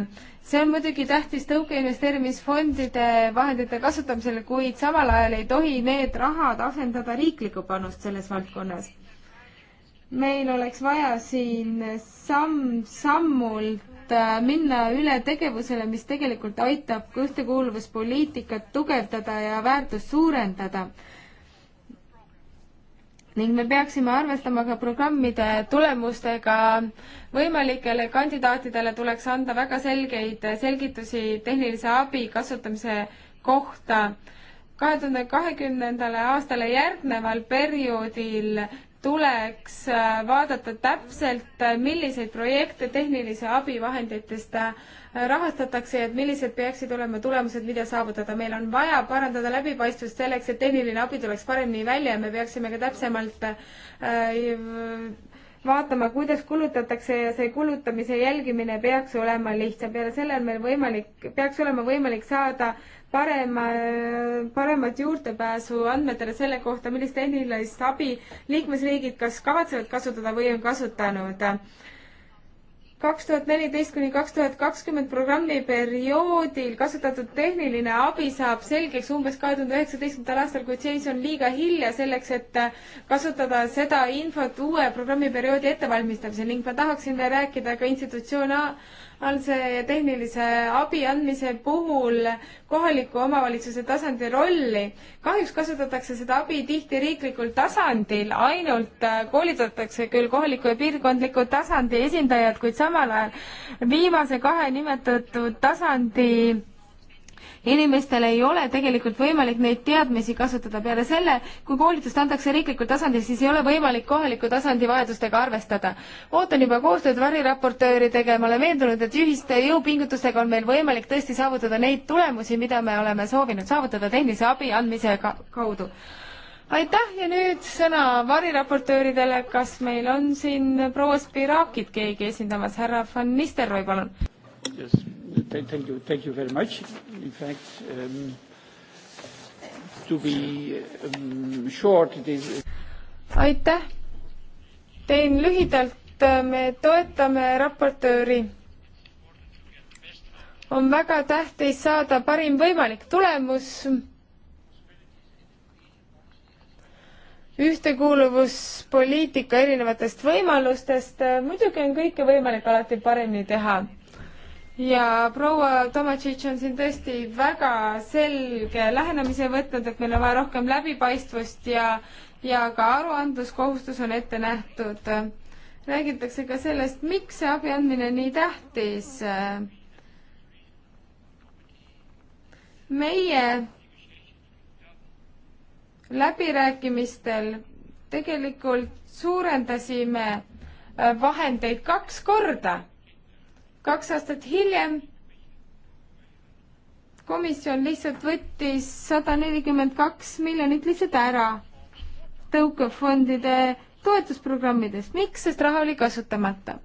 see on muidugi tähtis tõukeinvesteerimisfondide vahendite kasutamisel, kuid samal ajal ei tohi need rahad asendada riiklikku panust selles valdkonnas. meil oleks vaja siin samm-sammult Äh, minna üle tegevusele, mis tegelikult aitab ühtekuuluvuspoliitikat tugevdada ja väärtust suurendada. ning me peaksime arvestama ka programmide tulemustega. võimalikele kandidaatidele tuleks anda väga selgeid selgitusi tehnilise abi kasutamise kohta kahe tuhande kahekümnendale aastale järgneval perioodil tuleks äh, vaadata täpselt, äh, milliseid projekte tehnilise abivahenditest äh, rahastatakse ja et millised peaksid olema tulemused, mida saavutada. meil on vaja parandada läbipaistvust selleks, et tehniline abi tuleks paremini välja ja me peaksime ka täpsemalt vaatama, kuidas kulutatakse ja see kulutamise jälgimine peaks olema lihtsam. peale selle on meil võimalik, peaks olema võimalik saada parema, paremat juurdepääsu andmetele selle kohta, millist tehnilist abi liikmesriigid kas kavatsevad kasutada või on kasutanud. kaks tuhat neliteist kuni kaks tuhat kakskümmend programmi perioodil kasutatud tehniline abi saab selgeks umbes kahe tuhande üheksateistkümnendal aastal, kuid seis on liiga hilja selleks, et kasutada seda infot uue programmiperioodi ettevalmistamisel ning ma tahaksin veel rääkida ka institutsioona on see tehnilise abi andmise puhul kohaliku omavalitsuse tasandi rolli. kahjuks kasutatakse seda abi tihti riiklikul tasandil, ainult äh, koolitatakse küll kohaliku ja piirkondliku tasandi esindajad, kuid samal ajal viimase kahe nimetatud tasandi inimestel ei ole tegelikult võimalik neid teadmisi kasutada. peale selle, kui koolitust antakse riiklikul tasandil, siis ei ole võimalik kohaliku tasandi vajadustega arvestada. ootan juba koostööd variraportööridega ja ma olen veendunud, et ühiste jõupingutustega on meil võimalik tõesti saavutada neid tulemusi, mida me oleme soovinud saavutada tehnilise abi andmise ka kaudu aitäh ja nüüd sõna variraportööridele, kas meil on siin proua Spirakit keegi esindamas, härra Van Nistelrooy, palun Yes. Thank you. Thank you very much. In fact, um, to be um, short, it is. aitäh. teen lühidalt. Äh, me toetame raportööri. on väga tähtis saada parim võimalik tulemus. ühtekuuluvuspoliitika erinevatest võimalustest, äh, muidugi on kõike võimalik alati paremini teha ja proua Tomatšitš on siin tõesti väga selge lähenemise võtnud, et meil on vaja rohkem läbipaistvust ja, ja ka aruandluskohustus on ette nähtud. räägitakse ka sellest, miks see abi andmine nii tähtis. meie läbirääkimistel tegelikult suurendasime vahendeid kaks korda kaks aastat hiljem komisjon lihtsalt võttis sada nelikümmend kaks miljonit lihtsalt ära tõukefondide toetusprogrammidest. miks? sest raha oli kasutamata.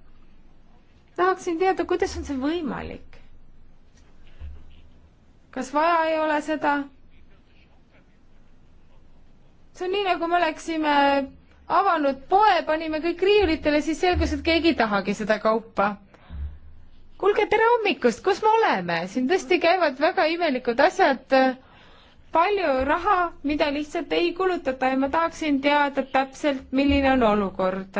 tahaksin teada, kuidas on see võimalik? kas vaja ei ole seda? see on nii, nagu me oleksime avanud poe, panime kõik riiulitele, siis selgus, et keegi ei tahagi seda kaupa kuulge, tere hommikust, kus me oleme? siin tõesti käivad väga imelikud asjad. palju raha, mida lihtsalt ei kulutata ja ma tahaksin teada täpselt, milline on olukord.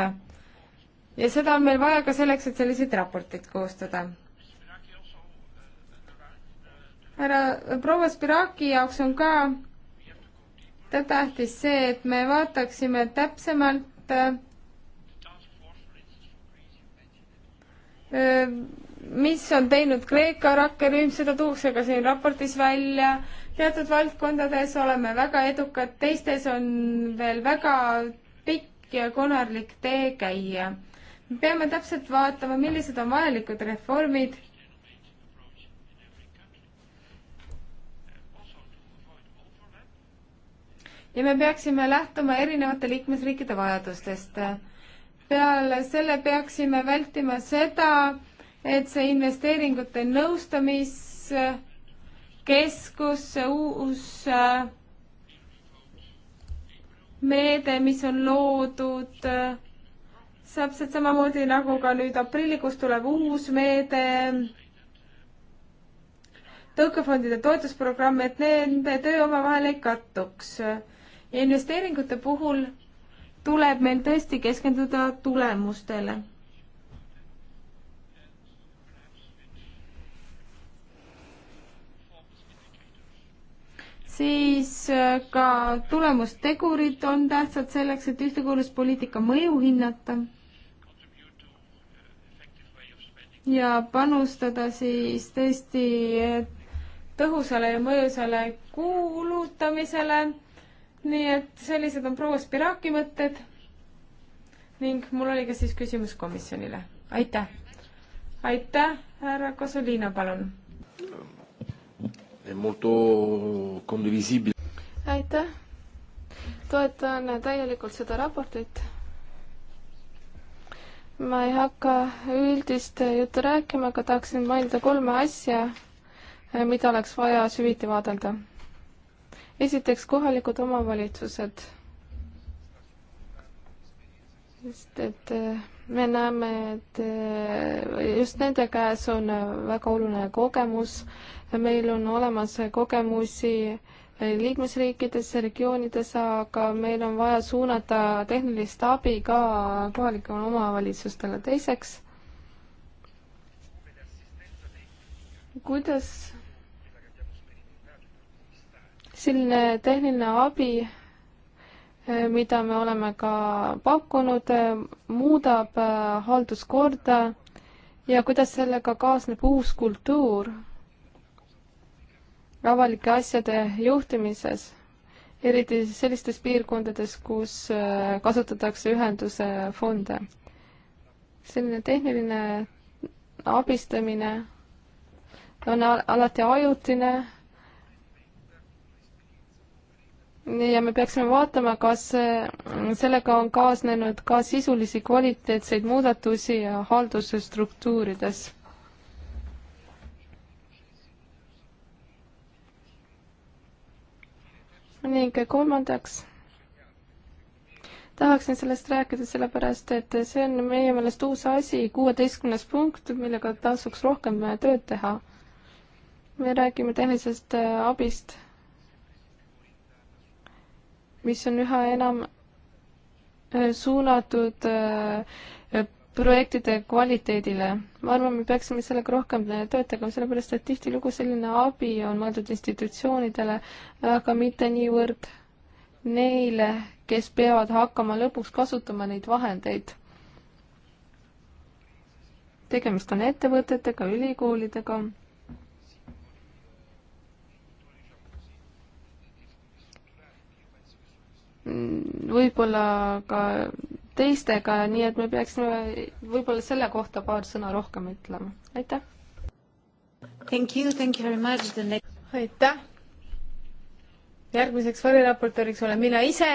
ja seda on meil vaja ka selleks, et selliseid raporteid koostada härra proua Spiraki jaoks on ka ta tähtis see, et me vaataksime täpsemalt öö, äh, mis on teinud Kreeka rakkerühm, seda tuuakse ka siin raportis välja. teatud valdkondades oleme väga edukad, teistes on veel väga pikk ja konarlik tee käia. me peame täpselt vaatama, millised on vajalikud reformid. ja me peaksime lähtuma erinevate liikmesriikide vajadustest. peale selle peaksime vältima seda, et see investeeringute nõustamiskeskus, see uus äh, meede, mis on loodud, täpselt äh, samamoodi nagu ka nüüd aprillikuus tuleb uus meede, tõukefondide toetusprogramm, et nende töö omavahel ei kattuks. ja investeeringute puhul tuleb meil tõesti keskenduda tulemustele siis äh, ka tulemustegurid on tähtsad selleks, et ühtekuuluvuspoliitika mõju hinnata ja panustada siis tõesti tõhusale ja mõjusale kuulutamisele. nii et sellised on proua Spiraki mõtted. ning mul oli ka siis küsimus komisjonile. aitäh. aitäh, härra Kosoliina, palun è molto condivisibile. aitäh, toetan täielikult seda raportit. ma ei hakka üldist juttu rääkima, aga tahaksin mainida kolme asja, mida oleks vaja süviti vaadelda. esiteks kohalikud omavalitsused. sest et eh, me näeme, et eh, just nende käes on väga oluline kogemus äh, meil on olemas kogemusi liikmesriikides, regioonides, aga meil on vaja suunata tehnilist abi ka kohalikele omavalitsustele. teiseks, kuidas selline tehniline abi, mida me oleme ka pakkunud, muudab äh, halduskorda ja kuidas sellega kaasneb uus kultuur avalike asjade juhtimises, eriti sellistes piirkondades, kus äh, kasutatakse ühenduse fonde. selline tehniline abistamine on alati ajutine nii, ja me peaksime vaatama, kas äh, sellega on kaasnenud ka sisulisi kvaliteetseid muudatusi haldusstruktuurides. ning kolmandaks tahaksin sellest rääkida, sellepärast et see on meie meelest uus asi, kuueteistkümnes punkt, millega tasuks rohkem tööd teha. me räägime tehnilisest äh, abist, mis on üha enam äh, suunatud äh, projektide kvaliteedile. ma arvan, me peaksime sellega rohkem toetama, sellepärast et tihtilugu selline abi on mõeldud institutsioonidele, aga mitte niivõrd neile, kes peavad hakkama lõpuks kasutama neid vahendeid. tegemist on ettevõtetega, ülikoolidega. võib-olla ka teistega, nii et me peaksime võib-olla selle kohta paar sõna rohkem ütlema. aitäh! Thank you, thank you very much, Dene. aitäh! järgmiseks variraportööriks olen mina ise,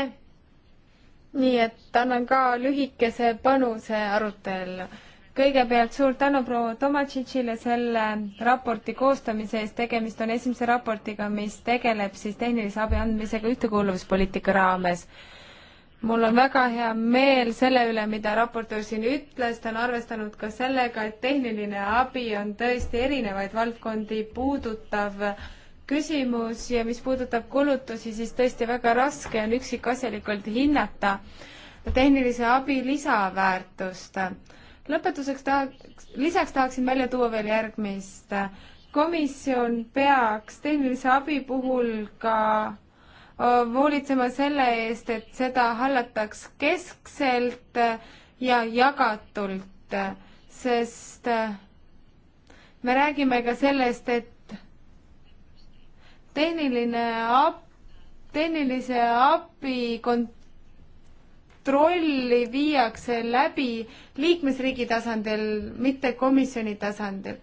nii et annan ka lühikese panuse arutellu. kõigepealt suur tänu proua Tomatšitšile selle raporti koostamise eest, tegemist on esimese raportiga, mis tegeleb siis tehnilise abi andmisega ühtekuuluvuspoliitika raames mul on väga hea meel selle üle, mida raportöör siin ütles, ta on arvestanud ka sellega, et tehniline abi on tõesti erinevaid valdkondi puudutav küsimus ja mis puudutab kulutusi, siis tõesti väga raske on üksikasjalikult hinnata tehnilise abi lisaväärtust. lõpetuseks tahaks, lisaks tahaksin välja tuua veel järgmist. komisjon peaks tehnilise abi puhul ka hoolitsema selle eest, et seda hallataks keskselt ja jagatult, sest me räägime ka sellest, et tehniline ab-, tehnilise abi kontrolli viiakse läbi liikmesriigi tasandil, mitte komisjoni tasandil.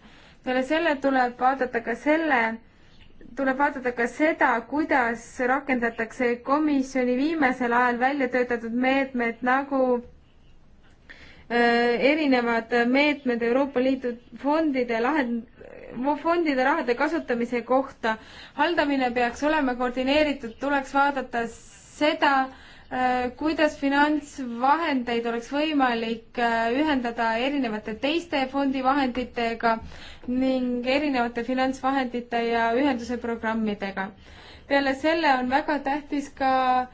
peale selle tuleb vaadata ka selle tuleb vaadata ka seda, kuidas rakendatakse komisjoni viimasel ajal välja töötatud meetmed nagu äh, erinevad meetmed Euroopa Liidu fondide lahend-, fondide rahade kasutamise kohta. haldamine peaks olema koordineeritud, tuleks vaadata seda, Äh, kuidas finantsvahendeid oleks võimalik äh, ühendada erinevate teiste fondivahenditega ning erinevate finantsvahendite ja ühenduse programmidega. peale selle on väga tähtis ka äh,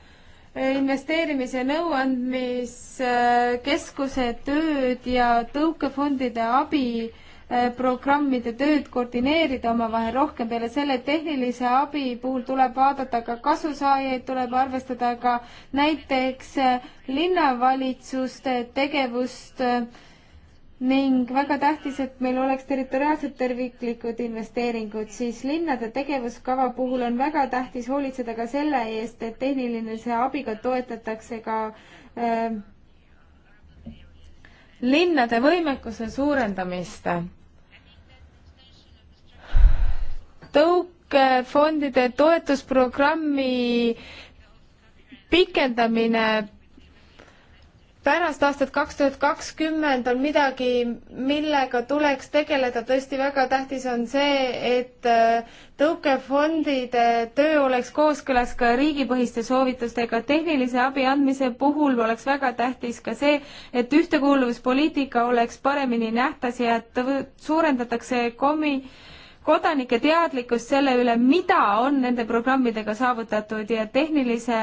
investeerimis- ja nõuandmiskeskuse tööd ja tõukefondide abi Äh, programmide tööd koordineerida omavahel rohkem, peale selle tehnilise abi puhul tuleb vaadata ka kasusaajaid, tuleb arvestada ka näiteks äh, linnavalitsuste tegevust äh, ning väga tähtis, et meil oleks territoriaalselt terviklikud investeeringud, siis linnade tegevuskava puhul on väga tähtis hoolitseda ka selle eest, et tehnilise abiga toetatakse ka äh, linnade võimekuse suurendamist tõukefondide toetusprogrammi pikendamine pärast aastat kaks tuhat kakskümmend on midagi, millega tuleks tegeleda, tõesti väga tähtis on see, et äh, tõukefondide töö oleks kooskõlas ka riigipõhiste soovitustega. tehnilise abi andmise puhul oleks väga tähtis ka see, et ühtekuuluvuspoliitika oleks paremini nähtas ja et suurendatakse komi-, kodanike teadlikkust selle üle, mida on nende programmidega saavutatud ja tehnilise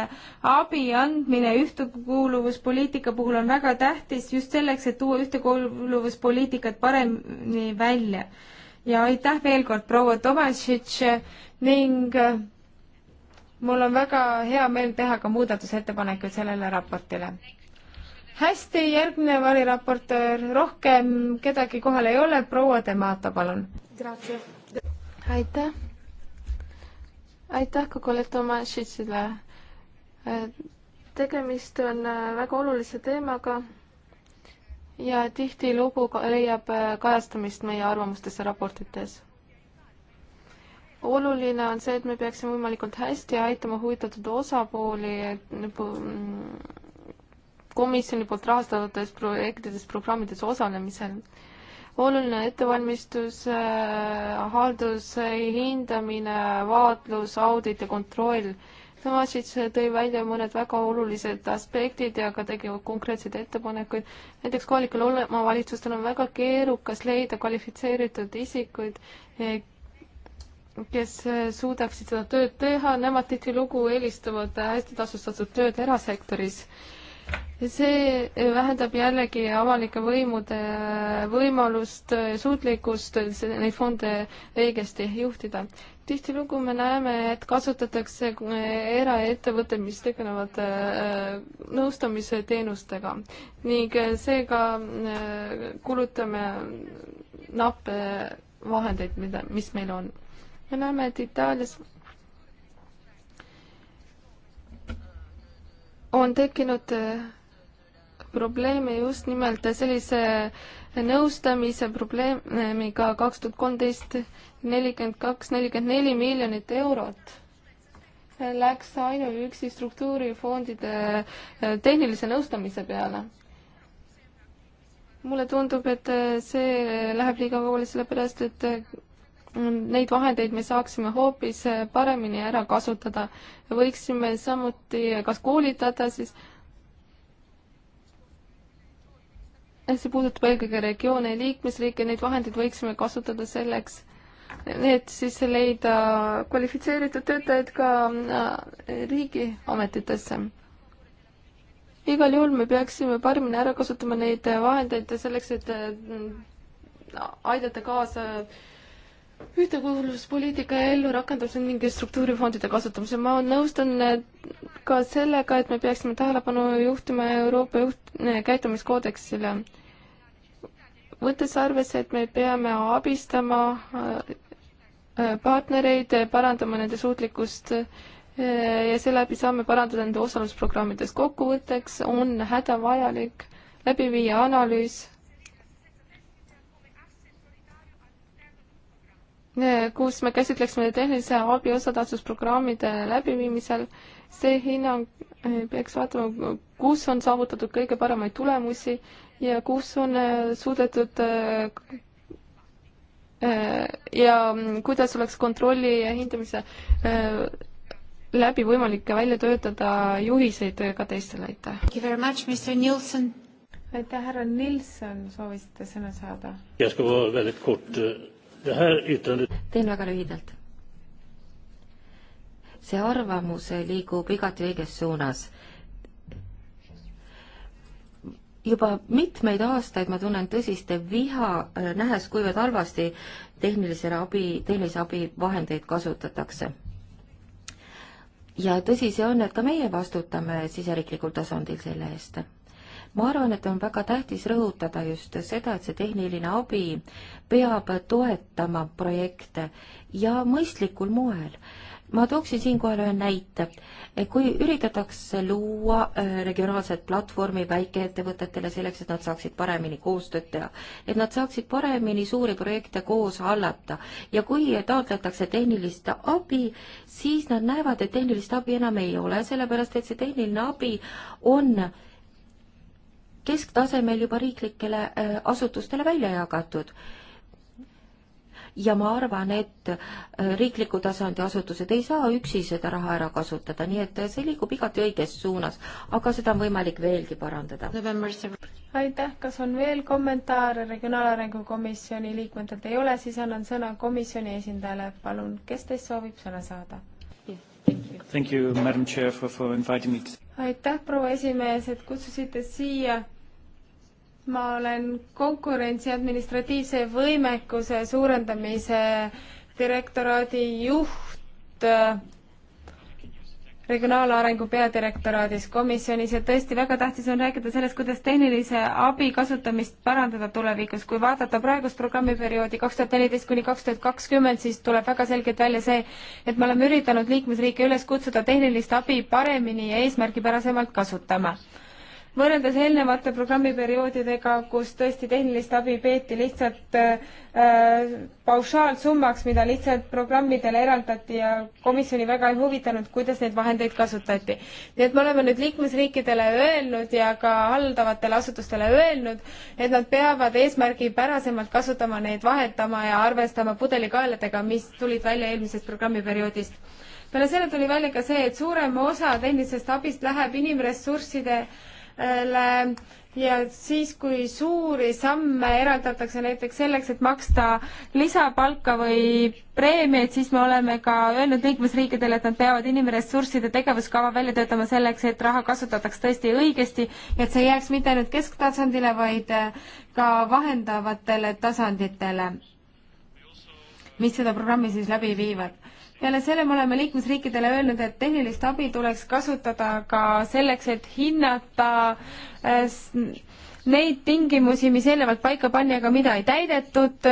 abi andmine ühtekuuluvuspoliitika puhul on väga tähtis just selleks, et tuua ühtekuuluvuspoliitikat paremini välja. ja aitäh veel kord, proua Tomašitš ning äh, mul on väga hea meel teha ka muudatusettepanekuid sellele raportile hästi, järgmine variraportöör, rohkem kedagi kohal ei ole, proua Demata, palun aitäh. aitäh ka kolleeg Tomašitsile. Äh, tegemist on äh, väga olulise teemaga ja tihtilugu leiab äh, kajastamist meie arvamustes ja raportites. oluline on see, et me peaksime võimalikult hästi aitama huvitatud osapooli mm, komisjoni poolt rahastatavates projektides, programmides osalemisel oluline ettevalmistus, äh, haldushindamine, vaatlus, audit ja kontroll. Tomasic tõi välja mõned väga olulised aspektid ja ka tegi konkreetseid ettepanekuid. näiteks kohalikel omavalitsustel on väga keerukas leida kvalifitseeritud isikuid, eh, kes eh, suudaksid seda tööd teha, nemad tihtilugu eelistavad hästi tasustatud tööd erasektoris see vähendab jällegi avalike võimude võimalust, suutlikkust neid fonde õigesti juhtida. tihtilugu me näeme, et kasutatakse eraettevõtteid, mis tegelevad äh, nõustamise teenustega ning äh, seega äh, kulutame nappe vahendeid, mida, mis meil on. me näeme, et Itaalias on tekkinud eh, probleeme just nimelt sellise nõustamise probleemiga kaks tuhat kolmteist nelikümmend kaks, nelikümmend neli miljonit eurot läks ainuüksi struktuurifondide eh, tehnilise nõustamise peale. mulle tundub, et eh, see läheb liiga kaugele, sellepärast et neid vahendeid me saaksime hoopis paremini ära kasutada. võiksime samuti kas koolitada siis, see puudutab eelkõige regioone ja liikmesriike, neid vahendeid võiksime kasutada selleks, et siis leida kvalifitseeritud töötajaid ka äh, riigiametitesse. igal juhul me peaksime paremini ära kasutama neid vahendeid selleks, et äh, aidata kaasa äh, ühtekuuluvuspoliitika ellurakenduse ning struktuurifondide kasutamise. ma nõustun ka sellega, et me peaksime tähelepanu juhtima Euroopa juht-, käitumiskoodeksile. võttes arvesse, et me peame abistama äh, äh, partnereid, parandama nende suutlikkust äh, ja seeläbi saame parandada nende osalusprogrammides. kokkuvõtteks on hädavajalik läbi viia analüüs kus me käsitleksime tehnilise abi osatähtsusprogrammide läbiviimisel. see hinnang eh, peaks vaatama, kus on saavutatud kõige paremaid tulemusi ja kus on eh, suudetud eh, ja kuidas oleks kontrolli ja hindamise läbi võimalik välja töötada juhiseid ka teistele, aitäh! aitäh, härra Nilsson, soovisite sõna saada? teen väga lühidalt. see arvamus liigub igati õiges suunas. juba mitmeid aastaid ma tunnen tõsist viha, äh, nähes, kuivõrd halvasti tehnilisele abi, tehnilise abi vahendeid kasutatakse. ja tõsi see on, et ka meie vastutame siseriiklikul tasandil selle eest ma arvan, et on väga tähtis rõhutada just seda, et see tehniline abi peab toetama projekte ja mõistlikul moel. ma tooksin siinkohal ühe näite. kui üritatakse luua äh, regionaalset platvormi väikeettevõtetele selleks, et nad saaksid paremini koostööd teha, et nad saaksid paremini suuri projekte koos hallata ja kui taotletakse tehnilist abi, siis nad näevad, et tehnilist abi enam ei ole, sellepärast et see tehniline abi on kesktasemel juba riiklikele äh, asutustele välja jagatud ja ma arvan, et äh, riikliku tasandi asutused ei saa üksi seda raha ära kasutada, nii et äh, see liigub igati õiges suunas, aga seda on võimalik veelgi parandada. aitäh, kas on veel kommentaare Regionaalarengu Komisjoni liikmetelt, ei ole, siis annan sõna komisjoni esindajale, palun, kes teist soovib sõna saada? aitäh, proua esimees, et kutsusite siia ma olen konkurentsi administratiivse võimekuse suurendamise direktoraadi juht regionaalarengu peadirektoraadis komisjonis ja tõesti väga tähtis on rääkida sellest, kuidas tehnilise abi kasutamist parandada tulevikus. kui vaadata praegust programmiperioodi kaks tuhat neliteist kuni kaks tuhat kakskümmend, siis tuleb väga selgelt välja see, et me oleme üritanud liikmesriike üles kutsuda tehnilist abi paremini ja eesmärgipärasemalt kasutama võrreldes eelnevate programmiperioodidega, kus tõesti tehnilist abi peeti lihtsalt äh, paušaalsummaks, mida lihtsalt programmidele eraldati ja komisjoni väga ei huvitanud, kuidas neid vahendeid kasutati. nii et me oleme nüüd liikmesriikidele öelnud ja ka haldavatele asutustele öelnud, et nad peavad eesmärgipärasemalt kasutama neid, vahetama ja arvestama pudelikaeladega, mis tulid välja eelmisest programmiperioodist peale selle tuli välja ka see, et suurem osa tehnilisest abist läheb inimressursside äh, ja siis, kui suuri samme eraldatakse näiteks selleks, et maksta lisapalka või preemiaid, siis me oleme ka öelnud liikmesriikidele, et nad peavad inimressursside tegevuskava välja töötama selleks, et raha kasutataks tõesti õigesti ja et see ei jääks mitte ainult kesktasandile, vaid äh, ka vahendavatele tasanditele, mis seda programmi siis läbi viivad peale selle me oleme liikmesriikidele öelnud, et tehnilist abi tuleks kasutada ka selleks, et hinnata äh, neid tingimusi, mis eelnevalt paika pani, aga mida ei täidetud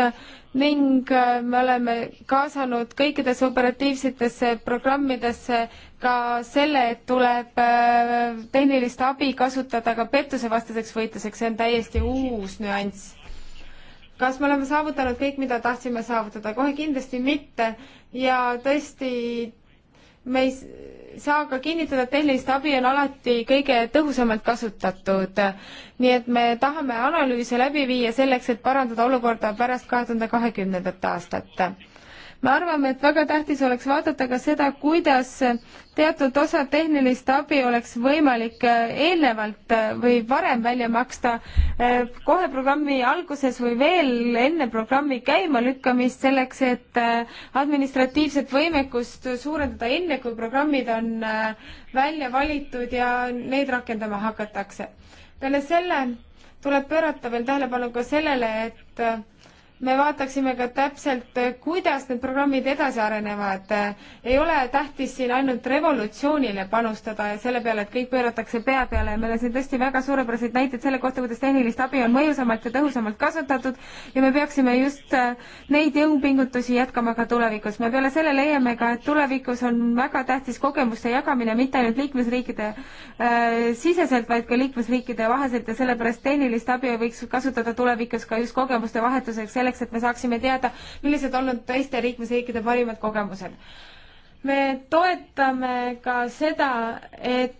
ning äh, me oleme kaasanud kõikidesse operatiivsetesse programmidesse ka selle, et tuleb äh, tehnilist abi kasutada ka pettusevastaseks võitluseks, see on täiesti uus nüanss. kas me oleme saavutanud kõik, mida tahtsime saavutada? kohe kindlasti mitte ja tõesti me ei saa ka kinnitada, et tehnilist abi on alati kõige tõhusamalt kasutatud. nii et me tahame analüüse läbi viia selleks, et parandada olukorda pärast kahe tuhande kahekümnendat aastat me arvame, et väga tähtis oleks vaadata ka seda, kuidas teatud osa tehnilist abi oleks võimalik eh, eelnevalt eh, või varem välja maksta, eh, kohe programmi alguses või veel enne programmi käimalükkamist, selleks et administratiivset võimekust suurendada enne, kui programmid on välja valitud ja neid rakendama hakatakse. peale selle tuleb pöörata veel tähelepanu ka sellele, et me vaataksime ka täpselt, kuidas need programmid edasi arenevad. ei ole tähtis siin ainult revolutsioonile panustada ja selle peale, et kõik pööratakse pea peale ja meil on siin tõesti väga suurepäraseid näiteid selle kohta, kuidas tehnilist abi on mõjusamalt ja tõhusamalt kasutatud ja me peaksime just äh, neid jõupingutusi jätkama ka tulevikus. me peale selle leiame ka, et tulevikus on väga tähtis kogemuste jagamine mitte ainult liikmesriikide äh, siseselt, vaid ka liikmesriikide vaheselt ja sellepärast tehnilist abi võiks kasutada tulevikus ka just kogemuste vahetuseks selle selleks, et me saaksime teada, millised olnud teiste liikmesriikide parimad kogemused. me toetame ka seda, et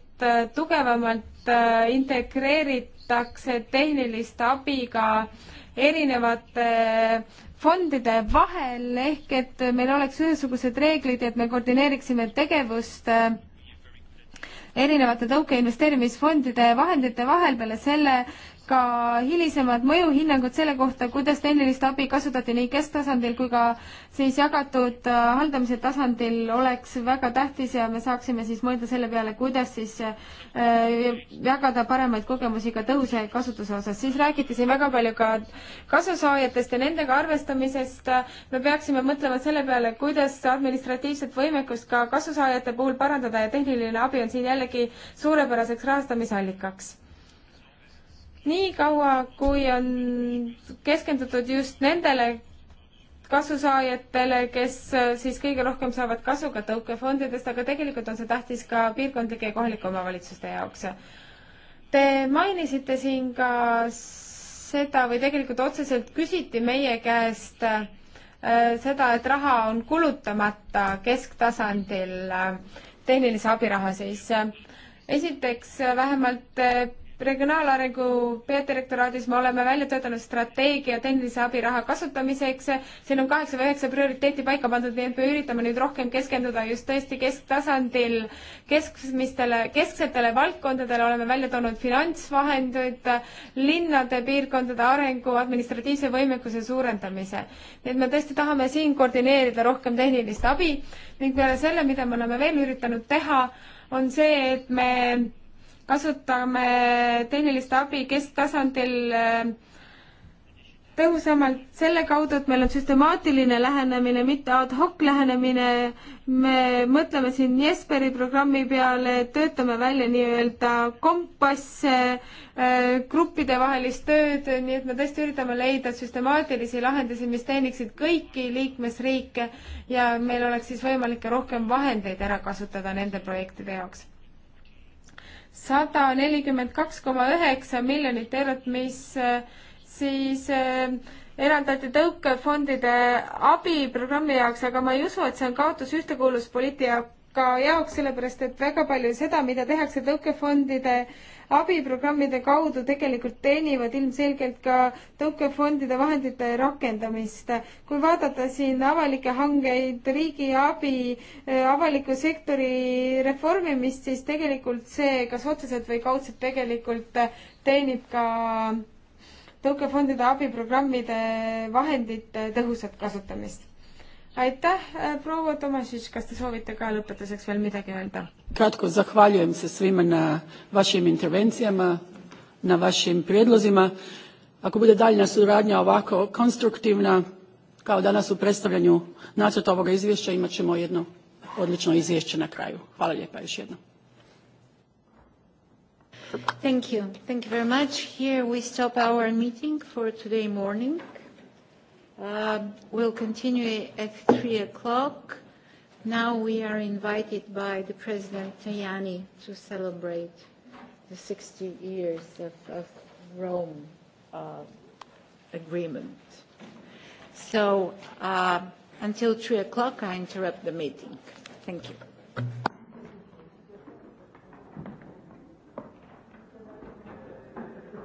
tugevamalt äh, integreeritakse tehnilist abi ka erinevate fondide vahel, ehk et meil oleks ühesugused reeglid, et me koordineeriksime tegevust äh, erinevate tõukeinvesteerimisfondide vahendite vahel, peale selle ka hilisemad mõjuhinnangud selle kohta, kuidas tehnilist abi kasutati nii kesktasandil kui ka siis jagatud äh, haldamise tasandil, oleks väga tähtis ja me saaksime siis mõelda selle peale, kuidas siis äh, jagada paremaid kogemusi ka tõhuse kasutuse osas. siis räägiti siin väga palju ka kasusaajatest ja nendega arvestamisest. me peaksime mõtlema selle peale, kuidas administratiivset võimekust ka kasusaajate puhul parandada ja tehniline abi on siin jällegi suurepäraseks rahastamisallikaks niikaua, kui on keskendutud just nendele kasusaajatele, kes äh, siis kõige rohkem saavad kasu ka tõukefondidest, aga tegelikult on see tähtis ka piirkondlike ja kohalike omavalitsuste jaoks. Te mainisite siin ka seda või tegelikult otseselt küsiti meie käest äh, seda, et raha on kulutamata kesktasandil äh,, tehnilise abiraha siis äh,. esiteks vähemalt äh, regionaalarengu peadirektoraadis me oleme välja töötanud strateegia tehnilise abiraha kasutamiseks. siin on kaheksa või üheksa prioriteeti paika pandud, nii et me üritame nüüd rohkem keskenduda just tõesti kesktasandil keskmistele, kesksetele valdkondadele, oleme välja toonud finantsvahendeid, linnade, piirkondade arengu, administratiivse võimekuse suurendamise. nii et me tõesti tahame siin koordineerida rohkem tehnilist abi ning peale selle, mida me oleme veel üritanud teha, on see, et me kasutame tehnilist abi kesktasandil äh, tõhusamalt selle kaudu, et meil on süstemaatiline lähenemine, mitte ad hoc lähenemine. me mõtleme siin Jesperi programmi peale, töötame välja nii-öelda kompasse, äh, gruppidevahelist tööd, nii et me tõesti üritame leida süstemaatilisi lahendusi, mis teeniksid kõiki liikmesriike ja meil oleks siis võimalik ka rohkem vahendeid ära kasutada nende projektide jaoks sada nelikümmend kaks koma üheksa miljonit eurot, mis äh, siis äh, eraldati tõukefondide abiprogrammi jaoks, aga ma ei usu, et see on kaotus ühtekuuluvuspoliitika jaoks, sellepärast et väga palju seda, mida tehakse tõukefondide abiprogrammide kaudu tegelikult teenivad ilmselgelt ka tõukefondide vahendite rakendamist. kui vaadata siin avalikke hangeid, riigi abi, eh, avaliku sektori reformimist, siis tegelikult see, kas otseselt või kaudselt tegelikult teenib ka tõukefondide abiprogrammide vahendite tõhusat kasutamist aitäh, äh, proua Tomasic, kas te soovite ka lõpetuseks veel midagi öelda? kratko zahvaljujem se svima na vašim intervencijama, na vašim prijedlozima. Ako bude daljnja suradnja ovako konstruktivna, kao danas u predstavljanju nacrta ovoga izvješća, imat ćemo jedno odlično izvješće na kraju. Hvala lijepa još jednom. Thank you. Thank you very much. Here we stop our meeting for today morning. Um, we'll continue at 3 o'clock. Now we are invited by the President Tajani to celebrate the 60 years of, of Rome uh, agreement. So uh, until 3 o'clock, I interrupt the meeting. Thank you.